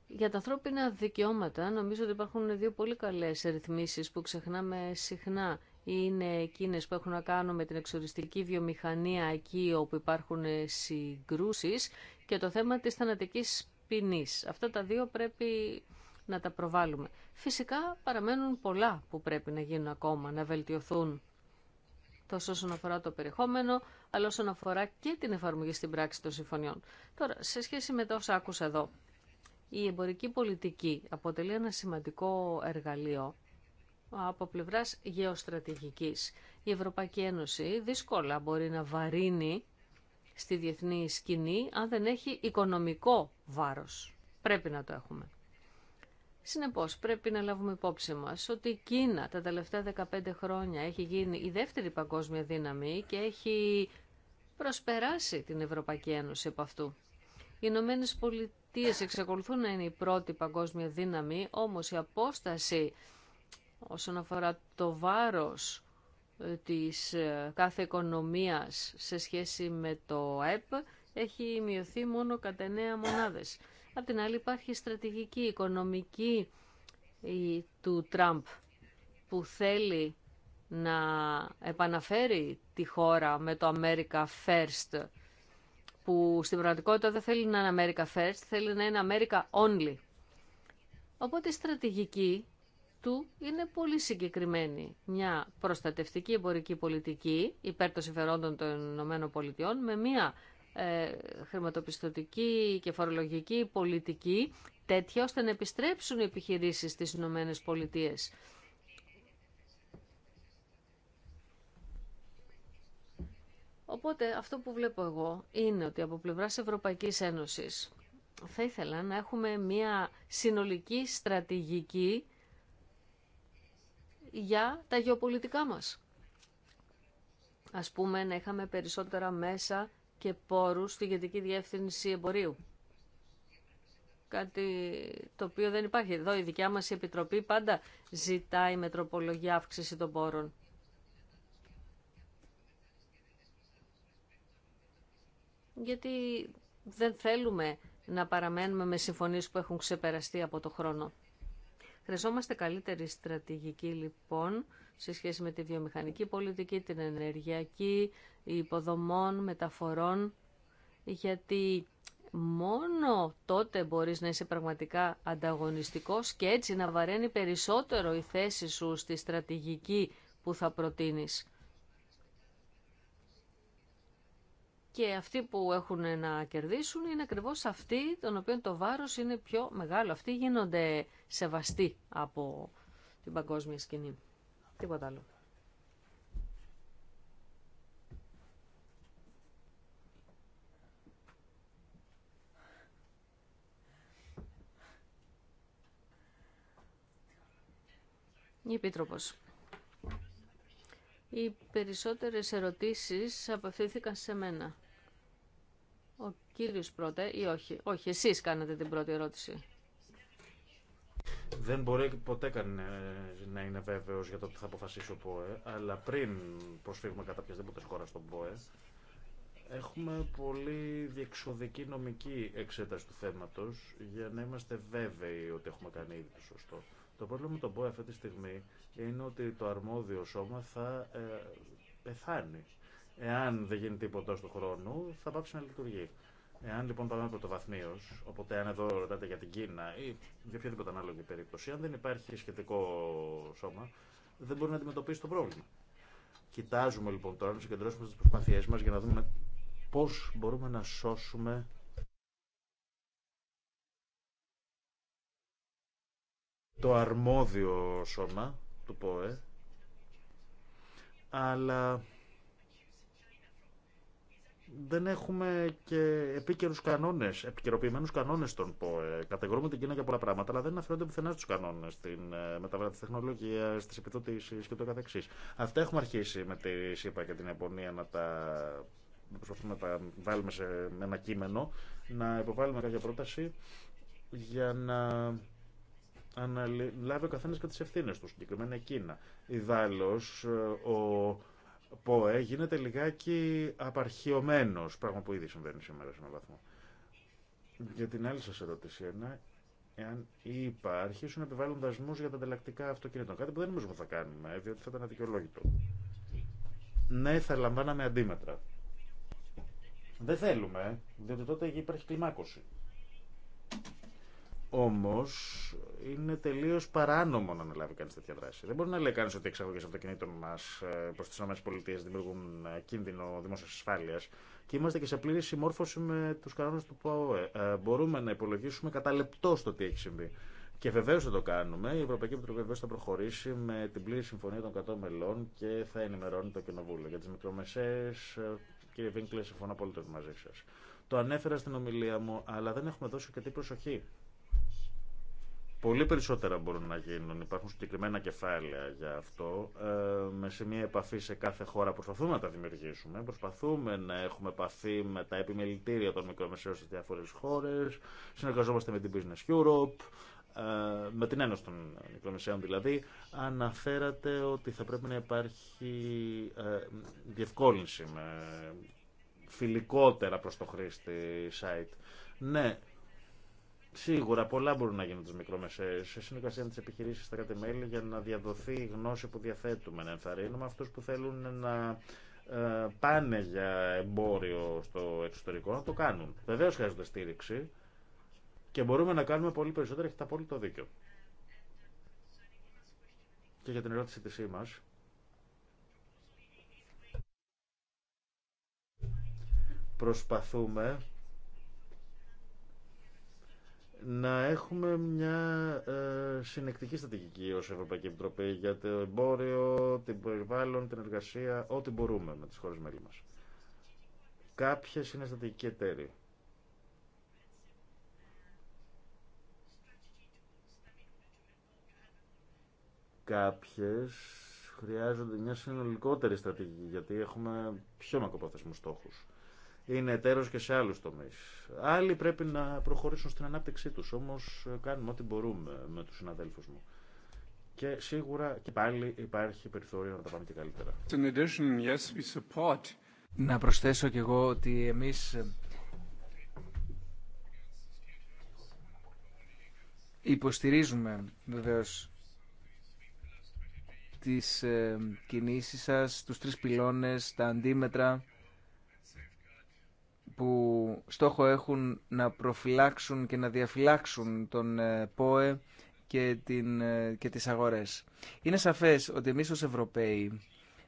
Για τα ανθρώπινα δικαιώματα νομίζω ότι υπάρχουν δύο πολύ καλές ρυθμίσεις που ξεχνάμε συχνά. Είναι εκείνες που έχουν να κάνουν με την εξοριστική βιομηχανία εκεί όπου υπάρχουν συγκρούσεις και το θέμα της θανατικής ποινής. Αυτά τα δύο πρέπει να τα προβάλλουμε. Φυσικά παραμένουν πολλά που πρέπει να γίνουν ακόμα, να βελτιωθούν τόσο όσον αφορά το περιεχόμενο, αλλά όσον αφορά και την εφαρμογή στην πράξη των συμφωνιών. Τώρα, σε σχέση με το όσα άκουσα εδώ, η εμπορική πολιτική αποτελεί ένα σημαντικό εργαλείο από πλευρά γεωστρατηγικής. Η Ευρωπαϊκή Ένωση δύσκολα μπορεί να βαρύνει στη διεθνή σκηνή αν δεν έχει οικονομικό βάρος. Πρέπει να το έχουμε. Συνεπώς πρέπει να λάβουμε υπόψη μα ότι η Κίνα τα τελευταία 15 χρόνια έχει γίνει η δεύτερη παγκόσμια δύναμη και έχει προσπεράσει την Ευρωπαϊκή Ένωση από αυτού. Οι Ηνωμένε Πολιτείε εξακολουθούν να είναι η πρώτη παγκόσμια δύναμη, όμως η απόσταση όσον αφορά το βάρος ε, της ε, κάθε οικονομίας σε σχέση με το ΕΠ έχει μειωθεί μόνο κατά 9 μονάδες. Απ' την άλλη υπάρχει η στρατηγική οικονομική του Τραμπ που θέλει να επαναφέρει τη χώρα με το America First που στην πραγματικότητα δεν θέλει να είναι America First, θέλει να είναι America Only. Οπότε η στρατηγική του είναι πολύ συγκεκριμένη. Μια προστατευτική εμπορική πολιτική υπέρ των συμφερόντων των ΗΠΑ με μια ε, χρηματοπιστωτική και φορολογική πολιτική τέτοια ώστε να επιστρέψουν οι επιχειρήσεις στις Ηνωμένες Πολιτείες. Οπότε αυτό που βλέπω εγώ είναι ότι από πλευράς Ευρωπαϊκής Ένωσης θα ήθελα να έχουμε μια συνολική στρατηγική για τα γεωπολιτικά μας. Ας πούμε να είχαμε περισσότερα μέσα και πόρους στη Γενική Διεύθυνση Εμπορίου. Κάτι το οποίο δεν υπάρχει. Εδώ η δικιά μας Επιτροπή πάντα ζητάει με τροπολογία αύξηση των πόρων. Γιατί δεν θέλουμε να παραμένουμε με συμφωνίες που έχουν ξεπεραστεί από το χρόνο. Χρειαζόμαστε καλύτερη στρατηγική λοιπόν σε σχέση με τη βιομηχανική πολιτική, την ενεργειακή, υποδομών, μεταφορών, γιατί μόνο τότε μπορείς να είσαι πραγματικά ανταγωνιστικός και έτσι να βαραίνει περισσότερο η θέση σου στη στρατηγική που θα προτείνεις. και αυτοί που έχουν να κερδίσουν είναι ακριβώς αυτοί των οποίων το βάρος είναι πιο μεγάλο. Αυτοί γίνονται σεβαστοί από την παγκόσμια σκηνή. Τίποτα άλλο. Η Επίτροπος. Οι περισσότερες ερωτήσεις απευθύνθηκαν σε μένα. Ο κύριος πρώτα ή όχι. Όχι, εσείς κάνατε την πρώτη ερώτηση. Δεν μπορεί ποτέ ε, να είναι βέβαιο για το τι θα αποφασίσει ο ΠΟΕ, αλλά πριν προσφύγουμε κατά οποιασδήποτε χώρα στον ΠΟΕ, έχουμε πολύ διεξοδική νομική εξέταση του θέματος για να είμαστε βέβαιοι ότι έχουμε κάνει ήδη το σωστό. Το πρόβλημα με τον ΠΟΕ αυτή τη στιγμή είναι ότι το αρμόδιο σώμα θα ε, πεθάνει Εάν δεν γίνει τίποτα του χρόνου, θα πάψει να λειτουργεί. Εάν λοιπόν πάμε πρωτοβαθμίω, οπότε αν εδώ ρωτάτε για την Κίνα ή για οποιαδήποτε ανάλογη περίπτωση, αν δεν υπάρχει σχετικό σώμα, δεν μπορεί να αντιμετωπίσει το πρόβλημα. Κοιτάζουμε λοιπόν τώρα να συγκεντρώσουμε τι προσπάθειέ μα για να δούμε πώ μπορούμε να σώσουμε το αρμόδιο σώμα του ΠΟΕ, αλλά δεν έχουμε και επίκαιρου κανόνε, επικαιροποιημένου κανόνε των ΠΟΕ. Κατηγορούμε την Κίνα για πολλά πράγματα, αλλά δεν αναφέρονται πουθενά στου κανόνε, στην ε, μεταβολή τη τεχνολογία, και το κ.ο.κ. Αυτά έχουμε αρχίσει με τη ΣΥΠΑ και την Ιαπωνία να τα να βάλουμε σε ένα κείμενο, να υποβάλουμε κάποια πρόταση για να αναλάβει ο καθένα και τι ευθύνε του, συγκεκριμένα η Κίνα. Ιδάλω, ε, ο ΠΟΕ γίνεται λιγάκι απαρχιωμένο, πράγμα που ήδη συμβαίνει σήμερα σε έναν βαθμό. Για την άλλη σα ερώτηση, ένα, εάν οι υπάρχει να επιβάλλουν δασμού για τα ανταλλακτικά αυτοκίνητα κάτι που δεν νομίζουμε θα κάνουμε, διότι θα ήταν αδικαιολόγητο. Ναι, θα λαμβάναμε αντίμετρα. Δεν θέλουμε, διότι τότε υπάρχει κλιμάκωση. Όμω, είναι τελείω παράνομο να αναλάβει κανεί τέτοια δράση. Δεν μπορεί να λέει κανεί ότι οι εξαγωγέ αυτοκινήτων ε, προ τι τι ΗΠΑ δημιουργούν ε, κίνδυνο δημόσια ασφάλεια. και είμαστε και σε πλήρη συμμόρφωση με του κανόνε του ΠΟΕ. Ε, μπορούμε να υπολογίσουμε κατά λεπτό στο τι έχει συμβεί. Και βεβαίω θα το κάνουμε. Η Ευρωπαϊκή Επιτροπή βεβαίω θα προχωρήσει με την πλήρη συμφωνία των 100 μελών και θα ενημερώνει το Κοινοβούλιο. Για τι μικρομεσαίε, κύριε Βίνκλε, συμφωνώ απόλυτα μαζί σα. Το ανέφερα στην ομιλία μου, αλλά δεν έχουμε δώσει τι προσοχή Πολύ περισσότερα μπορούν να γίνουν. Υπάρχουν συγκεκριμένα κεφάλαια για αυτό. Ε, με σημεία επαφή σε κάθε χώρα προσπαθούμε να τα δημιουργήσουμε. Προσπαθούμε να έχουμε επαφή με τα επιμελητήρια των μικρομεσαίων στι διάφορε χώρε. Συνεργαζόμαστε με την Business Europe, ε, με την Ένωση των Μικρομεσαίων δηλαδή. Αναφέρατε ότι θα πρέπει να υπάρχει ε, διευκόλυνση με φιλικότερα προς το χρήστη site. Ναι, Σίγουρα πολλά μπορούν να γίνουν τι μικρομεσαίε. Σε συνεργασία με τι επιχειρήσει στα για να διαδοθεί η γνώση που διαθέτουμε, να ενθαρρύνουμε αυτού που θέλουν να ε, πάνε για εμπόριο στο εξωτερικό να το κάνουν. Βεβαίω χρειάζονται στήριξη και μπορούμε να κάνουμε πολύ περισσότερα. Έχετε απόλυτο δίκιο. Και για την ερώτηση τη ΣΥΜΑ. Προσπαθούμε να έχουμε μια ε, συνεκτική στρατηγική ως Ευρωπαϊκή Επιτροπή για το εμπόριο, την περιβάλλον, την εργασία, ό,τι μπορούμε με τις χώρες μέλη μας. Κάποιες είναι στρατηγικοί εταίροι. Κάποιες χρειάζονται μια συνολικότερη στρατηγική, γιατί έχουμε πιο μακροπρόθεσμους στόχους είναι εταίρος και σε άλλους τομείς. Άλλοι πρέπει να προχωρήσουν στην ανάπτυξή τους, όμως ε, κάνουμε ό,τι μπορούμε με τους συναδέλφους μου. Και σίγουρα και πάλι υπάρχει περιθώριο να τα πάμε και καλύτερα. In addition, yes, we support. Να προσθέσω κι εγώ ότι εμείς ε, υποστηρίζουμε βεβαίως τις ε, κινήσεις σας, τους τρεις πυλώνες, τα αντίμετρα που στόχο έχουν να προφυλάξουν και να διαφυλάξουν τον ε, ΠΟΕ και, την, ε, και τις αγορές. Είναι σαφές ότι εμείς ως Ευρωπαίοι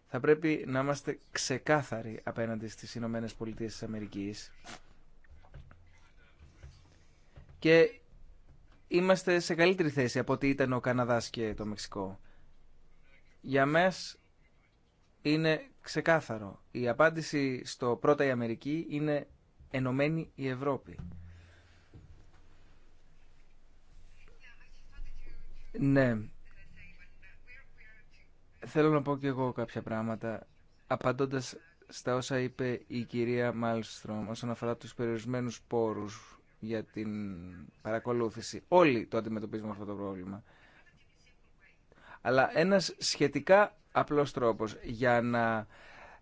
θα πρέπει να είμαστε ξεκάθαροι απέναντι στις Ηνωμένες Πολιτείες της Αμερικής και είμαστε σε καλύτερη θέση από ό,τι ήταν ο Καναδάς και το Μεξικό. Για μας είναι ξεκάθαρο. Η απάντηση στο πρώτα η Αμερική είναι ενωμένη η Ευρώπη. Ναι. Θέλω να πω και εγώ κάποια πράγματα, απαντώντας στα όσα είπε η κυρία Μάλστρομ όσον αφορά τους περιορισμένους πόρους για την παρακολούθηση. Όλοι το αντιμετωπίζουμε αυτό το πρόβλημα. Αλλά ένας σχετικά απλό τρόπος για να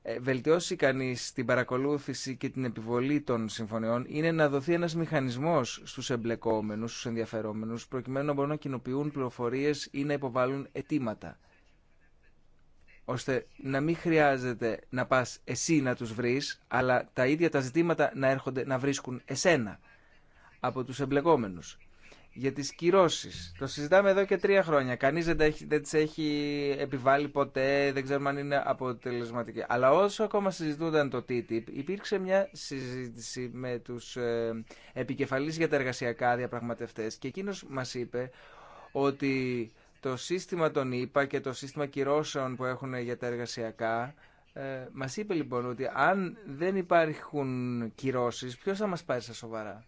ε, βελτιώσει κανείς την παρακολούθηση και την επιβολή των συμφωνιών είναι να δοθεί ένας μηχανισμός στους εμπλεκόμενους, στους ενδιαφερόμενους, προκειμένου να μπορούν να κοινοποιούν πληροφορίες ή να υποβάλουν αιτήματα ώστε να μην χρειάζεται να πας εσύ να τους βρεις, αλλά τα ίδια τα ζητήματα να έρχονται να βρίσκουν εσένα από τους εμπλεκόμενους για τις κυρώσεις. Το συζητάμε εδώ και τρία χρόνια. Κανείς δεν, έχει, επιβάλει ποτέ, δεν ξέρουμε αν είναι αποτελεσματική. Αλλά όσο ακόμα συζητούνταν το TTIP, υπήρξε μια συζήτηση με τους ε, για τα εργασιακά διαπραγματευτές και εκείνος μας είπε ότι το σύστημα των ΙΠΑ και το σύστημα κυρώσεων που έχουν για τα εργασιακά ε, μας είπε λοιπόν ότι αν δεν υπάρχουν κυρώσεις, ποιος θα μας πάρει στα σοβαρά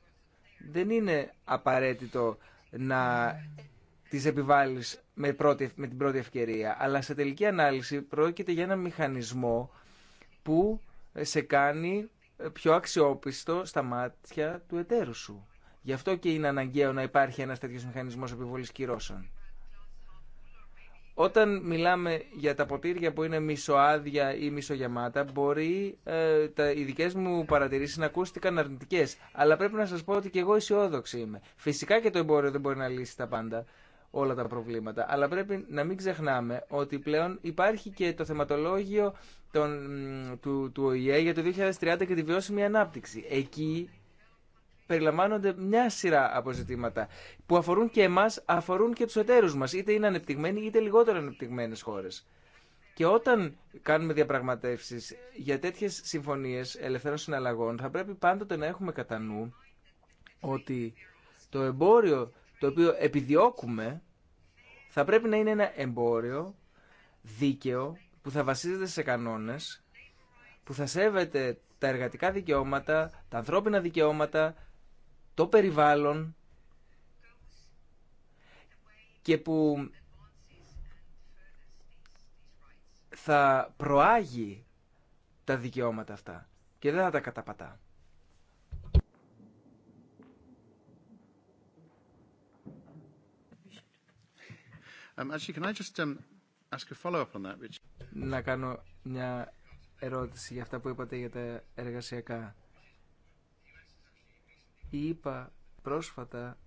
δεν είναι απαραίτητο να τις επιβάλλεις με, με την πρώτη ευκαιρία. Αλλά σε τελική ανάλυση πρόκειται για ένα μηχανισμό που σε κάνει πιο αξιόπιστο στα μάτια του εταίρου σου. Γι' αυτό και είναι αναγκαίο να υπάρχει ένας τέτοιος μηχανισμός επιβολής κυρώσεων. Όταν μιλάμε για τα ποτήρια που είναι μισοάδια ή μισογεμάτα, μπορεί ε, τα, οι δικέ μου παρατηρήσει να ακούστηκαν αρνητικέ. Αλλά πρέπει να σα πω ότι και εγώ αισιόδοξη είμαι. Φυσικά και το εμπόριο δεν μπορεί να λύσει τα πάντα, όλα τα προβλήματα. Αλλά πρέπει να μην ξεχνάμε ότι πλέον υπάρχει και το θεματολόγιο του, του ΟΗΕ για το 2030 και τη βιώσιμη ανάπτυξη. Εκεί περιλαμβάνονται μια σειρά από ζητήματα που αφορούν και εμά, αφορούν και του εταίρου μα, είτε είναι ανεπτυγμένοι είτε λιγότερο ανεπτυγμένε χώρε. Και όταν κάνουμε διαπραγματεύσει για τέτοιε συμφωνίε ελευθερών συναλλαγών θα πρέπει πάντοτε να έχουμε κατά νου ότι το εμπόριο το οποίο επιδιώκουμε θα πρέπει να είναι ένα εμπόριο δίκαιο που θα βασίζεται σε κανόνες, που θα σέβεται τα εργατικά δικαιώματα, τα ανθρώπινα δικαιώματα το περιβάλλον και που θα προάγει τα δικαιώματα αυτά και δεν θα τα καταπατά. Να κάνω μια ερώτηση για αυτά που είπατε για τα εργασιακά Είπα πρόσφατα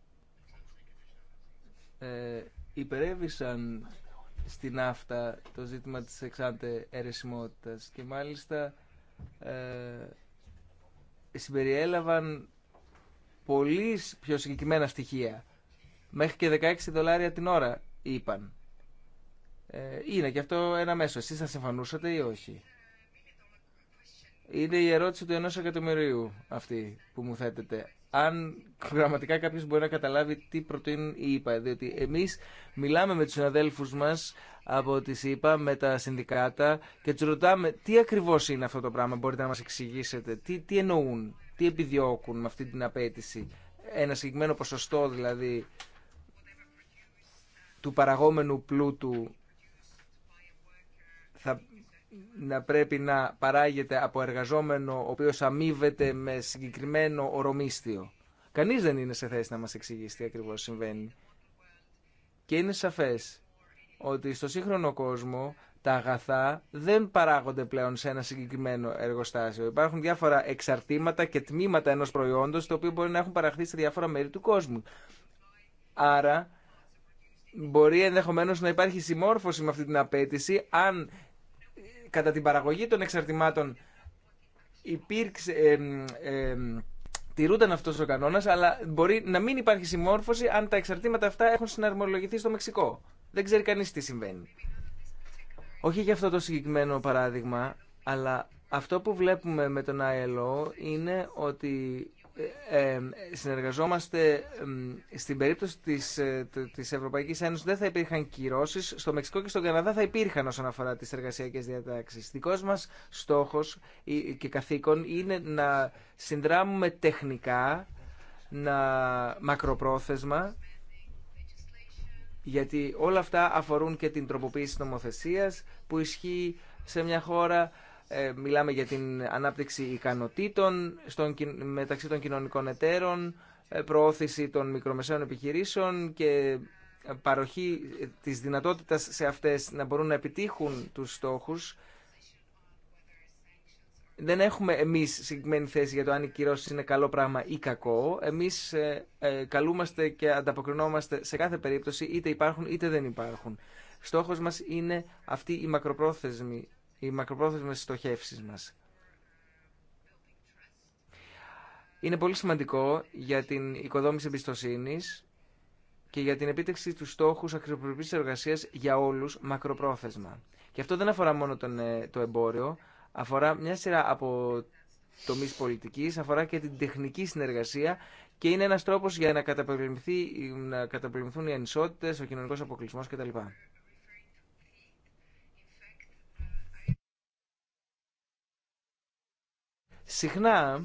ε, υπερέβησαν στην αυτά το ζήτημα της εξάντε αιρεσιμότητας και μάλιστα ε, συμπεριέλαβαν πολύ πιο συγκεκριμένα στοιχεία. Μέχρι και 16 δολάρια την ώρα είπαν. Ε, είναι και αυτό ένα μέσο. Εσείς θα συμφανούσατε ή όχι. Είναι η ερώτηση του ενός εκατομμυρίου αυτή που μου θέτεται αν γραμματικά κάποιος μπορεί να καταλάβει τι προτείνουν οι ΙΠΑ. Διότι εμείς μιλάμε με τους συναδέλφους μας από τις ΙΠΑ, με τα συνδικάτα και του ρωτάμε τι ακριβώς είναι αυτό το πράγμα, μπορείτε να μας εξηγήσετε, τι, τι εννοούν, τι επιδιώκουν με αυτή την απέτηση. Ένα συγκεκριμένο ποσοστό δηλαδή του παραγόμενου πλούτου θα να πρέπει να παράγεται από εργαζόμενο ο οποίος αμείβεται με συγκεκριμένο ορομίστιο. Κανείς δεν είναι σε θέση να μας εξηγήσει τι ακριβώς συμβαίνει. Και είναι σαφές ότι στο σύγχρονο κόσμο τα αγαθά δεν παράγονται πλέον σε ένα συγκεκριμένο εργοστάσιο. Υπάρχουν διάφορα εξαρτήματα και τμήματα ενός προϊόντος το οποίο μπορεί να έχουν παραχθεί σε διάφορα μέρη του κόσμου. Άρα μπορεί ενδεχομένως να υπάρχει συμμόρφωση με αυτή την απέτηση αν κατά την παραγωγή των εξαρτημάτων υπήρξε, ε, ε, τηρούνταν αυτό ο κανόνα, αλλά μπορεί να μην υπάρχει συμμόρφωση αν τα εξαρτήματα αυτά έχουν συναρμολογηθεί στο Μεξικό. Δεν ξέρει κανεί τι συμβαίνει. Όχι για αυτό το συγκεκριμένο παράδειγμα, αλλά αυτό που βλέπουμε με τον ILO είναι ότι ε, ε, συνεργαζόμαστε στην περίπτωση της, ε, της Ευρωπαϊκής Ένωσης δεν θα υπήρχαν κυρώσεις στο Μεξικό και στον Καναδά θα υπήρχαν όσον αφορά τις εργασιακές διατάξεις δικός μας στόχος και καθήκον είναι να συνδράμουμε τεχνικά να μακροπρόθεσμα γιατί όλα αυτά αφορούν και την τροποποίηση νομοθεσίας που ισχύει σε μια χώρα ε, μιλάμε για την ανάπτυξη ικανοτήτων στον, μεταξύ των κοινωνικών εταίρων, ε, προώθηση των μικρομεσαίων επιχειρήσεων και ε, παροχή της δυνατότητας σε αυτές να μπορούν να επιτύχουν τους στόχους. Δεν έχουμε εμείς συγκεκριμένη θέση για το αν οι είναι καλό πράγμα ή κακό. Εμείς καλούμαστε και ανταποκρινόμαστε σε κάθε περίπτωση είτε υπάρχουν είτε δεν υπάρχουν. Στόχος μας είναι αυτή η μακροπρόθεσμη οι μακροπρόθεσμες στοχεύσεις μας. Είναι πολύ σημαντικό για την οικοδόμηση εμπιστοσύνη και για την επίτευξη του στόχου αξιοπρεπή εργασία για όλου μακροπρόθεσμα. Και αυτό δεν αφορά μόνο τον, ε, το εμπόριο, αφορά μια σειρά από τομεί πολιτική, αφορά και την τεχνική συνεργασία και είναι ένα τρόπο για να, να οι ανισότητε, ο κοινωνικό αποκλεισμό κτλ. Συχνά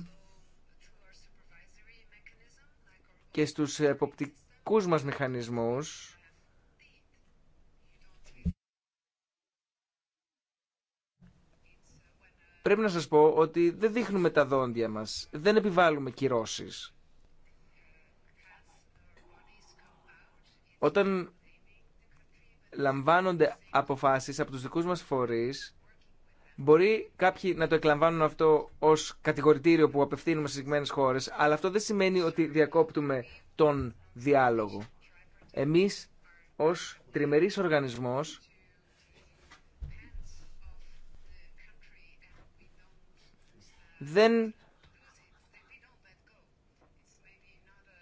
και στους εποπτικούς μας μηχανισμούς πρέπει να σας πω ότι δεν δείχνουμε τα δόντια μας, δεν επιβάλλουμε κυρώσεις. Όταν λαμβάνονται αποφάσεις από τους δικούς μας φορείς, Μπορεί κάποιοι να το εκλαμβάνουν αυτό ω κατηγορητήριο που απευθύνουμε σε συγκεκριμένε χώρε, αλλά αυτό δεν σημαίνει ότι διακόπτουμε τον διάλογο. Εμεί ω τριμερή οργανισμό. Δεν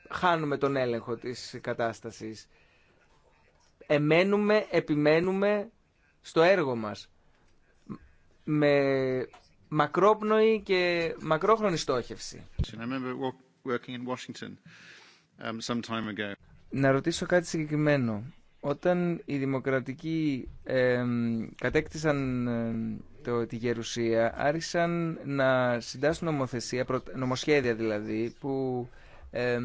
χάνουμε τον έλεγχο της κατάστασης. Εμένουμε, επιμένουμε στο έργο μας με μακρόπνοη και μακρόχρονη στόχευση. Um, να ρωτήσω κάτι συγκεκριμένο. Όταν οι δημοκρατικοί κατέκτησαν το, τη γερουσία, άρχισαν να συντάσσουν νομοθεσία, νομοσχέδια δηλαδή, που ε,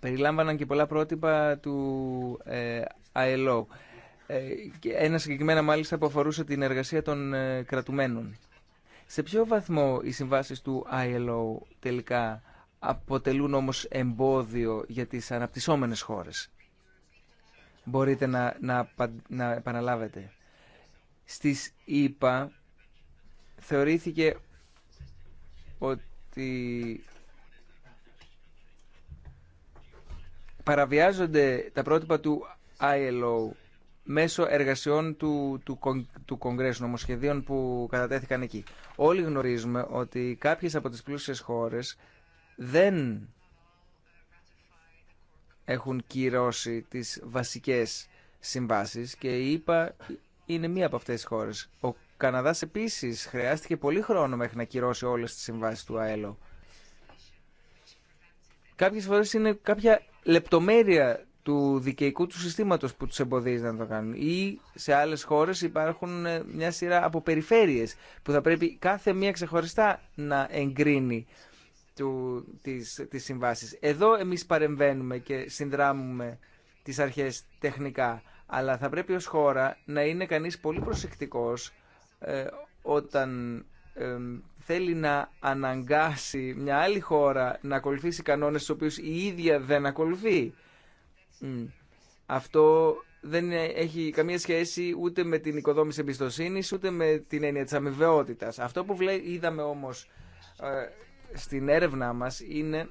περιλάμβαναν και πολλά πρότυπα του ε, ILO. Ε, ένα συγκεκριμένα μάλιστα που αφορούσε την εργασία των ε, κρατουμένων. Σε ποιο βαθμό οι συμβάσεις του ILO τελικά αποτελούν όμως εμπόδιο για τις αναπτυσσόμενες χώρες. Μπορείτε να, να, να επαναλάβετε. Στις ΗΠΑ θεωρήθηκε ότι παραβιάζονται τα πρότυπα του ILO μέσω εργασιών του, του, του Κογκρέσου, νομοσχεδίων που κατατέθηκαν εκεί. Όλοι γνωρίζουμε ότι κάποιες από τις πλούσιες χώρες δεν έχουν κυρώσει τις βασικές συμβάσεις και η ΕΠΑ είναι μία από αυτές τις χώρες. Ο Καναδάς επίσης χρειάστηκε πολύ χρόνο μέχρι να κυρώσει όλες τις συμβάσεις του ΑΕΛΟ. Κάποιες φορές είναι κάποια λεπτομέρεια του δικαιικού του συστήματος που τους εμποδίζει να το κάνουν. Ή σε άλλες χώρες υπάρχουν ε, μια σειρά από περιφέρειες που θα πρέπει κάθε μία ξεχωριστά να εγκρίνει του, τις, τις συμβάσεις. Εδώ εμείς παρεμβαίνουμε και συνδράμουμε τις αρχές τεχνικά, αλλά θα πρέπει ως χώρα να είναι κανείς πολύ προσεκτικός ε, όταν θέλει να αναγκάσει μια άλλη χώρα να ακολουθήσει κανόνες στους οποίους η ίδια δεν ακολουθεί. Αυτό δεν έχει καμία σχέση ούτε με την οικοδόμηση εμπιστοσύνη ούτε με την έννοια τη αμοιβαιότητα. Αυτό που είδαμε όμω ε, στην έρευνά μα είναι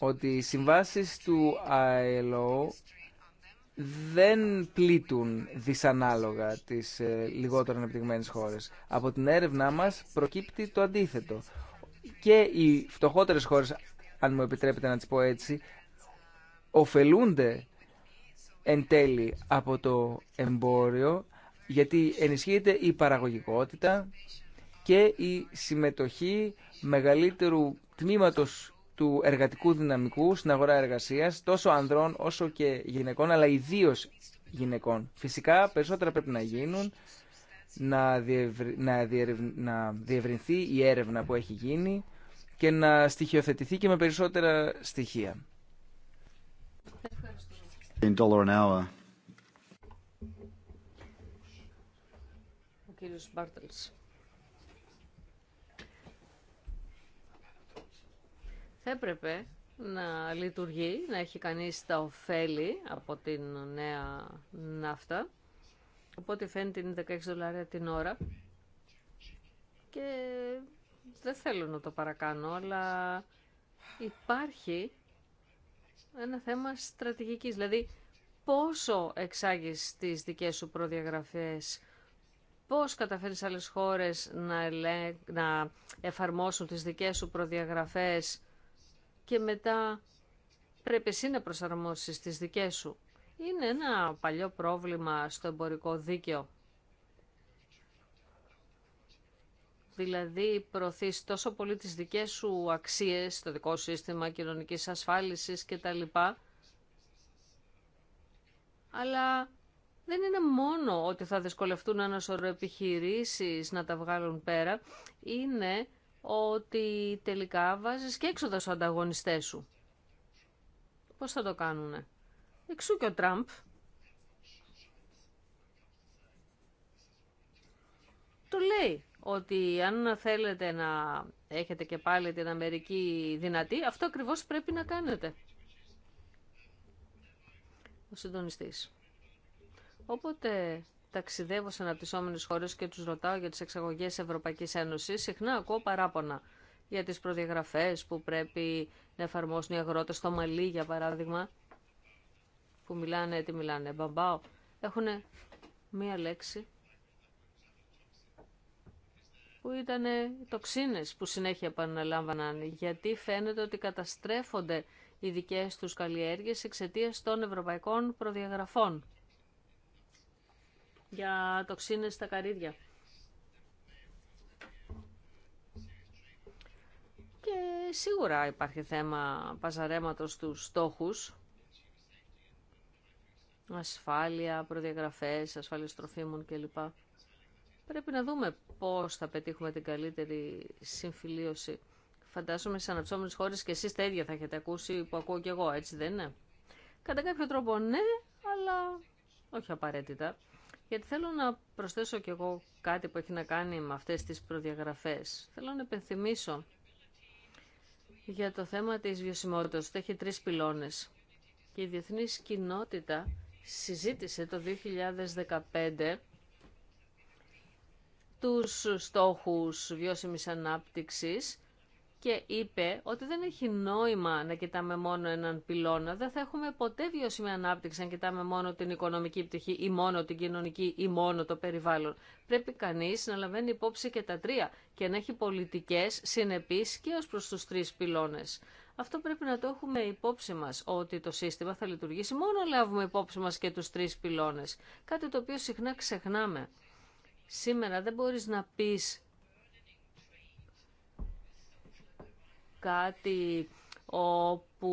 ότι οι συμβάσεις του ILO δεν πλήττουν δυσανάλογα τις ε, λιγότερο ανεπτυγμένες χώρες. Από την έρευνά μας προκύπτει το αντίθετο, και οι φτωχότερες χώρες, αν μου επιτρέπετε να τις πω έτσι, ωφελούνται εν τέλει από το εμπόριο γιατί ενισχύεται η παραγωγικότητα και η συμμετοχή μεγαλύτερου τμήματος του εργατικού δυναμικού στην αγορά εργασίας, τόσο ανδρών όσο και γυναικών, αλλά ιδίως γυναικών. Φυσικά, περισσότερα πρέπει να γίνουν να, να διευρυνθεί η έρευνα που έχει γίνει και να στοιχειοθετηθεί και με περισσότερα στοιχεία. Θα έπρεπε να λειτουργεί, να έχει κανείς τα ωφέλη από την νέα ναύτα Οπότε φαίνεται είναι 16 δολάρια την ώρα. Και δεν θέλω να το παρακάνω, αλλά υπάρχει ένα θέμα στρατηγικής. Δηλαδή, πόσο εξάγεις τις δικές σου προδιαγραφές, πώς καταφέρεις άλλες χώρες να, να εφαρμόσουν τις δικές σου προδιαγραφές και μετά πρέπει εσύ να προσαρμόσεις τις δικές σου είναι ένα παλιό πρόβλημα στο εμπορικό δίκαιο. Δηλαδή προωθείς τόσο πολύ τις δικές σου αξίες, το δικό σου σύστημα κοινωνικής ασφάλισης κτλ. Αλλά δεν είναι μόνο ότι θα δυσκολευτούν ένα σωρό επιχειρήσεις να τα βγάλουν πέρα, είναι ότι τελικά βάζεις και έξοδα στους ανταγωνιστές σου. Πώς θα το κάνουνε. Εξού και ο Τραμπ το λέει ότι αν θέλετε να έχετε και πάλι την Αμερική δυνατή, αυτό ακριβώς πρέπει να κάνετε. Ο συντονιστής. Όποτε ταξιδεύω σε αναπτυσσόμενες χώρες και τους ρωτάω για τις εξαγωγές Ευρωπαϊκής Ένωσης, συχνά ακούω παράπονα για τις προδιαγραφές που πρέπει να εφαρμόσουν οι αγρότες στο Μαλί, για παράδειγμα που μιλάνε, τι μιλάνε, μπαμπάω, έχουν μία λέξη που ήταν τοξίνες που συνέχεια επαναλάμβαναν, γιατί φαίνεται ότι καταστρέφονται οι δικές τους καλλιέργειες εξαιτία των ευρωπαϊκών προδιαγραφών για τοξίνες στα καρύδια. Και σίγουρα υπάρχει θέμα παζαρέματος του στόχους ασφάλεια, προδιαγραφές, ασφάλεια τροφίμων κλπ. Πρέπει να δούμε πώς θα πετύχουμε την καλύτερη συμφιλίωση. Φαντάζομαι σε αναψώμενες χώρες και εσείς τα ίδια θα έχετε ακούσει που ακούω και εγώ, έτσι δεν είναι. Κατά κάποιο τρόπο ναι, αλλά όχι απαραίτητα. Γιατί θέλω να προσθέσω κι εγώ κάτι που έχει να κάνει με αυτές τις προδιαγραφές. Θέλω να επενθυμίσω για το θέμα της βιωσιμότητας. Έχει τρεις πυλώνες. Και η διεθνής κοινότητα συζήτησε το 2015 τους στόχους βιώσιμης ανάπτυξης και είπε ότι δεν έχει νόημα να κοιτάμε μόνο έναν πυλώνα. Δεν θα έχουμε ποτέ βιώσιμη ανάπτυξη αν κοιτάμε μόνο την οικονομική πτυχή ή μόνο την κοινωνική ή μόνο το περιβάλλον. Πρέπει κανείς να λαμβάνει υπόψη και τα τρία και να έχει πολιτικές συνεπείς και ως προς τους τρεις πυλώνες. Αυτό πρέπει να το έχουμε υπόψη μα ότι το σύστημα θα λειτουργήσει μόνο λάβουμε υπόψη μα και τους τρεις πυλώνε, Κάτι το οποίο συχνά ξεχνάμε. Σήμερα δεν μπορεί να πει κάτι όπου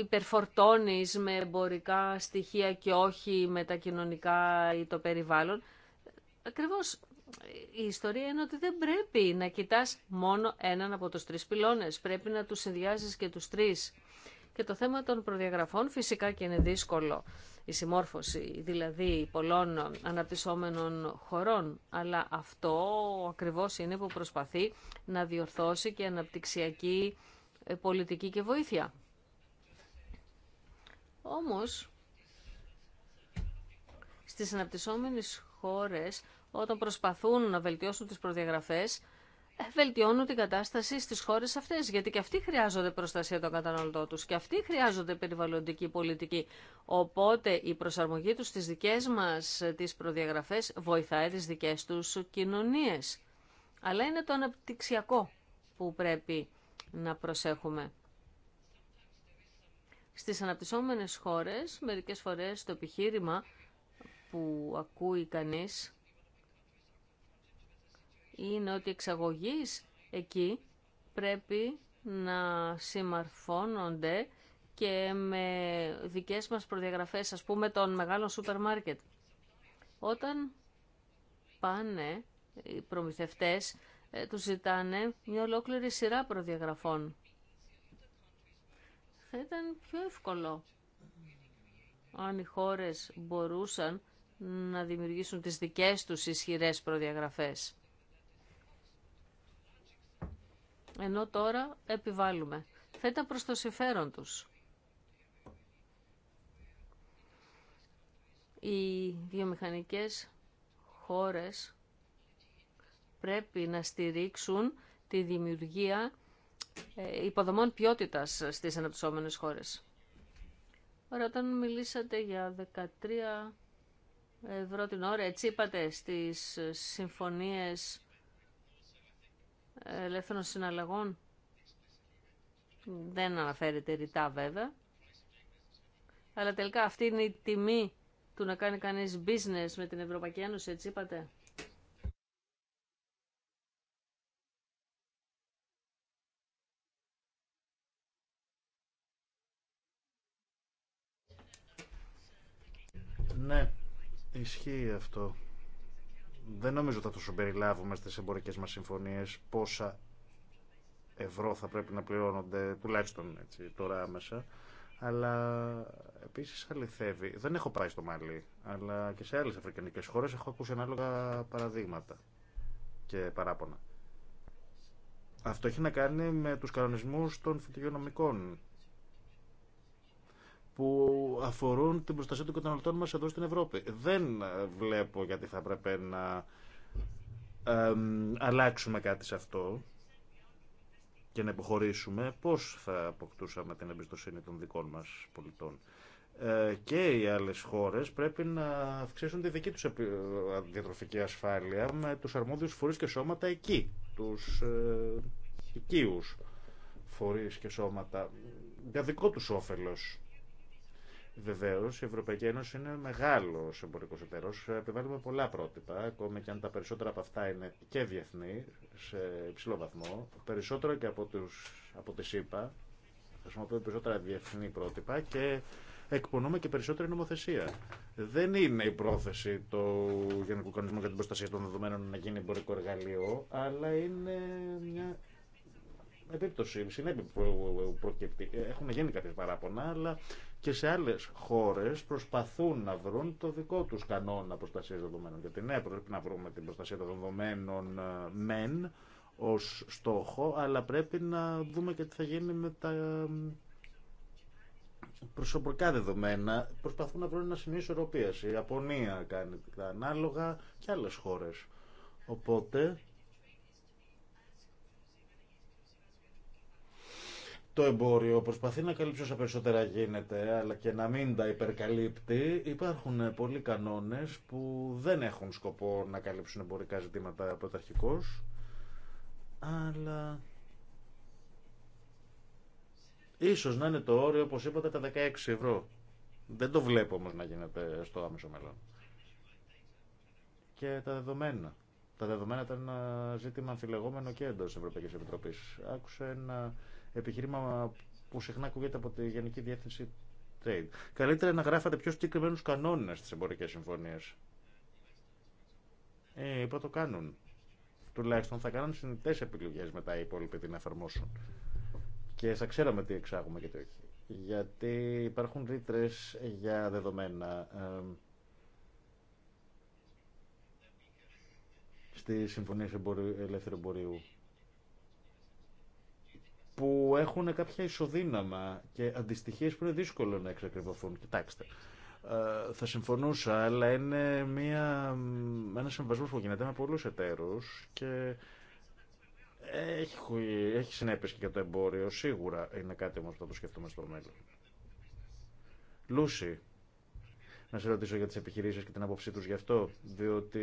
υπερφορτώνεις με εμπορικά στοιχεία και όχι με τα κοινωνικά ή το περιβάλλον. Ακριβώς η ιστορία είναι ότι δεν πρέπει να κοιτάς μόνο έναν από τους τρεις πυλώνες. Πρέπει να τους συνδυάζει και τους τρεις. Και το θέμα των προδιαγραφών φυσικά και είναι δύσκολο. Η συμμόρφωση δηλαδή πολλών αναπτυσσόμενων χωρών. Αλλά αυτό ακριβώς είναι που προσπαθεί να διορθώσει και αναπτυξιακή ε, πολιτική και βοήθεια. Όμως, στις αναπτυσσόμενες χώρες όταν προσπαθούν να βελτιώσουν τις προδιαγραφές, ε, βελτιώνουν την κατάσταση στις χώρες αυτές, γιατί και αυτοί χρειάζονται προστασία των καταναλωτών τους και αυτοί χρειάζονται περιβαλλοντική πολιτική. Οπότε η προσαρμογή τους στις δικές μας ε, τις προδιαγραφές βοηθάει τις δικές τους κοινωνίες. Αλλά είναι το αναπτυξιακό που πρέπει να προσέχουμε. Στις αναπτυσσόμενες χώρες, μερικές φορές το επιχείρημα που ακούει κανείς είναι ότι οι εκεί πρέπει να συμμαρφώνονται και με δικές μας προδιαγραφές, ας πούμε, των μεγάλων σούπερ μάρκετ. Όταν πάνε οι προμηθευτές, ε, τους ζητάνε μια ολόκληρη σειρά προδιαγραφών. Θα ήταν πιο εύκολο αν οι χώρες μπορούσαν να δημιουργήσουν τις δικές τους ισχυρές προδιαγραφές. ενώ τώρα επιβάλλουμε. Θα ήταν προς το συμφέρον τους. Οι βιομηχανικές χώρες πρέπει να στηρίξουν τη δημιουργία ε, υποδομών ποιότητας στις αναπτυσσόμενες χώρες. Ωραία, όταν μιλήσατε για 13 ευρώ την ώρα, έτσι είπατε στις συμφωνίες ελεύθερων συναλλαγών. Δεν αναφέρεται ρητά βέβαια. Αλλά τελικά αυτή είναι η τιμή του να κάνει κανείς business με την Ευρωπαϊκή Ένωση, έτσι είπατε. Ναι, ισχύει αυτό δεν νομίζω ότι θα το συμπεριλάβουμε στις εμπορικές μας συμφωνίες πόσα ευρώ θα πρέπει να πληρώνονται, τουλάχιστον έτσι, τώρα άμεσα. Αλλά επίσης αληθεύει. Δεν έχω πάει στο Μαλί, αλλά και σε άλλες αφρικανικές χώρες έχω ακούσει ανάλογα παραδείγματα και παράπονα. Αυτό έχει να κάνει με τους κανονισμούς των φυτογειονομικών που αφορούν την προστασία των καταναλωτών μας εδώ στην Ευρώπη. Δεν ε, βλέπω γιατί θα έπρεπε να αλλάξουμε κάτι σε αυτό και να υποχωρήσουμε. Πώς θα αποκτούσαμε την εμπιστοσύνη των δικών μας πολιτών. Ε, και οι άλλες χώρες πρέπει να αυξήσουν τη δική τους διατροφική ασφάλεια με τους αρμόδιους φορείς και σώματα εκεί, τους ε, οικίους φορείς και σώματα για δικό τους όφελος Βεβαίω, η Ευρωπαϊκή Ένωση είναι μεγάλο εμπορικό εταίρο. Επιβάλλουμε πολλά πρότυπα, ακόμη και αν τα περισσότερα από αυτά είναι και διεθνή, σε υψηλό βαθμό. Περισσότερο και από, τους, από τη ΣΥΠΑ. Χρησιμοποιούμε περισσότερα διεθνή πρότυπα και εκπονούμε και περισσότερη νομοθεσία. Δεν είναι η πρόθεση του Γενικού Κανονισμού για την Προστασία των Δεδομένων να γίνει εμπορικό εργαλείο, αλλά είναι μια επίπτωση, συνέπεια που ε, ε, προκύπτει. Ε, έχουν γίνει κάποια παράπονα, αλλά και σε άλλε χώρε προσπαθούν να βρουν το δικό του κανόνα προστασία δεδομένων. Γιατί ναι, πρέπει να βρούμε την προστασία των δεδομένων μεν ω στόχο, αλλά πρέπει να δούμε και τι θα γίνει με τα προσωπικά δεδομένα. Προσπαθούν να βρουν ένα σημείο ισορροπία. Η Ιαπωνία κάνει τα ανάλογα και άλλε χώρε. Οπότε το εμπόριο προσπαθεί να καλύψει όσα περισσότερα γίνεται, αλλά και να μην τα υπερκαλύπτει. Υπάρχουν ε, πολλοί κανόνες που δεν έχουν σκοπό να καλύψουν εμπορικά ζητήματα πρωταρχικώ. αλλά ίσως να είναι το όριο, όπω είπατε, τα 16 ευρώ. Δεν το βλέπω όμω να γίνεται στο άμεσο μέλλον. Και τα δεδομένα. Τα δεδομένα ήταν ένα ε, ζήτημα αμφιλεγόμενο και εντό Ευρωπαϊκής Επιτροπής. Άκουσα ένα Επιχείρημα που συχνά ακούγεται από τη Γενική Διεύθυνση Trade. Καλύτερα να γράφατε πιο συγκεκριμένου κανόνε στι εμπορικέ συμφωνίε. Ε, είπα το κάνουν. Τουλάχιστον θα κάνουν συνειδητέ επιλογέ μετά οι υπόλοιποι την να εφαρμόσουν. Και θα ξέραμε τι εξάγουμε και τι όχι. Γιατί υπάρχουν ρήτρε για δεδομένα. στις Συμφωνία Ελεύθερου Εμπορίου που έχουν κάποια ισοδύναμα και αντιστοιχίε που είναι δύσκολο να εξακριβωθούν. Κοιτάξτε, ε, θα συμφωνούσα, αλλά είναι μια, ένα συμβασμό που γίνεται με πολλού εταίρου και έχει, έχει συνέπειες και για το εμπόριο. Σίγουρα είναι κάτι όμω που θα το σκεφτούμε στο μέλλον. Λούση, να σε ρωτήσω για τι επιχειρήσει και την άποψή του γι' αυτό, διότι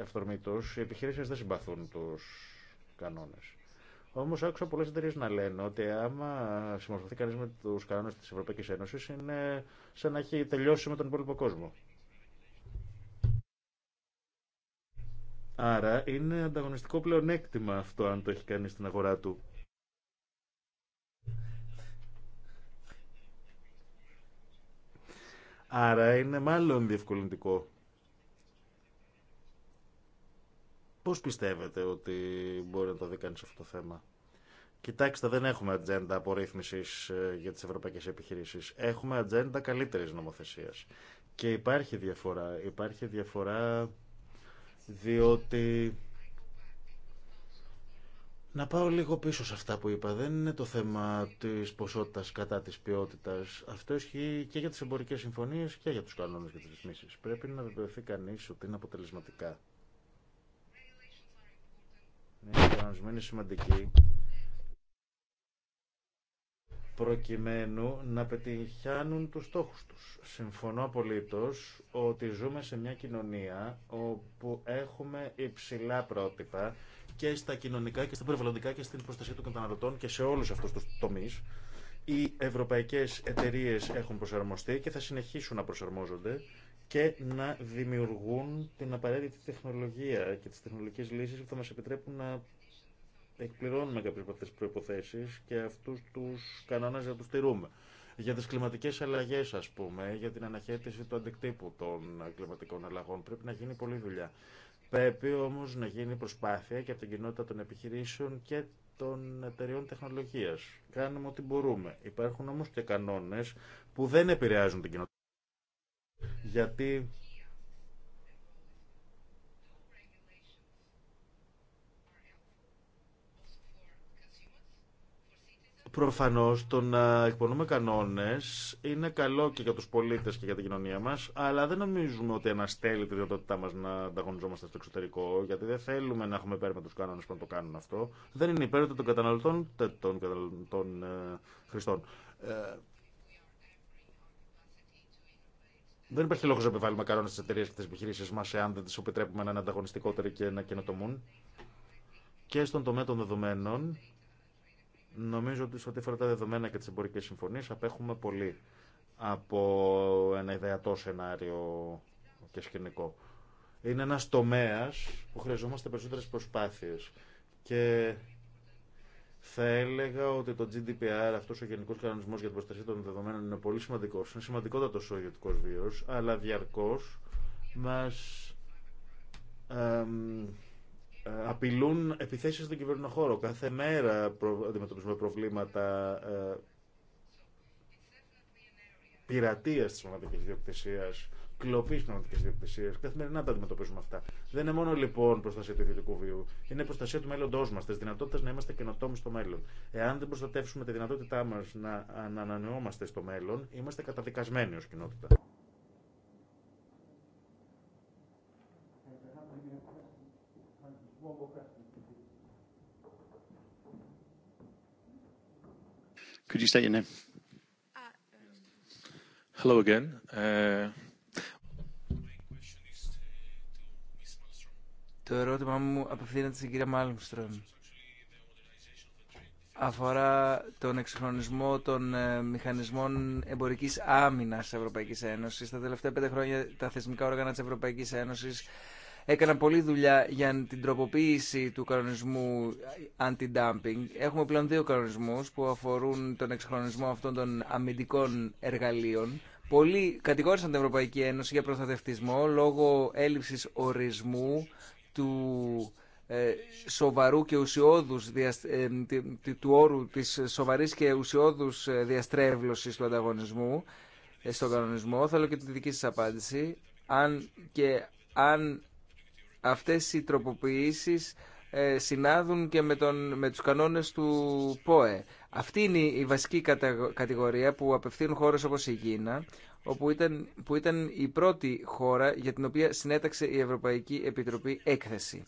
αυτορμήτω οι επιχειρήσει δεν συμπαθούν τους κανόνες. Όμω άκουσα πολλέ εταιρείε να λένε ότι άμα συμμορφωθεί κανεί με του κανόνε τη Ευρωπαϊκή Ένωση είναι σαν να έχει τελειώσει με τον υπόλοιπο κόσμο. Άρα είναι ανταγωνιστικό πλεονέκτημα αυτό αν το έχει κανεί στην αγορά του. Άρα είναι μάλλον διευκολυντικό. Πώς πιστεύετε ότι μπορεί να το δει κανείς αυτό το θέμα. Κοιτάξτε, δεν έχουμε ατζέντα απορρίθμιση ε, για τι ευρωπαϊκέ επιχειρήσει. Έχουμε ατζέντα καλύτερη νομοθεσία. Και υπάρχει διαφορά. Υπάρχει διαφορά διότι. Να πάω λίγο πίσω σε αυτά που είπα. Δεν είναι το θέμα της ποσότητας κατά της ποιότητας. Αυτό ισχύει και για τις εμπορικές συμφωνίες και για τους κανόνες και τις ρυθμίσεις. Πρέπει να βεβαιωθεί κανεί, ότι είναι αποτελεσματικά είναι σημαντική προκειμένου να πετυχάνουν τους στόχους τους. Συμφωνώ απολύτως ότι ζούμε σε μια κοινωνία όπου έχουμε υψηλά πρότυπα και στα κοινωνικά και στα περιβαλλοντικά και στην προστασία των καταναλωτών και σε όλους αυτούς τους τομείς. Οι ευρωπαϊκές εταιρείες έχουν προσαρμοστεί και θα συνεχίσουν να προσαρμόζονται και να δημιουργούν την απαραίτητη τεχνολογία και τις τεχνολογικές λύσεις που θα μας επιτρέπουν να εκπληρώνουμε κάποιε από αυτέ τι προποθέσει και αυτού του κανόνε να του τηρούμε. Για τι κλιματικέ αλλαγέ, α πούμε, για την αναχέτηση του αντικτύπου των κλιματικών αλλαγών, πρέπει να γίνει πολλή δουλειά. Πρέπει όμω να γίνει προσπάθεια και από την κοινότητα των επιχειρήσεων και των εταιριών τεχνολογία. Κάνουμε ό,τι μπορούμε. Υπάρχουν όμω και κανόνε που δεν επηρεάζουν την κοινότητα. Γιατί Προφανώ το να εκπονούμε κανόνε είναι καλό και για του πολίτε και για την κοινωνία μα, αλλά δεν νομίζουμε ότι αναστέλει τη δυνατότητά μα να ανταγωνιζόμαστε στο εξωτερικό, γιατί δεν θέλουμε να έχουμε υπέρ με του κανόνε που να το κάνουν αυτό. Δεν είναι υπέρ των καταναλωτών, των, των ε, χρηστών. Ε, δεν υπάρχει λόγο να επιβάλλουμε κανόνε στι εταιρείε και τι επιχειρήσει μα, εάν δεν τι επιτρέπουμε να είναι ανταγωνιστικότεροι και να καινοτομούν. Και στον τομέα των δεδομένων, Νομίζω ότι σε ό,τι αφορά τα δεδομένα και τι εμπορικέ συμφωνίε, απέχουμε πολύ από ένα ιδεατό σενάριο και σκηνικό. Είναι ένα τομέα που χρειαζόμαστε περισσότερε προσπάθειες και θα έλεγα ότι το GDPR, αυτό ο Γενικό Κανονισμό για την Προστασία των Δεδομένων, είναι πολύ σημαντικό. Είναι σημαντικότατο ο ιδιωτικό βίο, αλλά διαρκώ μα ε, απειλούν επιθέσεις στον χώρο. Κάθε μέρα αντιμετωπίζουμε προβλήματα ε, πειρατεία τη μοναδική διοκτησία, κλοπή τη διοκτησία. Καθημερινά τα αντιμετωπίζουμε αυτά. Δεν είναι μόνο λοιπόν προστασία του ιδιωτικού βίου, είναι προστασία του μέλλοντό μα, τη δυνατότητα να είμαστε καινοτόμοι στο μέλλον. Εάν δεν προστατεύσουμε τη δυνατότητά μα να ανανεώμαστε στο μέλλον, είμαστε καταδικασμένοι ω κοινότητα. Could you state your name? Hello again. Uh, Το ερώτημά μου απευθύνεται στην κυρία Μάλμστρομ. Αφορά τον εξυγχρονισμό των ε, μηχανισμών εμπορικής άμυνας της Ευρωπαϊκής Ένωσης. Τα τελευταία πέντε χρόνια τα θεσμικά όργανα της Ευρωπαϊκής Ένωσης έκαναν πολλή δουλειά για την τροποποίηση του κανονισμού anti-dumping. Έχουμε πλέον δύο κανονισμούς που αφορούν τον εξχρονισμό αυτών των αμυντικών εργαλείων. Πολλοί κατηγόρησαν την Ευρωπαϊκή Ένωση για προστατευτισμό λόγω έλλειψης ορισμού του ε, σοβαρού και ουσιώδους ε, του όρου της σοβαρής και ουσιώδους ε, διαστρέβλωσης του ανταγωνισμού στον κανονισμό. Θέλω και τη δική σας απάντηση. Αν και αν αυτές οι τροποποιήσεις ε, συνάδουν και με, τον, με τους κανόνες του ΠΟΕ. Αυτή είναι η βασική κατηγορία που απευθύνουν χώρες όπως η Κίνα, όπου ήταν, που ήταν η πρώτη χώρα για την οποία συνέταξε η Ευρωπαϊκή Επιτροπή έκθεση.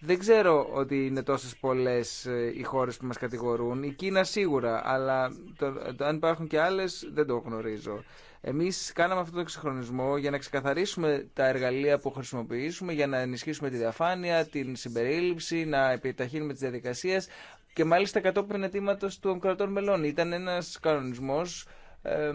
Δεν ξέρω ότι είναι τόσες πολλές ε, οι χώρες που μας κατηγορούν. Η Κίνα σίγουρα, αλλά το, αν υπάρχουν και άλλες δεν το γνωρίζω. Εμείς κάναμε αυτό το εξυγχρονισμό για να ξεκαθαρίσουμε τα εργαλεία που χρησιμοποιήσουμε, για να ενισχύσουμε τη διαφάνεια, την συμπερίληψη, να επιταχύνουμε τις διαδικασίες και μάλιστα κατόπιν αιτήματο των κρατών μελών. Ήταν ένας κανονισμός ε,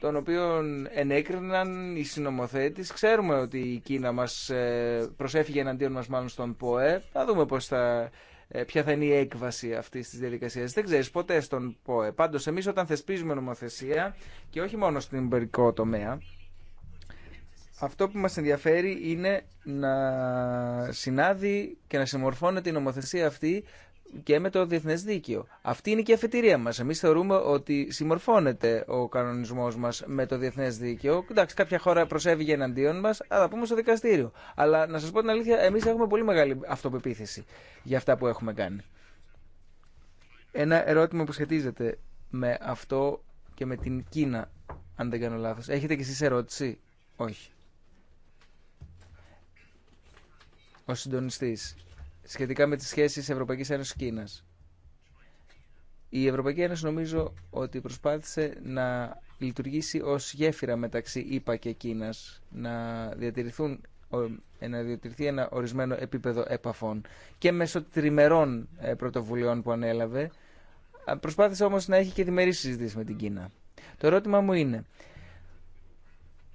τον οποίο ενέκριναν οι συνομοθέτες. Ξέρουμε ότι η Κίνα μας ε, προσέφυγε εναντίον μα μάλλον στον ΠΟΕ. Θα δούμε πώ θα ε, ποια θα είναι η έκβαση αυτή τη διαδικασία. Δεν ξέρει ποτέ στον ΠΟΕ. Πάντω, εμεί όταν θεσπίζουμε νομοθεσία και όχι μόνο στην εμπορικό τομέα, αυτό που μας ενδιαφέρει είναι να συνάδει και να συμμορφώνεται η νομοθεσία αυτή και με το διεθνέ δίκαιο. Αυτή είναι και η αφετηρία μα. Εμεί θεωρούμε ότι συμμορφώνεται ο κανονισμό μα με το διεθνέ δίκαιο. Εντάξει, κάποια χώρα προσέβηκε εναντίον μα, αλλά πούμε στο δικαστήριο. Αλλά να σα πω την αλήθεια, εμεί έχουμε πολύ μεγάλη αυτοπεποίθηση για αυτά που έχουμε κάνει. Ένα ερώτημα που σχετίζεται με αυτό και με την Κίνα, αν δεν κάνω λάθο. Έχετε κι εσεί ερώτηση, Όχι. Ο συντονιστής σχετικά με τις σχέσεις Ευρωπαϊκής Ένωσης Κίνας. Η Ευρωπαϊκή Ένωση νομίζω ότι προσπάθησε να λειτουργήσει ως γέφυρα μεταξύ ΙΠΑ και Κίνας, να, διατηρηθούν, ε, να διατηρηθεί ένα ορισμένο επίπεδο επαφών και μέσω τριμερών ε, πρωτοβουλειών που ανέλαβε, προσπάθησε όμως να έχει και διμερείς συζήτηση με την Κίνα. Το ερώτημα μου είναι,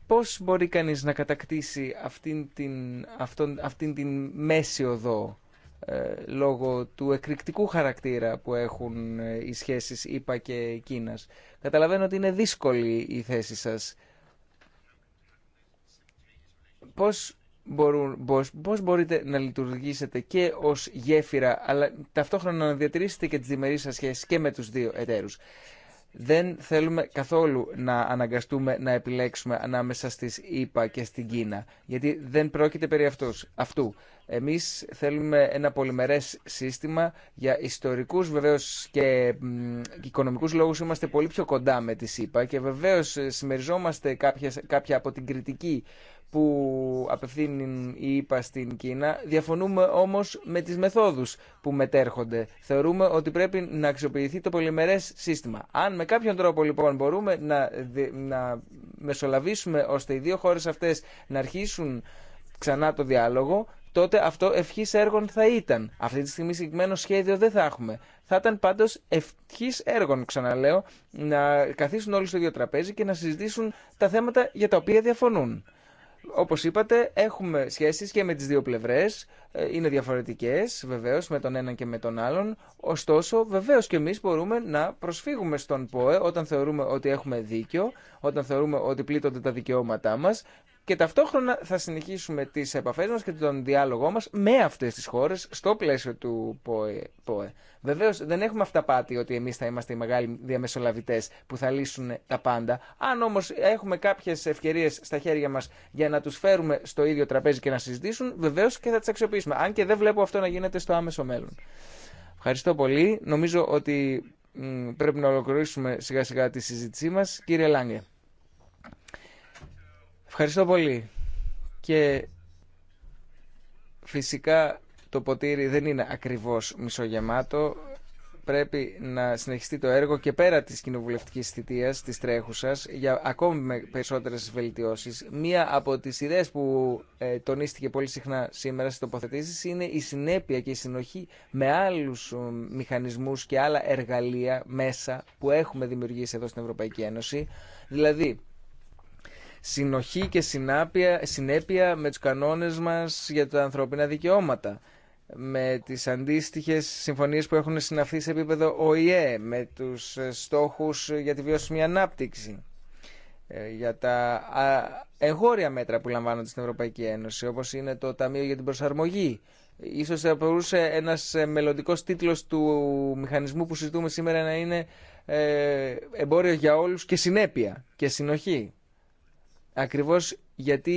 πώς μπορεί κανείς να κατακτήσει αυτήν την, αυτόν, αυτήν την μέση οδό ε, λόγω του εκρηκτικού χαρακτήρα που έχουν ε, οι σχέσεις ΙΠΑ και Κίνας. Καταλαβαίνω ότι είναι δύσκολη η θέση σας. Πώς, μπορείτε να λειτουργήσετε και ως γέφυρα, αλλά ταυτόχρονα να διατηρήσετε και τις διμερείς σας σχέσεις και με τους δύο εταίρους. Δεν θέλουμε καθόλου να αναγκαστούμε να επιλέξουμε ανάμεσα στις ΙΠΑ και στην Κίνα, γιατί δεν πρόκειται περί αυτούς, αυτού. Εμείς θέλουμε ένα πολυμερές σύστημα. Για ιστορικούς βεβαίως και οικονομικούς λόγους είμαστε πολύ πιο κοντά με τη ΣΥΠΑ και βεβαίως συμμεριζόμαστε κάποια, κάποια από την κριτική που απευθύνει η ΕΠΑ στην Κίνα. Διαφωνούμε όμως με τις μεθόδους που μετέρχονται. Θεωρούμε ότι πρέπει να αξιοποιηθεί το πολυμερές σύστημα. Αν με κάποιον τρόπο λοιπόν μπορούμε να, να μεσολαβήσουμε ώστε οι δύο χώρες αυτές να αρχίσουν ξανά το διάλογο, τότε αυτό ευχή έργων θα ήταν. Αυτή τη στιγμή συγκεκριμένο σχέδιο δεν θα έχουμε. Θα ήταν πάντω ευχή έργων, ξαναλέω, να καθίσουν όλοι στο ίδιο τραπέζι και να συζητήσουν τα θέματα για τα οποία διαφωνούν. Όπω είπατε, έχουμε σχέσει και με τι δύο πλευρέ. Ε, είναι διαφορετικέ, βεβαίω, με τον έναν και με τον άλλον. Ωστόσο, βεβαίω και εμεί μπορούμε να προσφύγουμε στον ΠΟΕ όταν θεωρούμε ότι έχουμε δίκιο, όταν θεωρούμε ότι πλήττονται τα δικαιώματά μα και ταυτόχρονα θα συνεχίσουμε τις επαφές μας και τον διάλογό μας με αυτές τις χώρες στο πλαίσιο του ΠΟΕ. Βεβαίως δεν έχουμε αυταπάτη ότι εμείς θα είμαστε οι μεγάλοι διαμεσολαβητές που θα λύσουν τα πάντα. Αν όμως έχουμε κάποιες ευκαιρίες στα χέρια μας για να τους φέρουμε στο ίδιο τραπέζι και να συζητήσουν, βεβαίω και θα τι αξιοποιήσουμε. Αν και δεν βλέπω αυτό να γίνεται στο άμεσο μέλλον. Ευχαριστώ πολύ. Νομίζω ότι πρέπει να ολοκληρώσουμε σιγά σιγά τη συζήτησή μας. Κύριε Λάγκε. Ευχαριστώ πολύ. Και φυσικά το ποτήρι δεν είναι ακριβώς μισογεμάτο. Πρέπει να συνεχιστεί το έργο και πέρα της κοινοβουλευτικής θητείας, της τρέχουσας, για ακόμη με περισσότερες βελτιώσεις. Μία από τις ιδέες που ε, τονίστηκε πολύ συχνά σήμερα στις τοποθετήσεις είναι η συνέπεια και η συνοχή με άλλους ε, μηχανισμούς και άλλα εργαλεία μέσα που έχουμε δημιουργήσει εδώ στην Ευρωπαϊκή Ένωση. Δηλαδή, συνοχή και συνέπεια με τους κανόνες μας για τα ανθρωπίνα δικαιώματα με τις αντίστοιχες συμφωνίες που έχουν συναφθεί σε επίπεδο ΟΗΕ, με τους ε, στόχους για τη βιώσιμη ανάπτυξη, ε, για τα εγχώρια μέτρα που λαμβάνονται στην Ευρωπαϊκή Ένωση, όπως είναι το Ταμείο για την Προσαρμογή. Ίσως θα μπορούσε ένας ε, μελλοντικός τίτλος του μηχανισμού που συζητούμε σήμερα να είναι «Εμπόριο για όλους και συνέπεια και συνοχή». Ακριβώς γιατί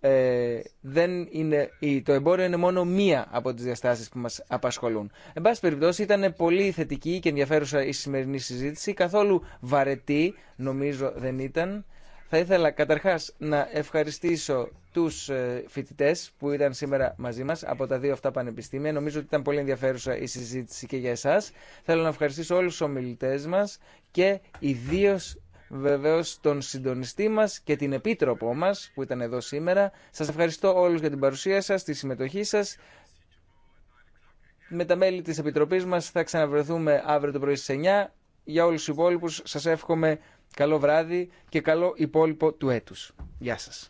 ε, δεν είναι, το εμπόριο είναι μόνο μία από τις διαστάσεις που μας απασχολούν. Εν πάση περιπτώσει ήταν πολύ θετική και ενδιαφέρουσα η σημερινή συζήτηση, καθόλου βαρετή νομίζω δεν ήταν. Θα ήθελα καταρχάς να ευχαριστήσω τους ε, φοιτητέ που ήταν σήμερα μαζί μας από τα δύο αυτά πανεπιστήμια. Νομίζω ότι ήταν πολύ ενδιαφέρουσα η συζήτηση και για εσάς. Θέλω να ευχαριστήσω όλους τους ομιλητές μας και ιδίως βεβαίως τον συντονιστή μας και την επίτροπό μας που ήταν εδώ σήμερα. Σας ευχαριστώ όλους για την παρουσία σας, τη συμμετοχή σας. Με τα μέλη της Επιτροπής μας θα ξαναβρεθούμε αύριο το πρωί στις 9. Για όλους του υπόλοιπου, σας εύχομαι καλό βράδυ και καλό υπόλοιπο του έτους. Γεια σας.